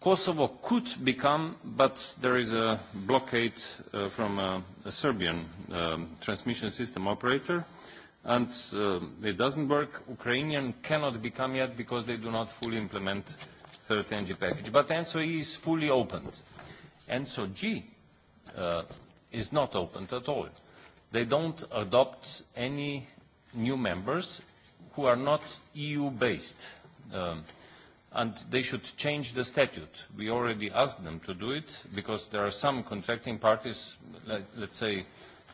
Kosovo could become, but there is a blockade uh, from a, a Serbian um, transmission system operator, and uh, it doesn't work. Ukrainian cannot become yet because they do not fully implement third energy package. But ENSO E is fully opened. ENSO G uh, is not opened at all. They don't adopt any new members who are not EU-based. Um, and they should change the statute. We already asked them to do it because there are some contracting parties, like, let's say,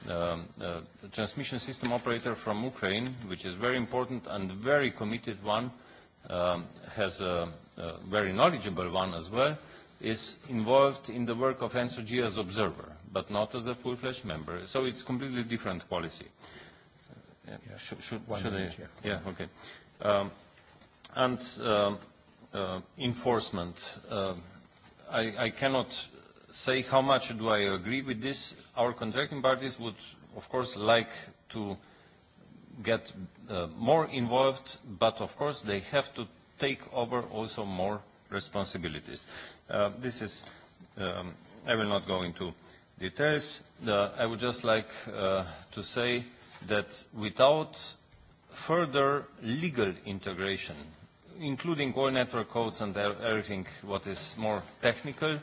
um, uh, a transmission system operator from Ukraine, which is very important and very committed one, um, has a, a very knowledgeable one as well, is involved in the work of NSOG as observer, but not as a full-fledged member. So it's completely different policy. Uh, yeah. Yeah. Sh should should I? Minute, yeah. yeah, okay. Um, and... Um, uh, enforcement. Uh, I, I cannot say how much do I agree with this. Our contracting parties would, of course, like to get uh, more involved, but of course they have to take over also more responsibilities. Uh, this is, um, I will not go into details. Uh, I would just like uh, to say that without further legal integration including all network codes and er-, everything what is more technical.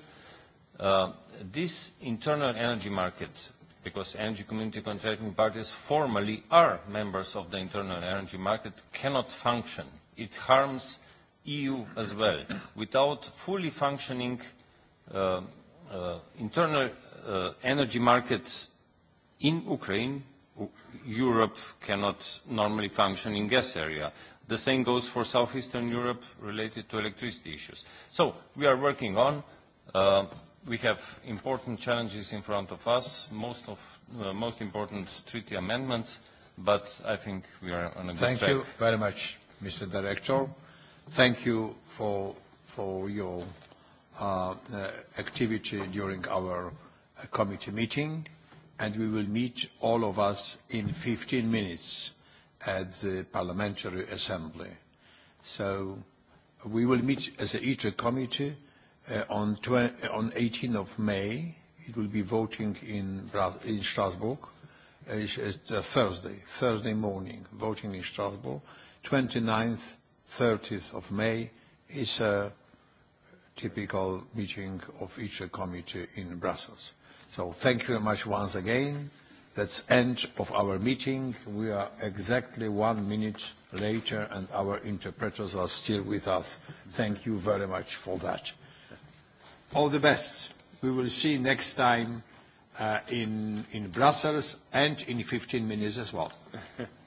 Uh, this internal energy market, because energy community contracting parties formally are members of the internal energy market, cannot function. It harms EU as well. Without fully functioning uh, uh, internal uh, energy markets in Ukraine, Europe cannot normally function in gas area. The same goes for Southeastern Europe related to electricity issues. So we are working on. Uh, we have important challenges in front of us, most of the uh, most important treaty amendments, but I think we are on a good Thank track. Thank you very much, Mr. Director. Thank you for, for your uh, uh, activity during our uh, committee meeting, and we will meet all of us in 15 minutes at the Parliamentary Assembly. So we will meet as a ITRE committee uh, on, uh, on 18th of May. It will be voting in, in Strasbourg, uh, uh, Thursday, Thursday morning, voting in Strasbourg. 29th, 30th of May is a typical meeting of ITRE committee in Brussels. So thank you very much once again that's end of our meeting. We are exactly one minute later and our interpreters are still with us. Thank you very much for that. All the best. We will see next time uh, in, in Brussels and in 15 minutes as well.